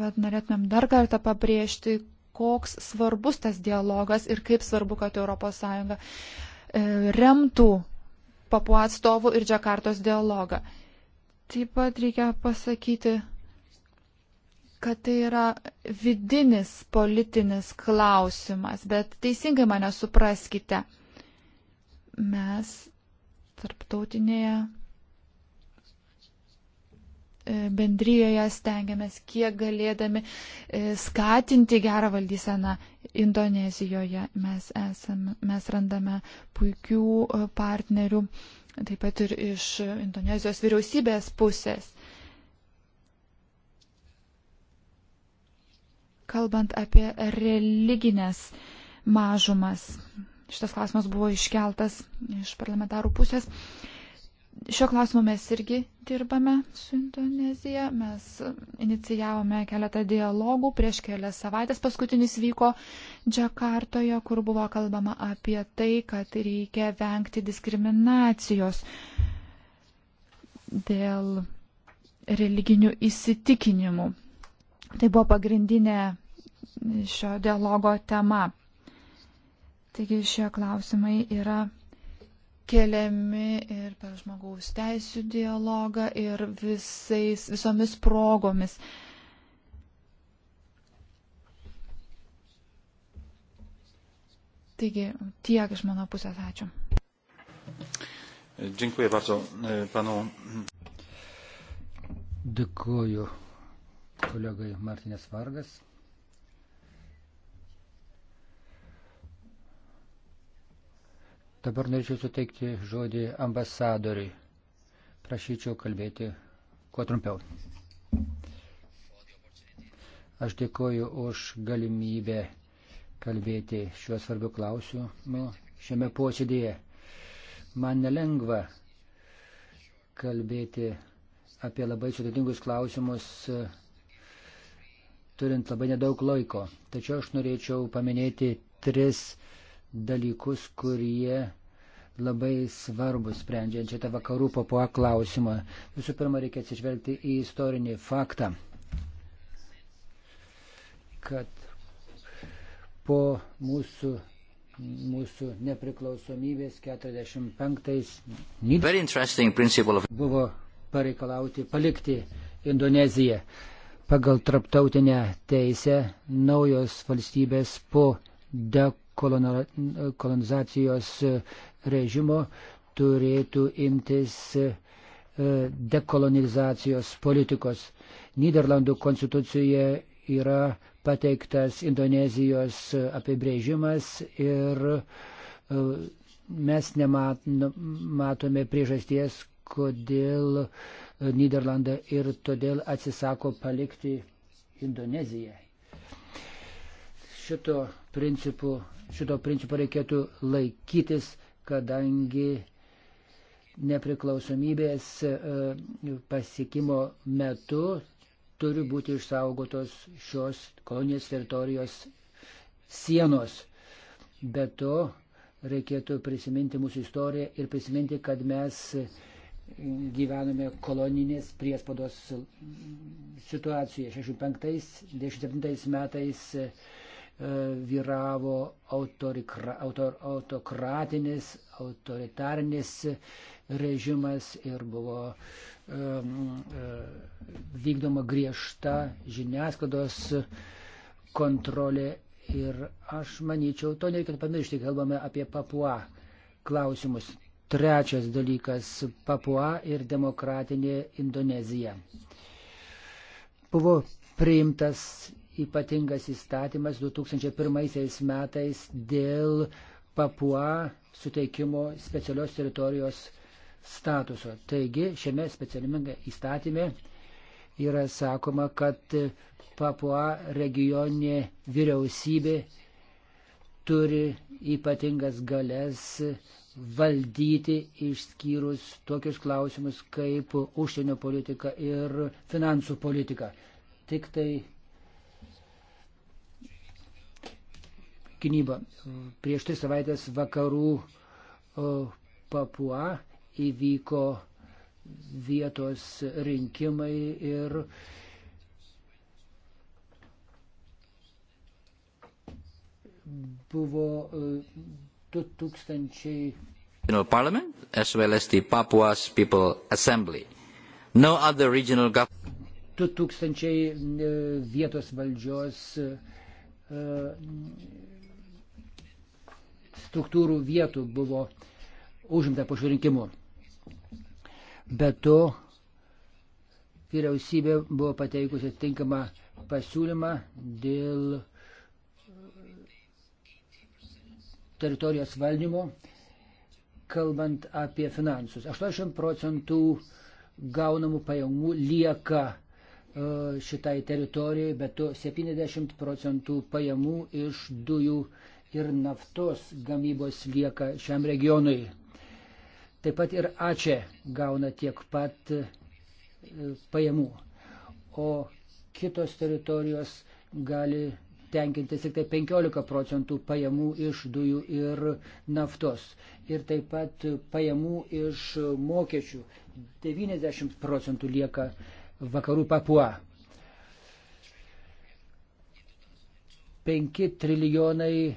Bet norėtumėm dar kartą pabrėžti, koks svarbus tas dialogas ir kaip svarbu, kad ES e, remtų papu atstovų ir Džakartos dialogą. Taip pat reikia pasakyti, kad tai yra vidinis politinis klausimas, bet teisingai mane supraskite mes tarptautinėje e, bendryjoje stengiamės kiek galėdami e, skatinti gerą valdyseną Indonezijoje. Mes, esame, mes randame puikių e, partnerių, taip pat ir iš Indonezijos vyriausybės pusės. Kalbant apie religinės mažumas, Šitas klausimas buvo iškeltas iš parlamentarų pusės. Šio klausimo mes irgi dirbame su Indonezija. Mes inicijavome keletą dialogų prieš kelias savaitės. Paskutinis vyko Džakartoje, kur buvo kalbama apie tai, kad reikia vengti diskriminacijos dėl religinių įsitikinimų. Tai buvo pagrindinė šio dialogo tema. Taigi šie klausimai yra keliami ir per žmogaus teisų dialogą ir visais, visomis progomis. Taigi tiek iš mano pusės ačiū. Dziękuję bardzo e, panu. Dėkuoju kolegai Martinės Vargas. Dabar norėčiau suteikti žodį ambasadoriui. Prašyčiau kalbėti kuo trumpiau. Aš dėkoju už galimybę kalbėti šiuo svarbiu klausimu šiame posėdėje. Man nelengva kalbėti apie labai sudėtingus klausimus, turint labai nedaug laiko. Tačiau aš norėčiau paminėti tris dalykus, kurie labai svarbus sprendžiant šitą vakarų papuo klausimą. Visų pirma, reikia atsižvelgti į istorinį faktą, kad po mūsų, mūsų nepriklausomybės 45-ais of... buvo pareikalauti palikti Indoneziją. Pagal traptautinę teisę naujos valstybės po deko kolonizacijos e, režimo turėtų imtis e, dekolonizacijos politikos. Niderlandų konstitucijoje yra pateiktas Indonezijos e, apibrėžimas ir mes nematome nu, priežasties, kodėl Niderlandai ir todėl atsisako palikti Indoneziją šito principu, šito principu reikėtų laikytis, kadangi nepriklausomybės e, pasikimo metu turi būti išsaugotos šios kolonijos teritorijos sienos. Be to, reikėtų prisiminti mūsų istoriją ir prisiminti, kad mes gyvenome koloninės priespados situacijoje. 65-67 metais E, vyravo autorikra, autor, autokratinis, autoritarinis režimas ir buvo um, vykdoma griežta žiniasklaidos kontrolė. Ir aš manyčiau, to nereikėtų pamiršti, kalbame apie papua klausimus. Trečias dalykas - Papua ir demokratinė Indonezija. Buvo priimtas ypatingas įstatymas 2001 metais dėl papua suteikimo specialios teritorijos statuso. Taigi šiame specialiame įstatymė yra sakoma, kad papua regioninė vyriausybė turi ypatingas galės valdyti išskyrus tokius klausimus kaip užsienio politika ir finansų politika. Tik tai gynybą. Prieš tai savaitės vakarų papua įvyko vietos rinkimai ir buvo 2000. Regional Parliament as well as the Papua's People Assembly. No other regional government. 2000 vietos valdžios e, struktūrų vietų buvo užimta po šių rinkimų. Be to, vyriausybė buvo pateikusi tinkamą pasiūlymą dėl uh, teritorijos valdymo, kalbant apie finansus. 80 procentų gaunamų pajamų lieka uh, šitai teritorijai, bet to 70 procentų pajamų iš dujų ir naftos gamybos lieka šiam regionui. Taip pat ir Ačia gauna tiek pat e, pajamų, o kitos teritorijos gali tenkintis tik tai 15 procentų pajamų iš dujų ir naftos. Ir taip pat pajamų iš mokesčių 90 procentų lieka vakarų papua. 5 trilijonai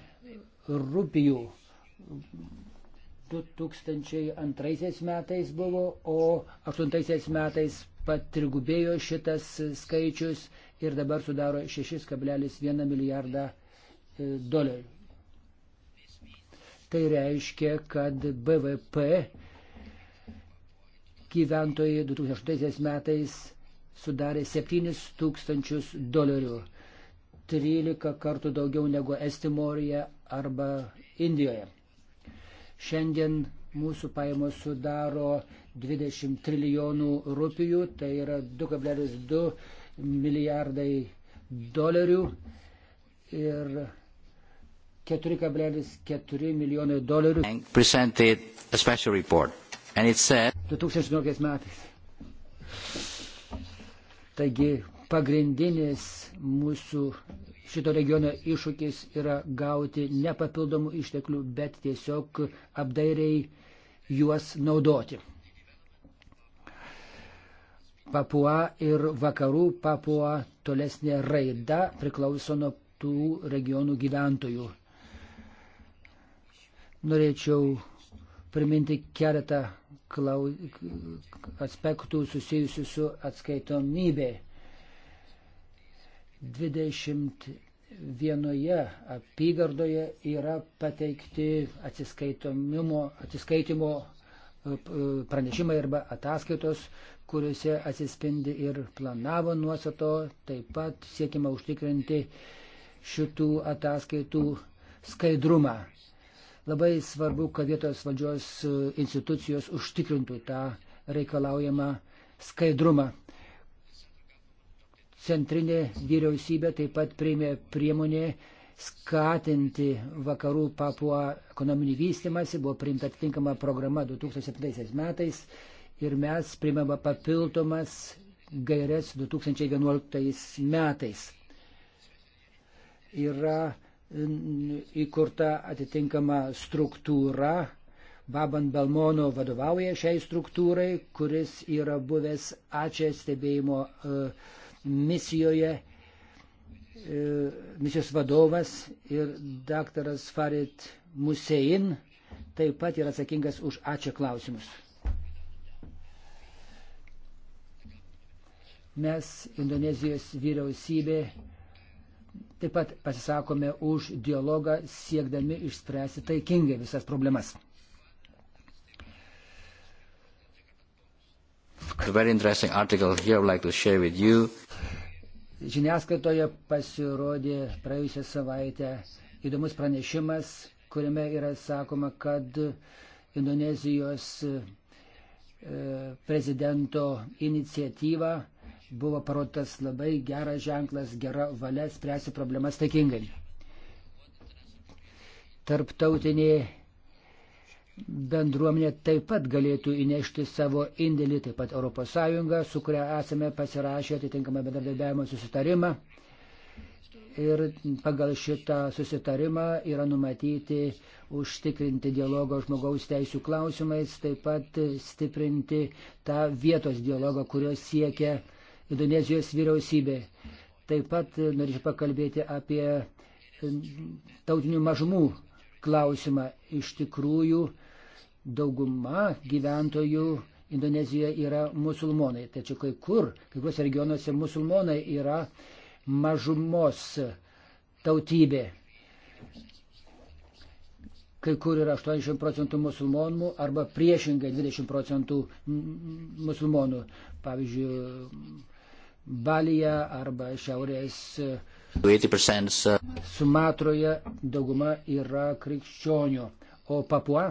rupijų. 2002 metais buvo, o 2008 metais patrigubėjo šitas skaičius ir dabar sudaro 6,1 milijardą e, dolerių. Tai reiškia, kad BVP gyventojai 2008 metais sudarė 7 tūkstančius dolerių, 13 kartų daugiau negu Estimorija arba Indijoje. Šiandien mūsų pajamos sudaro 20 trilijonų rupijų, tai yra 2,2 milijardai dolerių ir 4,4 milijonai dolerių. 2019 metais. Taigi pagrindinis mūsų šito regiono iššūkis yra gauti ne papildomų išteklių, bet tiesiog apdairiai juos naudoti. Papua ir vakarų Papua tolesnė raida priklauso nuo tų regionų gyventojų. Norėčiau priminti keletą klau... aspektų susijusių su atskaitomybė. 21 apygardoje yra pateikti atsiskaitimo e, e, pranešimai arba ataskaitos, kuriuose atsispindi ir planavo nuostato, taip pat siekima užtikrinti šitų ataskaitų skaidrumą. Labai svarbu, kad vietos valdžios institucijos užtikrintų tą reikalaujamą skaidrumą. Centrinė vyriausybė taip pat priėmė priemonė skatinti vakarų papuo ekonominį vystimąsi, buvo priimta atitinkama programa 2007 metais ir mes priimame papildomas gairias 2011 metais. Yra įkurta atitinkama struktūra, Baban Belmono vadovauja šiai struktūrai, kuris yra buvęs ačiū stebėjimo uh, misijoje e, misijos vadovas ir daktaras Farid Musein taip pat yra atsakingas už ačiū klausimus. Mes, Indonezijos vyriausybė, taip pat pasisakome už dialogą siekdami išspręsti taikingai visas problemas. A very interesting article here I would like to share with you. Žiniasklaidoje pasirodė praėjusią savaitę įdomus pranešimas, kuriame yra sakoma, kad Indonezijos e, prezidento iniciatyva buvo parotas labai geras ženklas, gera valia spręsti problemas taikingai. Tarptautinė bendruomenė taip pat galėtų įnešti savo indėlį, taip pat ES, su kuria esame pasirašę atitinkamą bendradarbiavimo susitarimą. Ir pagal šitą susitarimą yra numatyti užtikrinti dialogo žmogaus teisų klausimais, taip pat stiprinti tą vietos dialogą, kurios siekia Indonezijos vyriausybė. Taip pat norėčiau pakalbėti apie tautinių mažumų klausimą. Iš tikrųjų, dauguma gyventojų Indonezijoje yra musulmonai. Tačiau kai kur, kai kuriuose regionuose musulmonai yra mažumos tautybė. Kai kur yra 80 procentų musulmonų arba priešingai 20 procentų musulmonų. Pavyzdžiui, Balija arba Šiaurės Sumatroje dauguma yra krikščionių, o Papua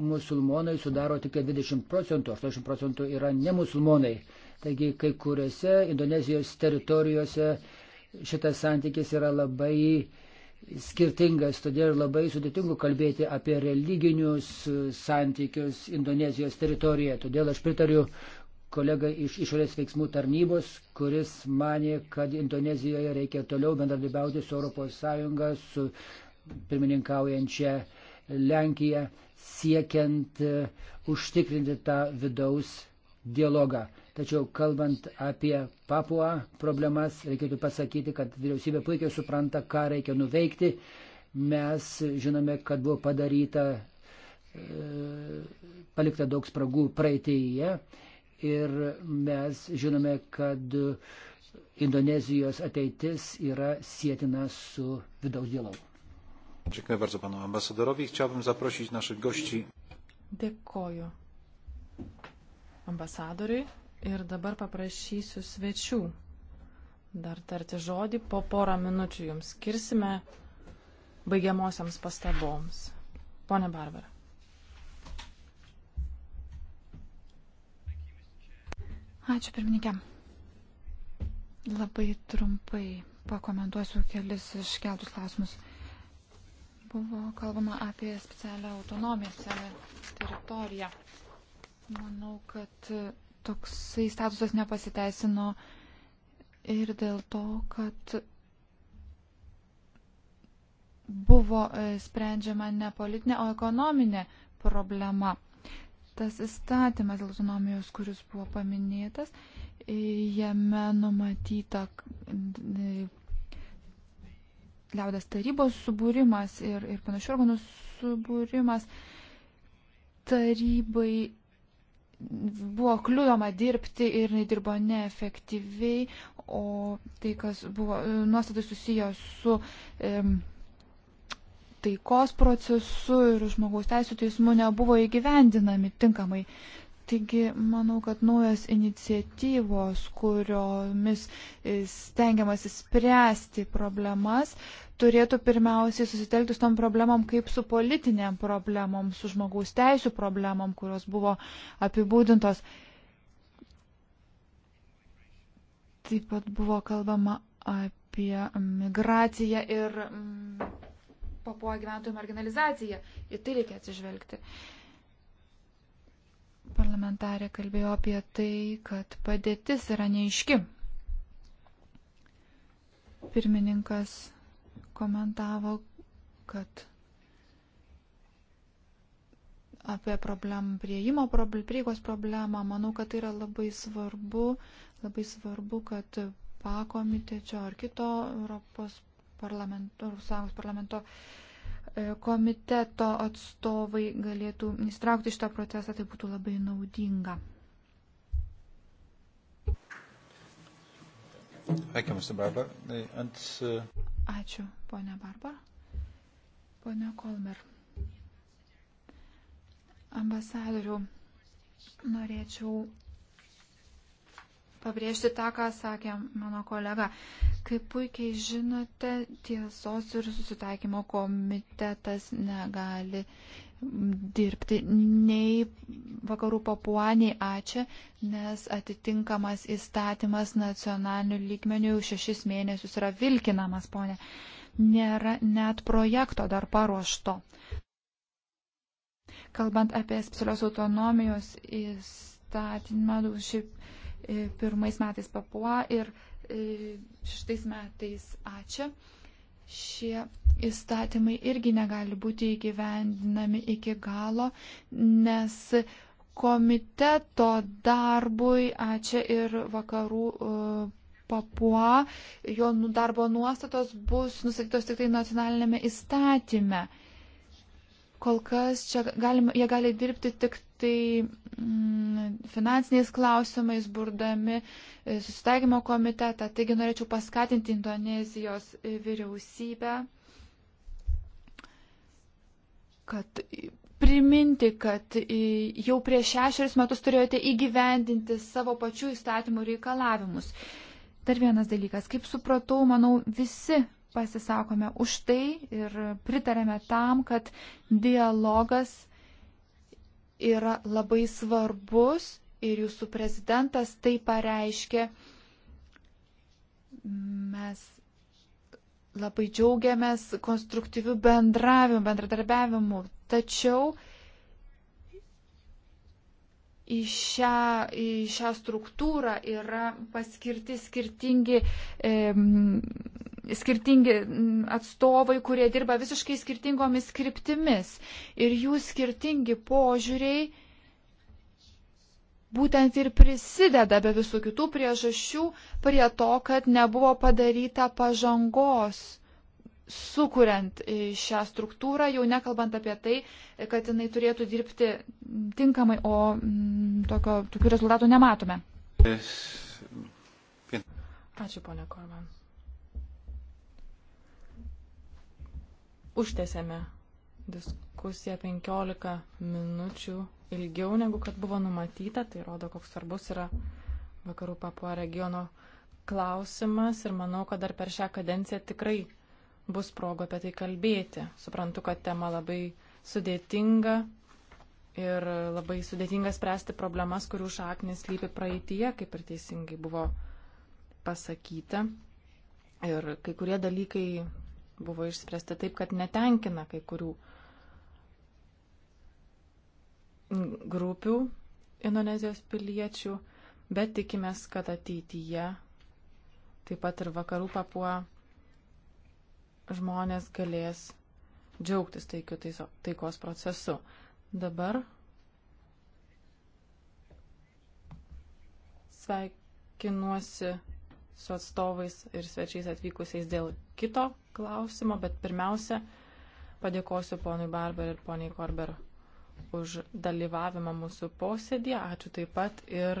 musulmonai sudaro tik 20 tai procentų, 80 procentų yra nemusulmonai. Taigi kai kuriuose Indonezijos teritorijose šitas santykis yra labai skirtingas, todėl labai sudėtingu kalbėti apie religinius santykius Indonezijos teritorijoje. Todėl aš pritariu kolega iš išorės veiksmų tarnybos, kuris manė, kad Indonezijoje reikia toliau bendradarbiauti su ES, su pirmininkaujančia Lenkija siekiant e, užtikrinti tą vidaus dialogą. Tačiau kalbant apie papuą problemas, reikėtų pasakyti, kad vyriausybė puikiai supranta, ką reikia nuveikti. Mes žinome, kad buvo padaryta, e, palikta daug spragų praeitėje ir mes žinome, kad Indonezijos ateitis yra sėtina su vidaus dialogu. Dziękuję bardzo panu ambasadorowi. Chciałbym zaprosić naszych gości. Dėkoju ambasadoriui ir dabar paprašysiu svečių dar tarti žodį. Po porą minučių jums skirsime baigiamosiams pastaboms. Pone Barbara. Ačiū pirmininkė. Labai trumpai pakomentuosiu kelis iškeltus klausimus. Buvo kalbama apie specialią autonomiją, specialią teritoriją. Manau, kad toksai statusas nepasiteisino ir dėl to, kad buvo e, sprendžiama ne politinė, o ekonominė problema. Tas įstatymas dėl autonomijos, kuris buvo paminėtas, e, jame numatyta e, liaudės tarybos subūrimas ir, ir panašių organų subūrimas tarybai buvo kliūdoma dirbti ir jinai dirbo neefektyviai, o tai, kas buvo e, nuostatai susijęs su e, taikos procesu ir žmogaus teisų teismu, nebuvo įgyvendinami tinkamai. Taigi, manau, kad naujas iniciatyvos, kuriomis e, stengiamas įspręsti problemas, turėtų pirmiausiai susitelkti su tom problemom kaip su politinėm problemom, su žmogaus teisų problemom, kurios buvo apibūdintos. Taip pat buvo kalbama apie migraciją ir mm, papuo gyventojų marginalizaciją. Į tai reikia atsižvelgti. Uh, parlamentarė kalbėjo apie tai, kad padėtis yra neiški. Pirmininkas komentavo, kad apie problemą, prieimo problem, prieigos problemą, manau, kad tai yra labai svarbu, labai svarbu, kad pakomitečio ar kito Europos parlamento, Europos parlamento uh, E, komiteto atstovai galėtų įstraukti šitą procesą, tai būtų labai naudinga. Uh, Ačiū, ponia Barbara. Pone Kolmer. Ambasadorių norėčiau pabrėžti tą, ką sakė mano kolega. Kaip puikiai žinote, tiesos ir susitaikymo komitetas negali dirbti nei vakarų papuaniai ačiū, nes atitinkamas įstatymas nacionaliniu lygmeniu jau šešis mėnesius yra vilkinamas, ponė. Nėra net projekto dar paruošto. Kalbant apie specialios autonomijos įstatymą, šiaip E, pirmais metais Papua ir e, šeštais metais Ačia. Šie įstatymai irgi negali būti įgyvendinami iki galo, nes komiteto darbui Ačia ir vakarų e, Papua, jo nu, darbo nuostatos bus nusakytos tik tai nacionalinėme įstatyme. Kol kas čia galima, jie gali dirbti tik tai mm, finansiniais klausimais burdami e, susitaikymo komitetą. Taigi norėčiau paskatinti Indonezijos e, vyriausybę, kad priminti, kad jau prieš šešerius metus turėjote įgyvendinti savo pačių įstatymų reikalavimus. Dar vienas dalykas, kaip supratau, manau, visi pasisakome už tai ir pritarėme tam, kad dialogas yra labai svarbus ir jūsų prezidentas tai pareiškė. Mes labai džiaugiamės konstruktyviu bendravimu, bendradarbiavimu. Tačiau į šią, į šią struktūrą yra paskirti skirtingi e, skirtingi atstovai, kurie dirba visiškai skirtingomis kryptimis ir jų skirtingi požiūriai būtent ir prisideda be visų kitų priežasčių prie to, kad nebuvo padaryta pažangos sukuriant e, šią struktūrą, jau nekalbant apie tai, kad jinai turėtų dirbti tinkamai, o tokio, tokių rezultatų nematome. Ačiū, ponia Korman. užtėsėme diskusiją 15 minučių ilgiau negu kad buvo numatyta. Tai rodo, koks svarbus yra vakarų papuo regiono klausimas ir manau, kad dar per šią kadenciją tikrai bus progo apie tai kalbėti. Suprantu, kad tema labai sudėtinga ir labai sudėtinga spręsti problemas, kurių šaknis lypi praeitie, kaip ir teisingai buvo pasakyta. Ir kai kurie dalykai buvo išspręsti taip, kad netenkina kai kurių grupių Indonezijos piliečių, bet tikimės, kad ateityje taip pat ir vakarų papuo žmonės galės džiaugtis taikiu taikos procesu. Dabar sveikinuosi su atstovais ir svečiais atvykusiais dėl kito klausimo, bet pirmiausia, padėkosiu ponui Barber ir poniai Korber už dalyvavimą mūsų posėdėje. Ačiū taip pat ir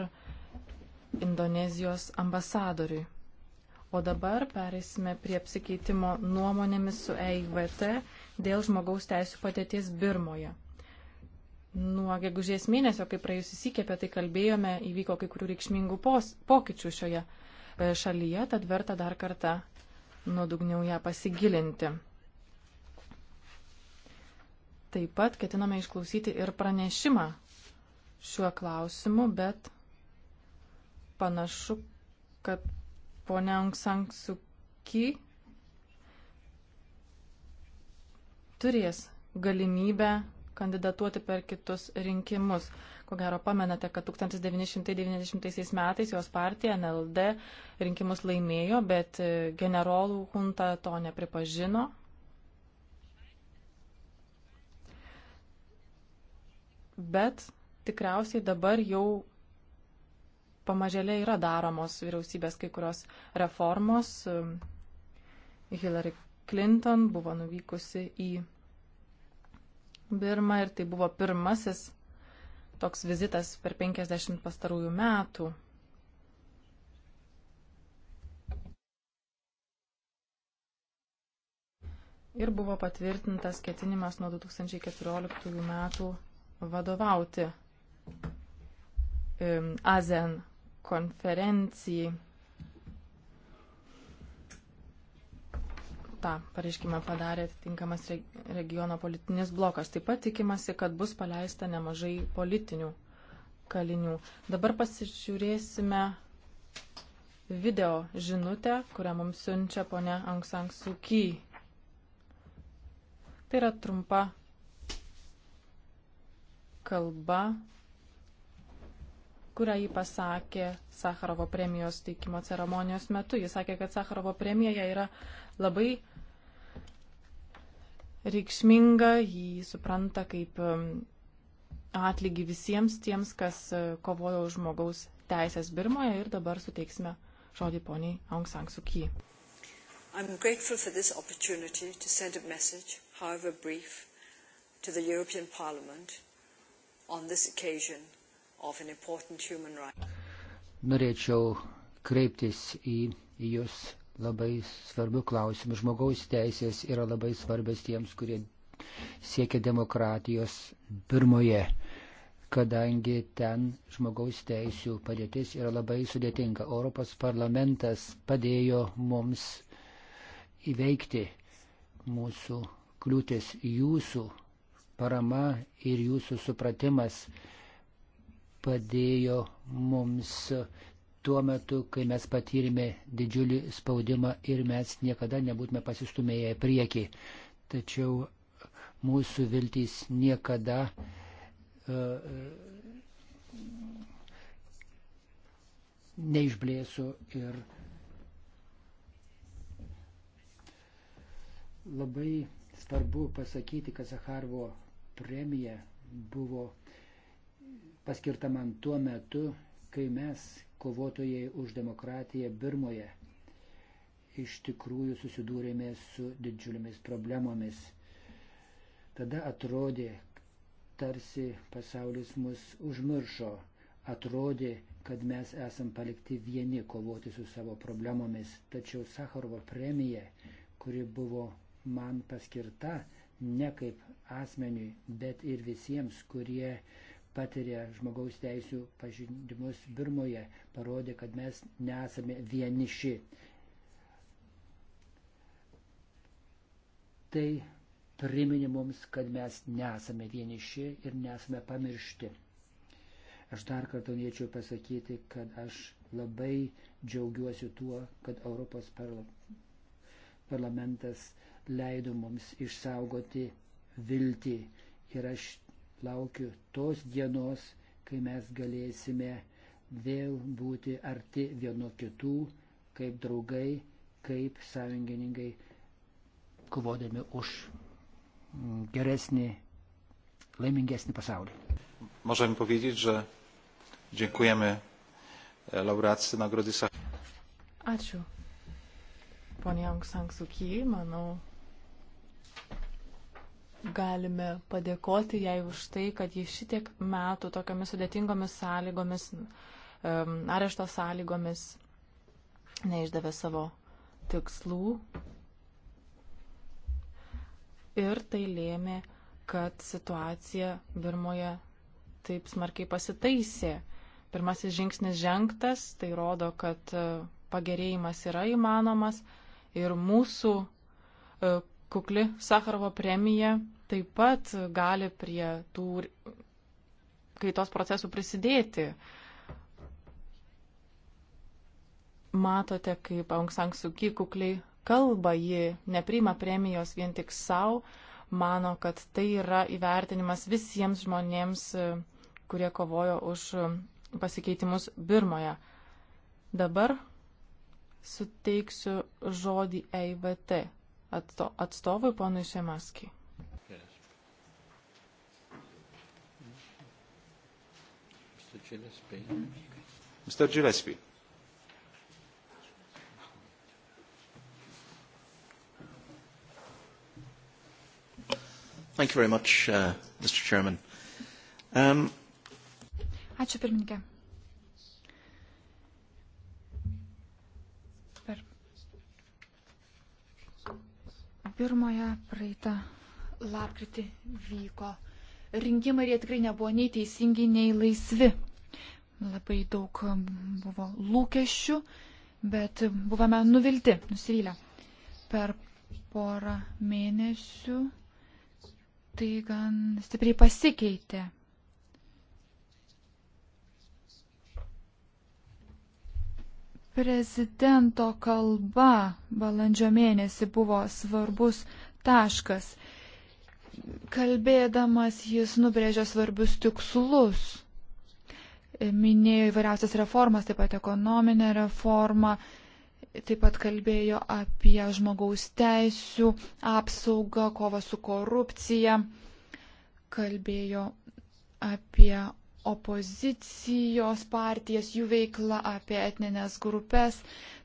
Indonezijos ambasadoriui. O dabar pereisime prie apsikeitimo nuomonėmis su EIVT dėl žmogaus teisų patėties Birmoje. Nuo gegužės mėnesio, kai praėjusį sykį apie tai kalbėjome, įvyko kai kurių reikšmingų pos, pokyčių šioje E, šalyje, tad verta dar kartą nuodugniau ją pasigilinti. Taip pat ketiname išklausyti ir pranešimą šiuo klausimu, bet panašu, kad ponia Anksanksuki turės galimybę kandidatuoti per kitus rinkimus. Ko gero pamenate, kad 1990 metais jos partija NLD rinkimus laimėjo, bet e, generolų hunta to nepripažino. Bet tikriausiai dabar jau pamažėlė yra daromos vyriausybės kai kurios reformos. E, Hillary Clinton buvo nuvykusi į Birmą ir tai buvo pirmasis toks vizitas per 50 pastarųjų metų. Ir buvo patvirtintas ketinimas nuo 2014 metų vadovauti ASEAN konferencijai tą pareiškimą padarė atitinkamas regiono politinis blokas. Taip pat tikimasi, kad bus paleista nemažai politinių kalinių. Dabar pasižiūrėsime video žinutę, kurią mums siunčia ponia Angsang Suky. Tai yra trumpa kalba kurią jį pasakė Sakarovo premijos teikimo ceremonijos metu. Jis sakė, kad Sakarovo premija yra labai reikšminga, jį supranta kaip um, atlygį visiems tiems, kas uh, kovojo už žmogaus teisės Birmoje ir dabar suteiksime žodį poniai Aung San Suu Kyi. I'm grateful for this opportunity to send a message, however brief, to the European Parliament on this occasion Norėčiau kreiptis į Jūs labai svarbių klausimų. Žmogaus teisės yra labai svarbios tiems, kurie siekia demokratijos Birmoje, kadangi ten žmogaus teisų padėtis yra labai sudėtinga. Europos parlamentas padėjo mums įveikti mūsų kliūtis jūsų parama ir jūsų supratimas padėjo mums tuo metu, kai mes patyrėme didžiulį spaudimą ir mes niekada nebūtume pasistumėję priekį. Tačiau mūsų viltys niekada uh, neišblėsų ir labai svarbu pasakyti, kad Zaharvo premija buvo uh, paskirta man tuo metu, kai mes, kovotojai už demokratiją Birmoje, iš tikrųjų susidūrėme su didžiulėmis problemomis. Tada atrodė, tarsi pasaulis mus užmiršo, atrodė, kad mes esam palikti vieni kovoti su savo problemomis. Tačiau Sakarovo premija, kuri buvo man paskirta, ne kaip asmeniui, bet ir visiems, kurie uh, patiria žmogaus teisų pažinimus Birmoje, parodė, kad mes nesame vieniši. Tai priminė mums, kad mes nesame vieniši ir nesame pamiršti. Aš dar kartą norėčiau pasakyti, kad aš labai džiaugiuosi tuo, kad Europos parlamentas leido mums išsaugoti viltį ir aš laukiu tos dienos, kai mes galėsime vėl būti arti vieno kitų, kaip draugai, kaip sąjungininkai, kovodami už geresnį, laimingesnį pasaulį. Możemy powiedzieć, że dziękujemy e, laureatce Nagrody Sacharovo. Ačiū. Pone Aung San Suu Kyi, manau, galime padėkoti jai už tai, kad ji šitiek metų tokiamis sudėtingomis sąlygomis, arešto sąlygomis neišdavė savo tikslų. Ir tai lėmė, kad situacija Birmoje taip smarkiai pasitaisė. Pirmasis žingsnis žengtas, tai rodo, kad e, pagerėjimas yra įmanomas ir mūsų e, kukli Sakarovo premija taip pat gali prie tų kaitos procesų prisidėti. Matote, kaip Aung San Suu Kyi kukliai kalba, ji neprima premijos vien tik savo, mano, kad tai yra įvertinimas visiems žmonėms, kurie kovojo už pasikeitimus Birmoje. Dabar suteiksiu žodį EIVT atsto, atstovui ponui Šemaskiai. Mr. Gillespie. Thank you very much, uh, Mr. Chairman. Um, Ačiū pirmininkė. pirmąją praeitą lapkritį vyko rinkimai ir jie tikrai nebuvo nei teisingi, nei laisvi. Labai daug buvo lūkesčių, bet buvome nuvilti, nusivylę. Per porą mėnesių tai gan stipriai pasikeitė. prezidento kalba balandžio mėnesį buvo svarbus taškas. Kalbėdamas jis nubrėžė svarbius tikslus. Minėjo įvairiausias reformas, taip pat ekonominę reformą, taip pat kalbėjo apie žmogaus teisų apsaugą, kovą su korupcija, kalbėjo apie opozicijos partijas, jų veiklą, apie etninės grupės.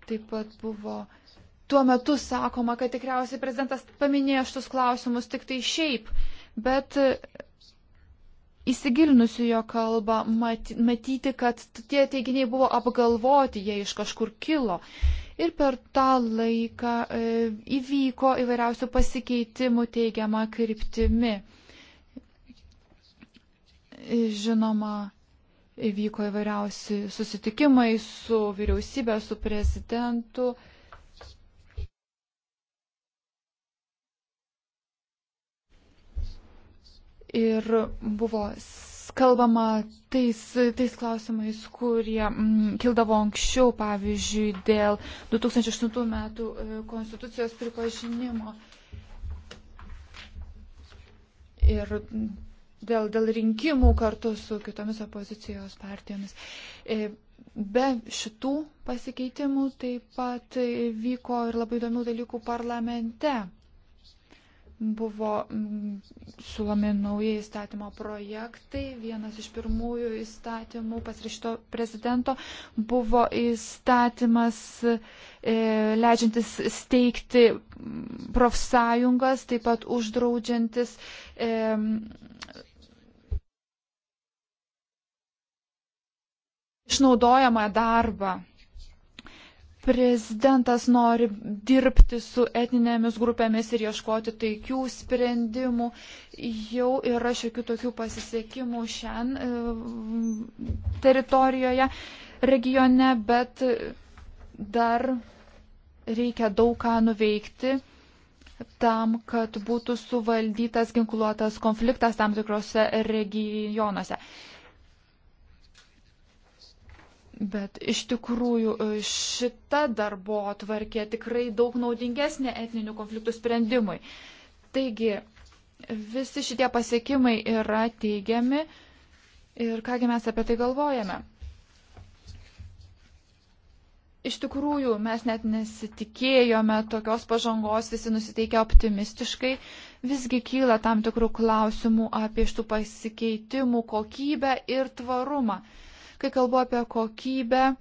Taip pat buvo tuo metu sakoma, kad tikriausiai prezidentas paminėjo šitus klausimus tik tai šiaip, bet įsigilinusiu jo kalbą matyti, kad tie teiginiai buvo apgalvoti, jie iš kažkur kilo. Ir per tą laiką e, įvyko įvairiausių pasikeitimų teigiama kryptimi. Žinoma, įvyko įvairiausi susitikimai su vyriausybė, su prezidentu. Ir buvo kalbama tais, tais klausimais, kurie mm, kildavo anksčiau, pavyzdžiui, dėl 2008 metų e, konstitucijos pripažinimo. Ir dėl, dėl rinkimų kartu su kitomis opozicijos partijomis. E, be šitų pasikeitimų taip pat vyko ir labai įdomių dalykų parlamente. Buvo mm, sulomi nauji įstatymo projektai. Vienas iš pirmųjų įstatymų pasirašyto prezidento buvo įstatymas e, leidžiantis steigti mm, profsąjungas, taip pat uždraudžiantis e, išnaudojamą darbą. Prezidentas nori dirbti su etninėmis grupėmis ir ieškoti taikių sprendimų. Jau yra šiokių tokių pasisekimų šiandien e, teritorijoje, regione, bet dar reikia daug ką nuveikti tam, kad būtų suvaldytas ginkluotas konfliktas tam tikrose regionuose. Bet iš tikrųjų e, šita darbo atvarkė tikrai daug naudingesnė etninių konfliktų sprendimui. Taigi visi šitie pasiekimai yra teigiami ir kągi mes apie tai galvojame. Iš tikrųjų, mes net nesitikėjome tokios pažangos, visi nusiteikia optimistiškai, visgi kyla tam tikrų klausimų apie šitų pasikeitimų kokybę ir tvarumą. Kai kalbu apie kokybę,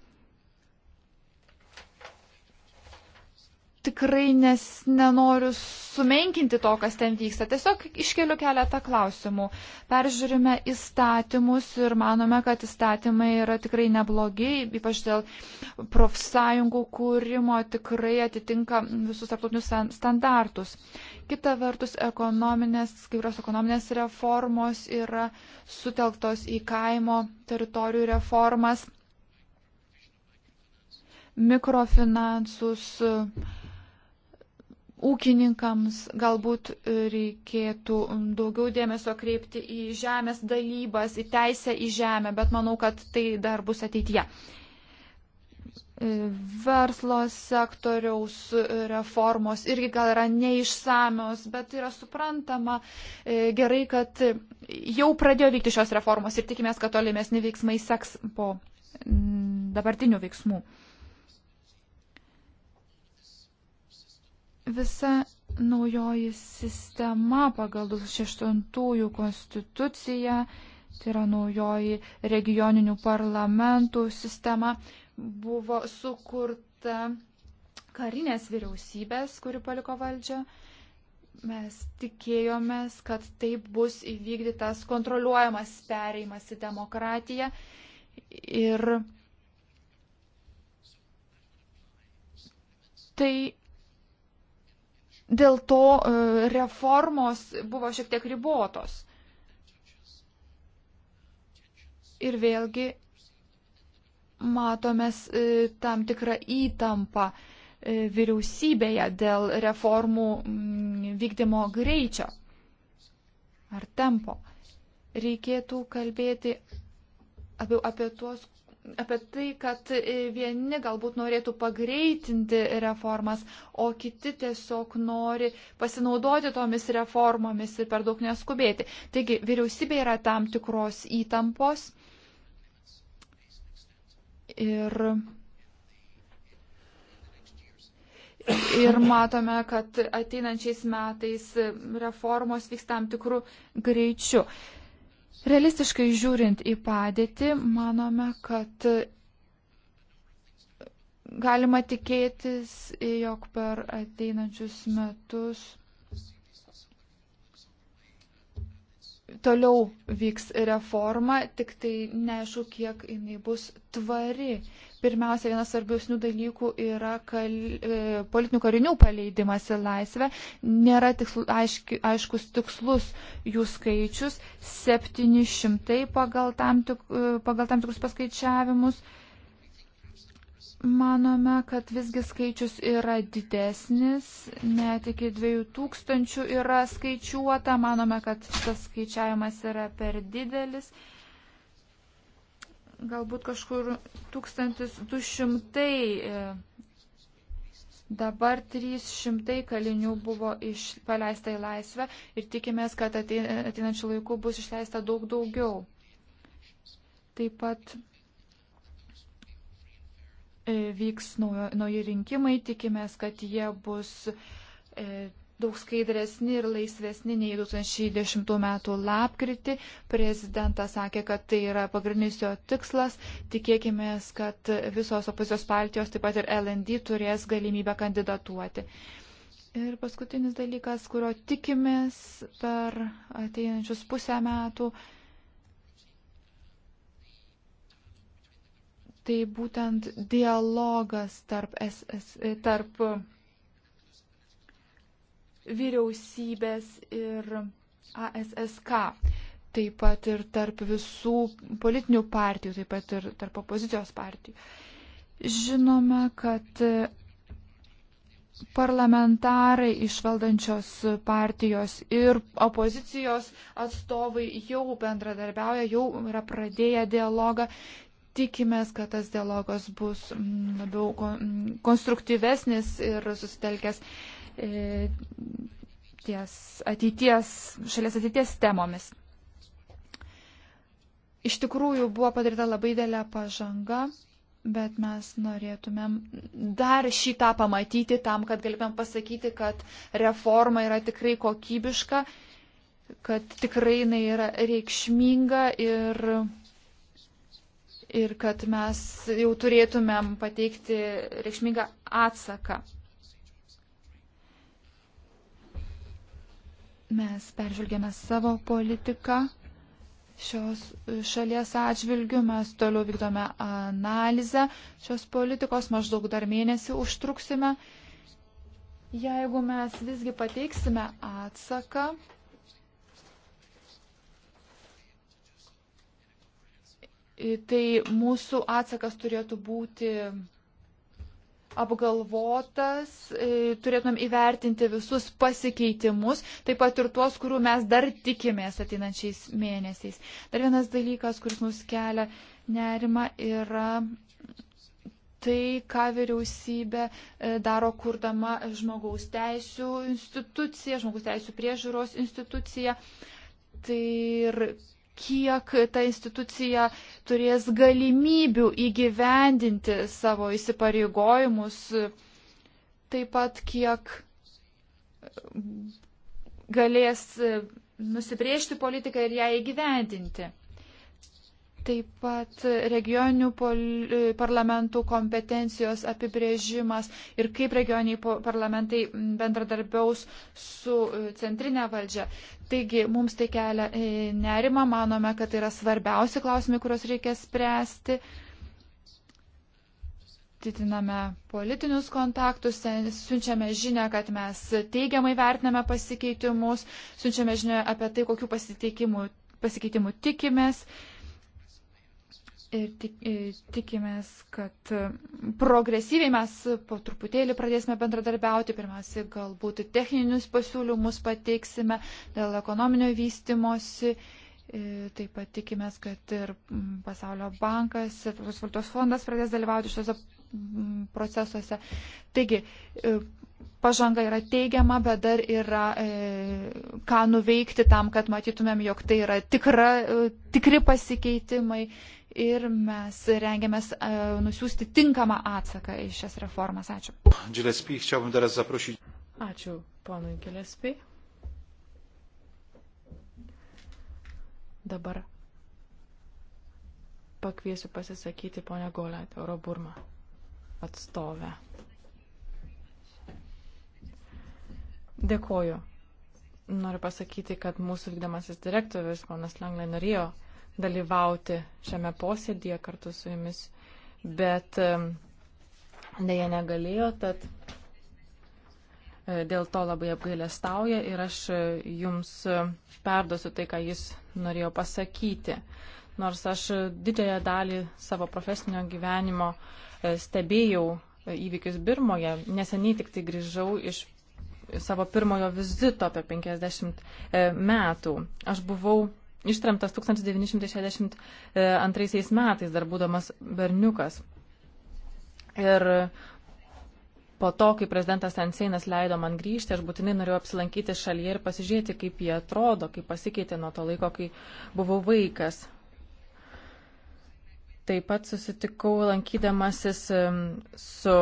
tikrai nes nenoriu sumenkinti to, kas ten vyksta. Tiesiog iškeliu keletą klausimų. Peržiūrime įstatymus ir manome, kad įstatymai yra tikrai neblogi, ypač dėl profsąjungų kūrimo tikrai atitinka visus tarptautinius standartus. Kita vertus, ekonominės, kai kurios ekonominės reformos yra sutelktos į kaimo teritorijų reformas mikrofinansus, uh, ūkininkams galbūt reikėtų daugiau dėmesio kreipti į žemės dalybas, į teisę į žemę, bet manau, kad tai dar bus ateityje. Verslo sektoriaus reformos irgi gal yra neišsamios, bet yra suprantama e, gerai, kad jau pradėjo vykti šios reformos ir tikimės, kad tolimesni veiksmai seks po dabartinių veiksmų. Visa naujoji sistema pagal 2008 konstituciją, tai yra naujoji regioninių parlamentų sistema, buvo sukurta karinės vyriausybės, kuri paliko valdžią. Mes tikėjomės, kad taip bus įvykdytas kontroliuojamas pereimas į demokratiją. Ir tai dėl to e, reformos buvo šiek tiek ribotos. Ir vėlgi matomės e, tam tikrą įtampą e, vyriausybėje dėl reformų mm, vykdymo greičio ar tempo. Reikėtų kalbėti apie, apie tuos, apie tai, kad vieni galbūt norėtų pagreitinti reformas, o kiti tiesiog nori pasinaudoti tomis reformomis ir per daug neskubėti. Taigi vyriausybė yra tam tikros įtampos ir, ir matome, kad ateinančiais metais reformos vyks tam tikrų greičių. Realistiškai žiūrint į padėtį, manome, kad galima tikėtis, jog per ateinančius metus toliau vyks reforma, tik tai neaišku, kiek jinai bus tvari pirmiausia, vienas svarbiausnių dalykų yra kal, e, politinių karinių paleidimas į laisvę. Nėra tikslu, aiški, aiškus tikslus jų skaičius - 700 pagal tam, tik, e, pagal tam tikrus paskaičiavimus. Manome, kad visgi skaičius yra didesnis, net iki 2000 yra skaičiuota, manome, kad šitas skaičiavimas yra per didelis. E, galbūt kažkur 1200, e, dabar 300 kalinių buvo iš, paleista į laisvę ir tikimės, kad ateinančių laikų bus išleista daug daugiau. Taip pat e, vyks naujo, nauji rinkimai, tikimės, kad jie bus. E, daug skaidresni ir laisvesni nei 2010 m. lapkritį. Prezidentas sakė, kad tai yra pagrindinis jo tikslas. Tikėkime, kad visos opozicijos partijos, taip pat ir LND, turės galimybę kandidatuoti. Ir paskutinis dalykas, kurio tikimės per ateinančius pusę metų, tai būtent dialogas tarp, SS, tarp vyriausybės ir ASSK, taip pat ir tarp visų politinių partijų, taip pat ir tarp opozicijos partijų. Žinome, kad parlamentarai iš valdančios partijos ir opozicijos atstovai jau bendradarbiauja, jau yra pradėję dialogą. Tikimės, kad tas dialogas bus labiau konstruktyvesnis ir susitelkęs E, ties ateities, šalies ateities temomis. Iš tikrųjų buvo padaryta labai didelė pažanga, bet mes norėtumėm dar šitą pamatyti tam, kad galėtumėm pasakyti, kad reforma yra tikrai kokybiška, kad tikrai jinai yra reikšminga ir ir kad mes jau turėtumėm pateikti reikšmingą atsaką. Mes peržvelgėme savo politiką šios šalies atžvilgių, mes toliau vykdome analizę šios politikos, maždaug dar mėnesį užtruksime. Jeigu mes visgi pateiksime atsaką, tai mūsų atsakas turėtų būti apgalvotas, e, turėtumėm įvertinti visus pasikeitimus, taip pat ir tuos, kurių mes dar tikimės ateinančiais mėnesiais. Dar vienas dalykas, kuris mus kelia nerima, yra tai, ką vyriausybė e, daro kurdama žmogaus teisų instituciją, žmogaus teisų priežiūros instituciją. Tai ir kiek ta institucija turės galimybių įgyvendinti savo įsipareigojimus, taip pat kiek galės nusibriežti politiką ir ją įgyvendinti. Taip pat regioninių parlamentų kompetencijos apibrėžimas ir kaip regioniniai parlamentai bendradarbiaus su e, centrinė valdžia. Taigi mums tai kelia e, nerima, manome, kad tai yra svarbiausi klausimai, kuriuos reikia spręsti. Titiname politinius kontaktus, siunčiame žinę, kad mes teigiamai vertiname pasikeitimus, siunčiame žinę apie tai, kokiu pasikeitimu tikimės. Ir tik, e, tikimės, kad e, progresyviai mes po truputėlį pradėsime bendradarbiauti. Pirmiausia, galbūt techninius pasiūlymus pateiksime dėl ekonominio vystimosi. E, taip pat tikimės, kad ir Pasaulio bankas ir Valtos fondas pradės dalyvauti šiuose procesuose. Taigi, pažanga yra teigiama, bet dar yra e, ką nuveikti tam, kad matytumėm, jog tai yra tikra, e, tikri pasikeitimai ir mes rengiamės uh, nusiųsti tinkamą atsaką į šias reformas. Ačiū. Gillespie, chciałbym teraz zaprosić. Ačiū, ponui Gillespie. Dabar pakviesiu pasisakyti ponę Golet, Euroburma atstovę. Dėkoju. Noriu pasakyti, kad mūsų vykdomasis direktorius, ponas Langlai, norėjo uh, dalyvauti šiame posėdėje kartu su jumis, bet dėja negalėjo, tad e, dėl to labai apgailestauja ir aš e, jums e, perduosiu tai, ką jis norėjo pasakyti. Nors aš didžiąją dalį savo profesinio gyvenimo stebėjau įvykius Birmoje, neseniai tik tai grįžau iš savo pirmojo vizito apie 50 metų. Aš buvau ištremtas 1962 e, metais, dar būdamas berniukas. Ir po to, kai prezidentas Anseinas leido man grįžti, aš būtinai norėjau apsilankyti šalyje ir pasižiūrėti, kaip jie atrodo, kaip pasikeitė nuo to laiko, kai buvau vaikas. Taip pat susitikau lankydamasis su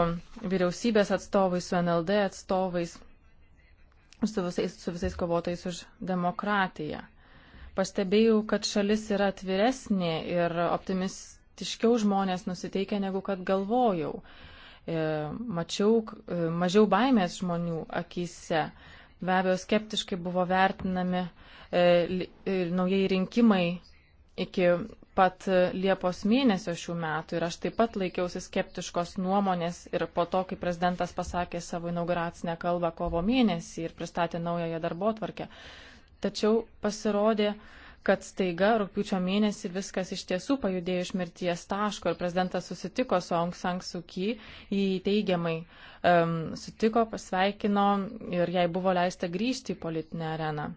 vyriausybės atstovais, su NLD atstovais, su visais, su visais kovotojais už demokratiją. Pastebėjau, kad šalis yra atviresnė ir optimistiškiau žmonės nusiteikia, negu kad galvojau. E, mačiau e, mažiau baimės žmonių akise. Be abejo, skeptiškai buvo vertinami e, naujai rinkimai iki pat Liepos mėnesio šių metų ir aš taip pat laikiausi skeptiškos nuomonės ir po to, kai prezidentas pasakė savo inauguracinę kalbą kovo mėnesį ir pristatė naująją darbo tvarkę, Tačiau pasirodė, kad staiga rūpiučio mėnesį viskas iš tiesų pajudėjo iš mirties taško ir prezidentas susitiko su Aung San Suu Kyi, jį teigiamai um, sutiko, pasveikino ir jai buvo leista grįžti į politinę areną.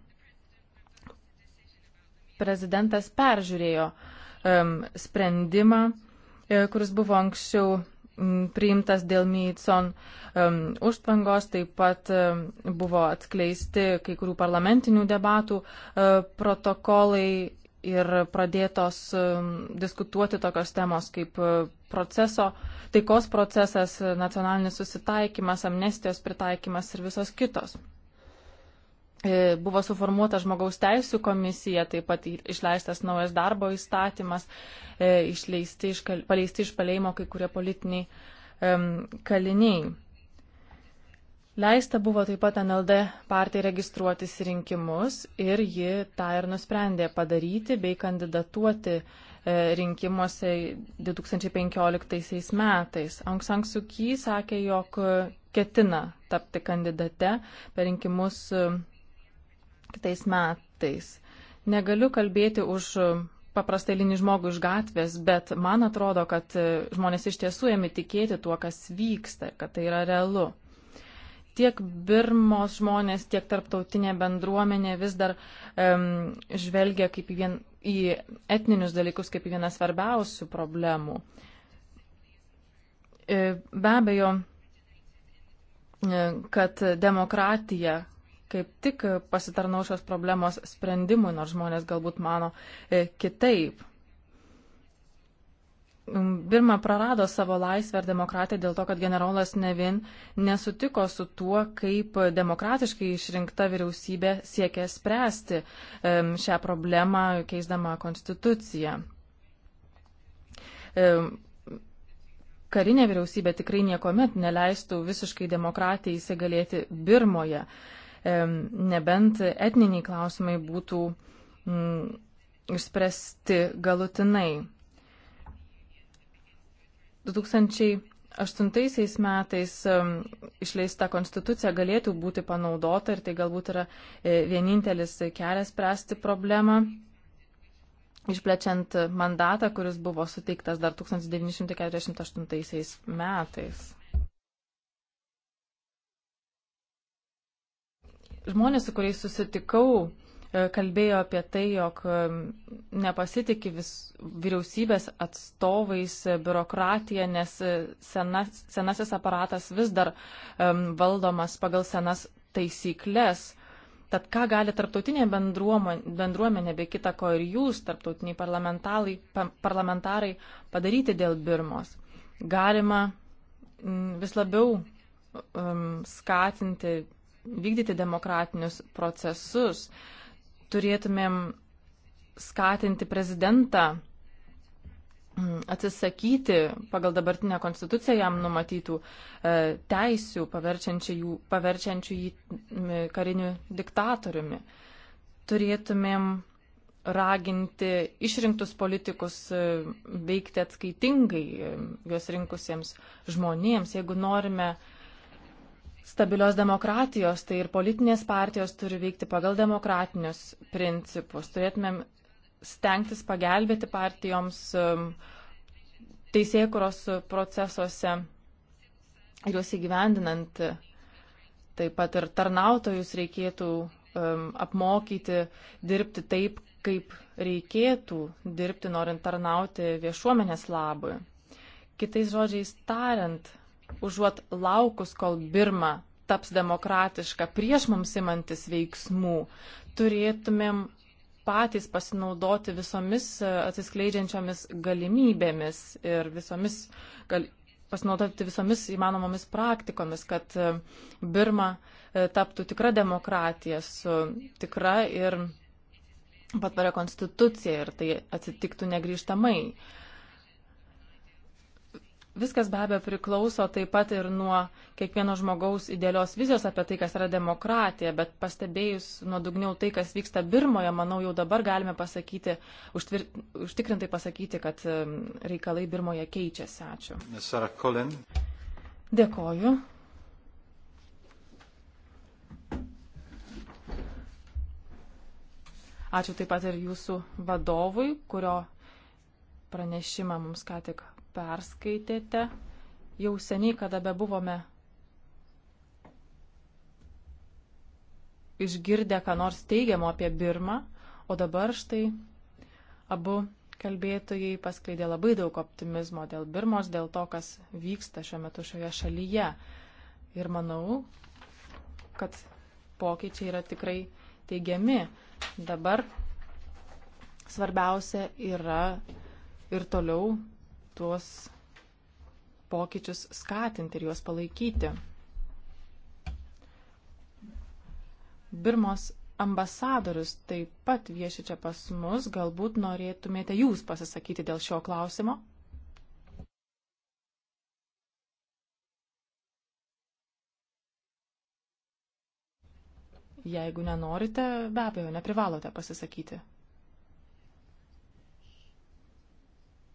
Prezidentas peržiūrėjo um, sprendimą, e, kuris buvo anksčiau priimtas dėl Mytson um, užtvangos, taip pat um, buvo atskleisti kai kurių parlamentinių debatų uh, protokolai ir pradėtos um, diskutuoti tokios temos kaip e, proceso, taikos procesas, nacionalinis susitaikymas, amnestijos pritaikymas ir visos kitos. E, buvo suformuota žmogaus teisų komisija, taip pat išleistas naujas darbo įstatymas, e, išleisti iš, paleisti iš paleimo kai kurie politiniai um, kaliniai. Leista buvo taip pat NLD partijai registruotis rinkimus ir ji tą ir nusprendė padaryti bei kandidatuoti e, rinkimuose 2015 metais. Aung San Suu Kyi sakė, jog ketina tapti kandidate per rinkimus tais metais. Negaliu kalbėti už paprastai linį žmogų iš gatvės, bet man atrodo, kad e, žmonės iš tiesų ėmė tikėti tuo, kas vyksta, kad tai yra realu. Tiek Birmos žmonės, tiek tarptautinė bendruomenė vis dar um, žvelgia kaip į, vien, į etninius dalykus kaip į vieną svarbiausių problemų. E, be abejo, e, kad demokratija kaip tik pasitarnau šios problemos sprendimui, nors žmonės galbūt mano e, kitaip. Mm, Birma prarado savo laisvę ir demokratiją dėl to, kad generolas Nevin nesutiko su tuo, kaip demokratiškai išrinkta vyriausybė siekia spręsti šią problemą, keisdama konstituciją. Karinė vyriausybė tikrai niekuomet neleistų visiškai demokratijai įsigalėti Birmoje nebent etniniai klausimai būtų mm, išspręsti galutinai. 2008 metais išleista konstitucija galėtų būti panaudota ir tai galbūt yra e, vienintelis kelias spręsti problemą išplečiant mandatą, kuris buvo suteiktas dar 1948 metais. Žmonės, su kuriais susitikau, e, kalbėjo apie tai, jog e, nepasitikė vis, vyriausybės atstovais e, biurokratija, nes senas, senasis aparatas vis dar um, valdomas pagal senas taisyklės. Tad ką gali tarptautinė bendruomenė, be kita ko ir jūs, tarptautiniai parlamentarai, pa, parlamentarai, padaryti dėl Birmos? Galima vis labiau um, skatinti vykdyti demokratinius procesus, turėtumėm skatinti prezidentą mm, atsisakyti pagal dabartinę konstituciją jam numatytų e, teisių, paverčiančių, jų, paverčiančių jį kariniu diktatoriumi. Turėtumėm raginti išrinktus politikus e, veikti atskaitingai e, juos rinkusiems žmonėms. Jeigu norime uh, stabilios demokratijos, tai ir politinės partijos turi veikti pagal demokratinius principus. Turėtumėm stengtis pagelbėti partijoms um, teisėkuros procesuose ir juos įgyvendinant. Taip pat ir tarnautojus reikėtų um, apmokyti, dirbti taip, kaip reikėtų dirbti, norint tarnauti viešuomenės labui. Kitais žodžiais tariant, užuot laukus, kol Birma taps demokratiška prieš mums imantis veiksmų, turėtumėm patys pasinaudoti visomis e, atsiskleidžiančiomis galimybėmis ir visomis, gal, pasinaudoti visomis įmanomomis praktikomis, kad e, Birma e, taptų tikra demokratija su tikra ir patvaria konstitucija ir tai atsitiktų negryžtamai. Uh, Viskas be abejo priklauso taip pat ir nuo kiekvieno žmogaus idealios vizijos apie tai, kas yra demokratija, bet pastebėjus nuodugniau tai, kas vyksta Birmoje, manau, jau dabar galime pasakyti, užtvir, užtikrintai pasakyti, kad reikalai Birmoje keičiasi. Ačiū. Sara Colin. Dėkoju. Ačiū taip pat ir jūsų vadovui, kurio pranešimą mums ką tik perskaitėte jau seniai, kada bebuvome išgirdę, ką nors teigiamo apie Birmą, o dabar štai abu kalbėtojai paskleidė labai daug optimizmo dėl Birmos, dėl to, kas vyksta šiuo metu šioje šalyje. Ir manau, kad pokyčiai yra tikrai teigiami. Dabar svarbiausia yra ir toliau tuos pokyčius skatinti ir juos palaikyti. Birmos ambasadorius taip pat vieši čia pas mus, galbūt norėtumėte jūs pasisakyti dėl šio klausimo? Jeigu nenorite, be abejo, neprivalote pasisakyti.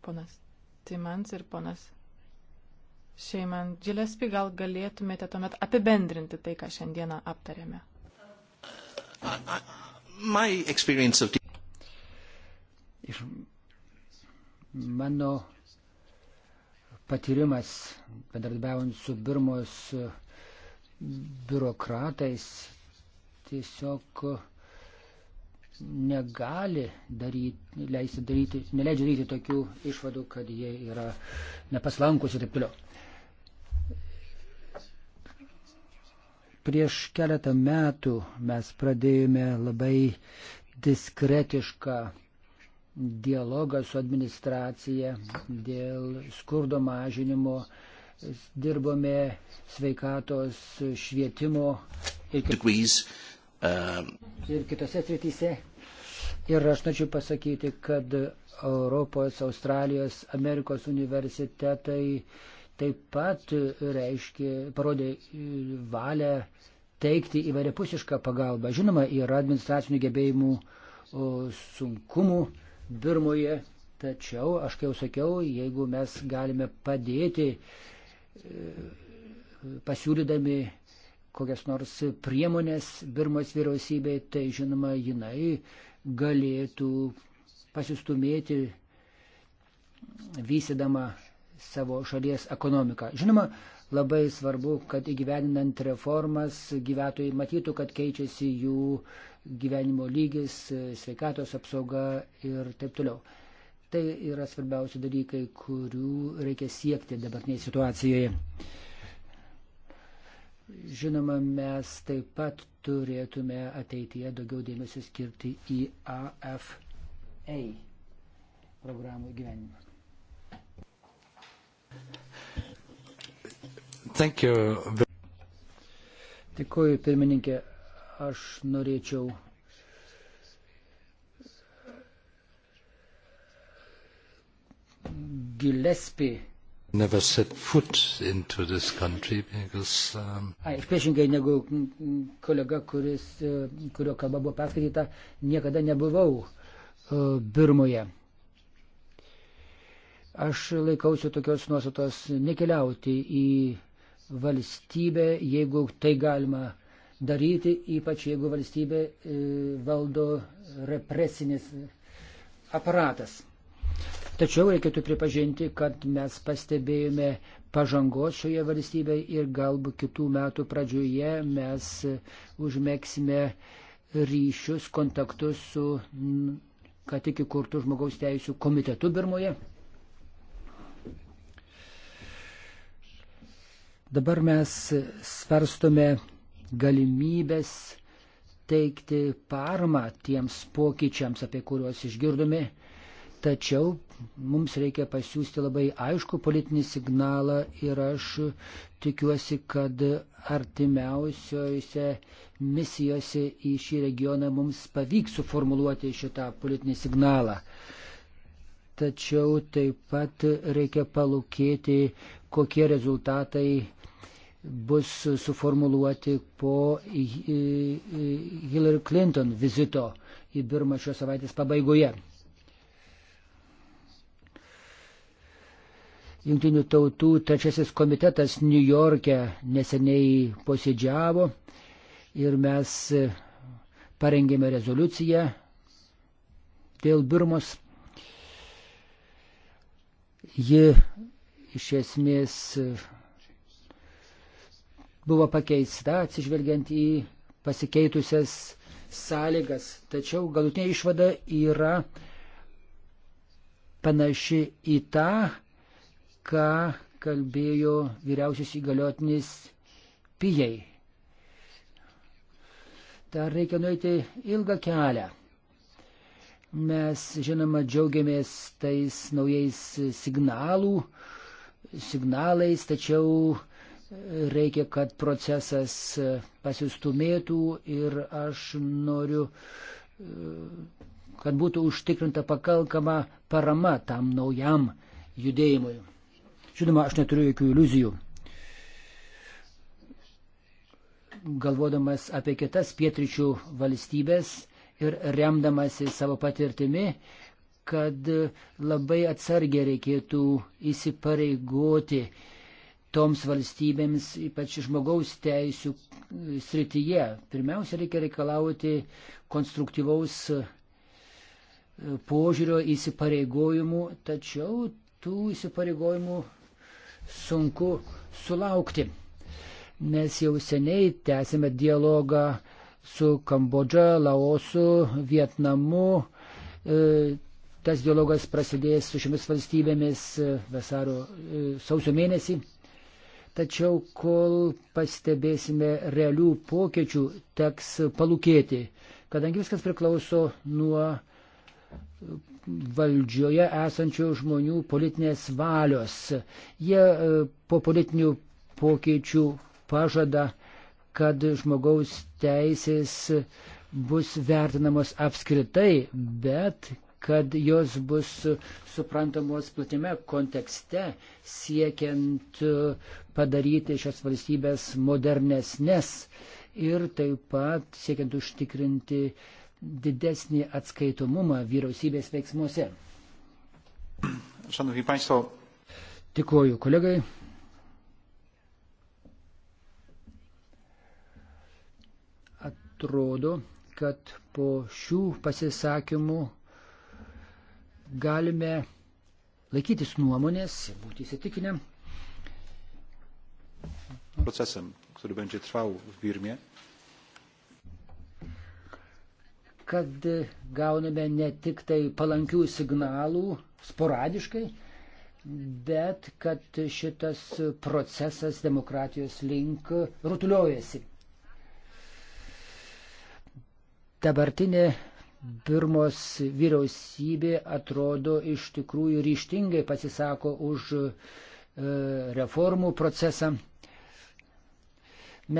Ponas Timans ir ponas Šeiman Džilespi, gal galėtumėte tuomet apibendrinti tai, ką šiandieną aptarėme. Of... Iš mano patyrimas bendradarbiaujant su Birmos biurokratais tiesiog uh, negali daryti, leisti daryti, neleidžia daryti tokių išvadų, kad jie yra nepaslankus ir taip toliau. Prieš keletą metų mes pradėjome labai diskretišką dialogą su administracija dėl skurdo mažinimo, dirbome sveikatos švietimo ir kitų Ir kitose srityse. Ir aš norėčiau pasakyti, kad Europos, Australijos, Amerikos universitetai taip pat reiškia, parodė valią teikti įvairiapusišką pagalbą. Žinoma, yra administracinių gebėjimų sunkumų Birmoje, tačiau, aš jau sakiau, jeigu mes galime padėti e, pasiūlydami kokias nors priemonės Birmos vyriausybei, tai žinoma, jinai galėtų pasistumėti vystydama savo šalies ekonomiką. Žinoma, labai svarbu, kad įgyveninant reformas gyventojai matytų, kad keičiasi jų gyvenimo lygis, sveikatos apsauga ir taip toliau. Tai yra svarbiausi dalykai, kurių reikia siekti dabartinėje situacijoje. Žinoma, mes taip pat turėtume ateityje daugiau dėmesio skirti į AFA programų gyvenimą. Dėkuoju, pirmininkė. Aš norėčiau Gillespie never set foot into this country because. Um, Ai, priešingai negu kolega, kuris, e, kurio kalba buvo perskaityta, niekada nebuvau uh, Birmoje. Aš laikausiu tokios nuostatos nekeliauti į valstybę, jeigu tai galima daryti, ypač jeigu valstybė e, valdo represinis aparatas. Tačiau reikėtų pripažinti, kad mes pastebėjome pažangos šioje valstybėje ir galbūt kitų metų pradžioje mes užmėgsime ryšius, kontaktus su ką tik įkurtų žmogaus teisų komitetu Birmoje. Dabar mes svarstome galimybės teikti paramą tiems pokyčiams, apie kuriuos išgirdome. Tačiau mums reikia pasiūsti labai aišku politinį signalą ir aš tikiuosi, kad artimiausiose misijose į šį regioną mums pavyks suformuluoti šitą politinį signalą. Tačiau taip pat reikia palūkėti, kokie rezultatai bus suformuluoti po Hillary Clinton vizito į Birmą šios savaitės pabaigoje. Junktinių tautų trečiasis komitetas New York'e neseniai posėdžiavo ir mes e, parengėme rezoliuciją dėl Birmos. Ji iš esmės e, buvo pakeista atsižvelgiant į pasikeitusias sąlygas, tačiau galutinė išvada yra panaši į tą, ką kalbėjo vyriausias įgaliotinis Pijai. Dar reikia nueiti ilgą kelią. Mes, žinoma, džiaugiamės tais naujais signalų, signalais, tačiau reikia, kad procesas pasistumėtų ir aš noriu, kad būtų užtikrinta pakalkama parama tam naujam judėjimui. Žinoma, aš neturiu jokių iliuzijų. Galvodamas apie kitas pietričių valstybės ir remdamasi savo patirtimi, kad labai atsargiai reikėtų įsipareigoti toms valstybėms, ypač žmogaus teisų srityje. Pirmiausia, reikia reikalauti konstruktyvaus e, požiūrio įsipareigojimų, tačiau tų įsipareigojimų sunku sulaukti. Mes jau seniai tęsime dialogą su Kambodža, Laosu, Vietnamu. E, tas dialogas prasidės su šiomis valstybėmis e, vasaro e, sausio mėnesį. Tačiau kol pastebėsime realių pokyčių, teks palūkėti, kadangi viskas priklauso nuo valdžioje esančių žmonių politinės valios. Jie e, po politinių pokyčių pažada, kad žmogaus teisės bus vertinamos apskritai, bet kad jos bus suprantamos platime kontekste, siekiant e, padaryti šias valstybės modernesnes ir taip pat siekiant užtikrinti uh, didesnį atskaitomumą vyriausybės veiksmuose. Šanovį Paisto. Tikuoju kolegai. Atrodo, kad po šių pasisakymų galime laikytis nuomonės, būti įsitikinę. Procesam, kuris będzie trwał w Birmie, kad gauname ne tik tai palankių signalų sporadiškai, bet kad šitas procesas demokratijos link rutuliojasi. Dabartinė Birmos vyriausybė atrodo iš tikrųjų ryštingai pasisako už e, reformų procesą.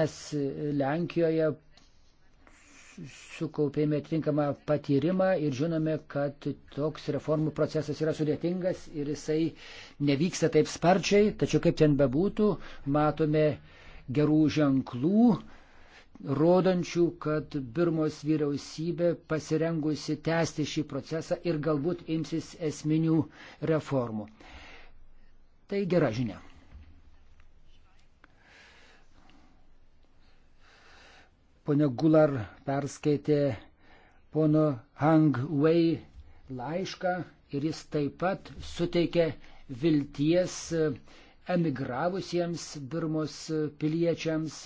Mes Lenkijoje sukaupėme tinkamą patyrimą ir žinome, kad toks reformų procesas yra sudėtingas ir jisai nevyksta taip sparčiai, tačiau kaip ten bebūtų, matome gerų ženklų, rodančių, kad Birmos vyriausybė pasirengusi tęsti šį procesą ir galbūt imsis esminių reformų. Tai gera žinia. Pone Gular perskaitė pono Hang Wei laišką ir jis taip pat suteikė vilties emigravusiems Birmos piliečiams.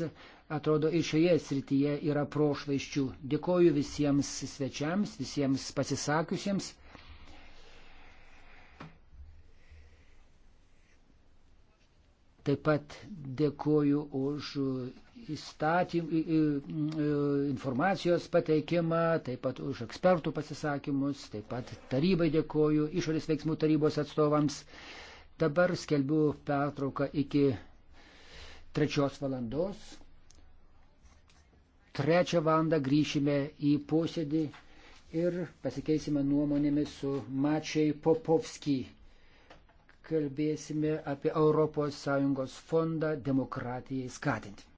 Atrodo, ir šioje srityje yra prošvaiščių. Dėkoju visiems svečiams, visiems pasisakiusiems. Taip pat dėkoju už įstatym, informacijos pateikimą, taip pat už ekspertų pasisakymus, taip pat tarybai dėkoju, išorės veiksmų tarybos atstovams. Dabar skelbiu pertrauką iki trečios valandos. Trečią valandą grįšime į posėdį ir pasikeisime nuomonėmis su Mačiai Popovskijai kalbėsime apie ES fondą demokratijai skatinti.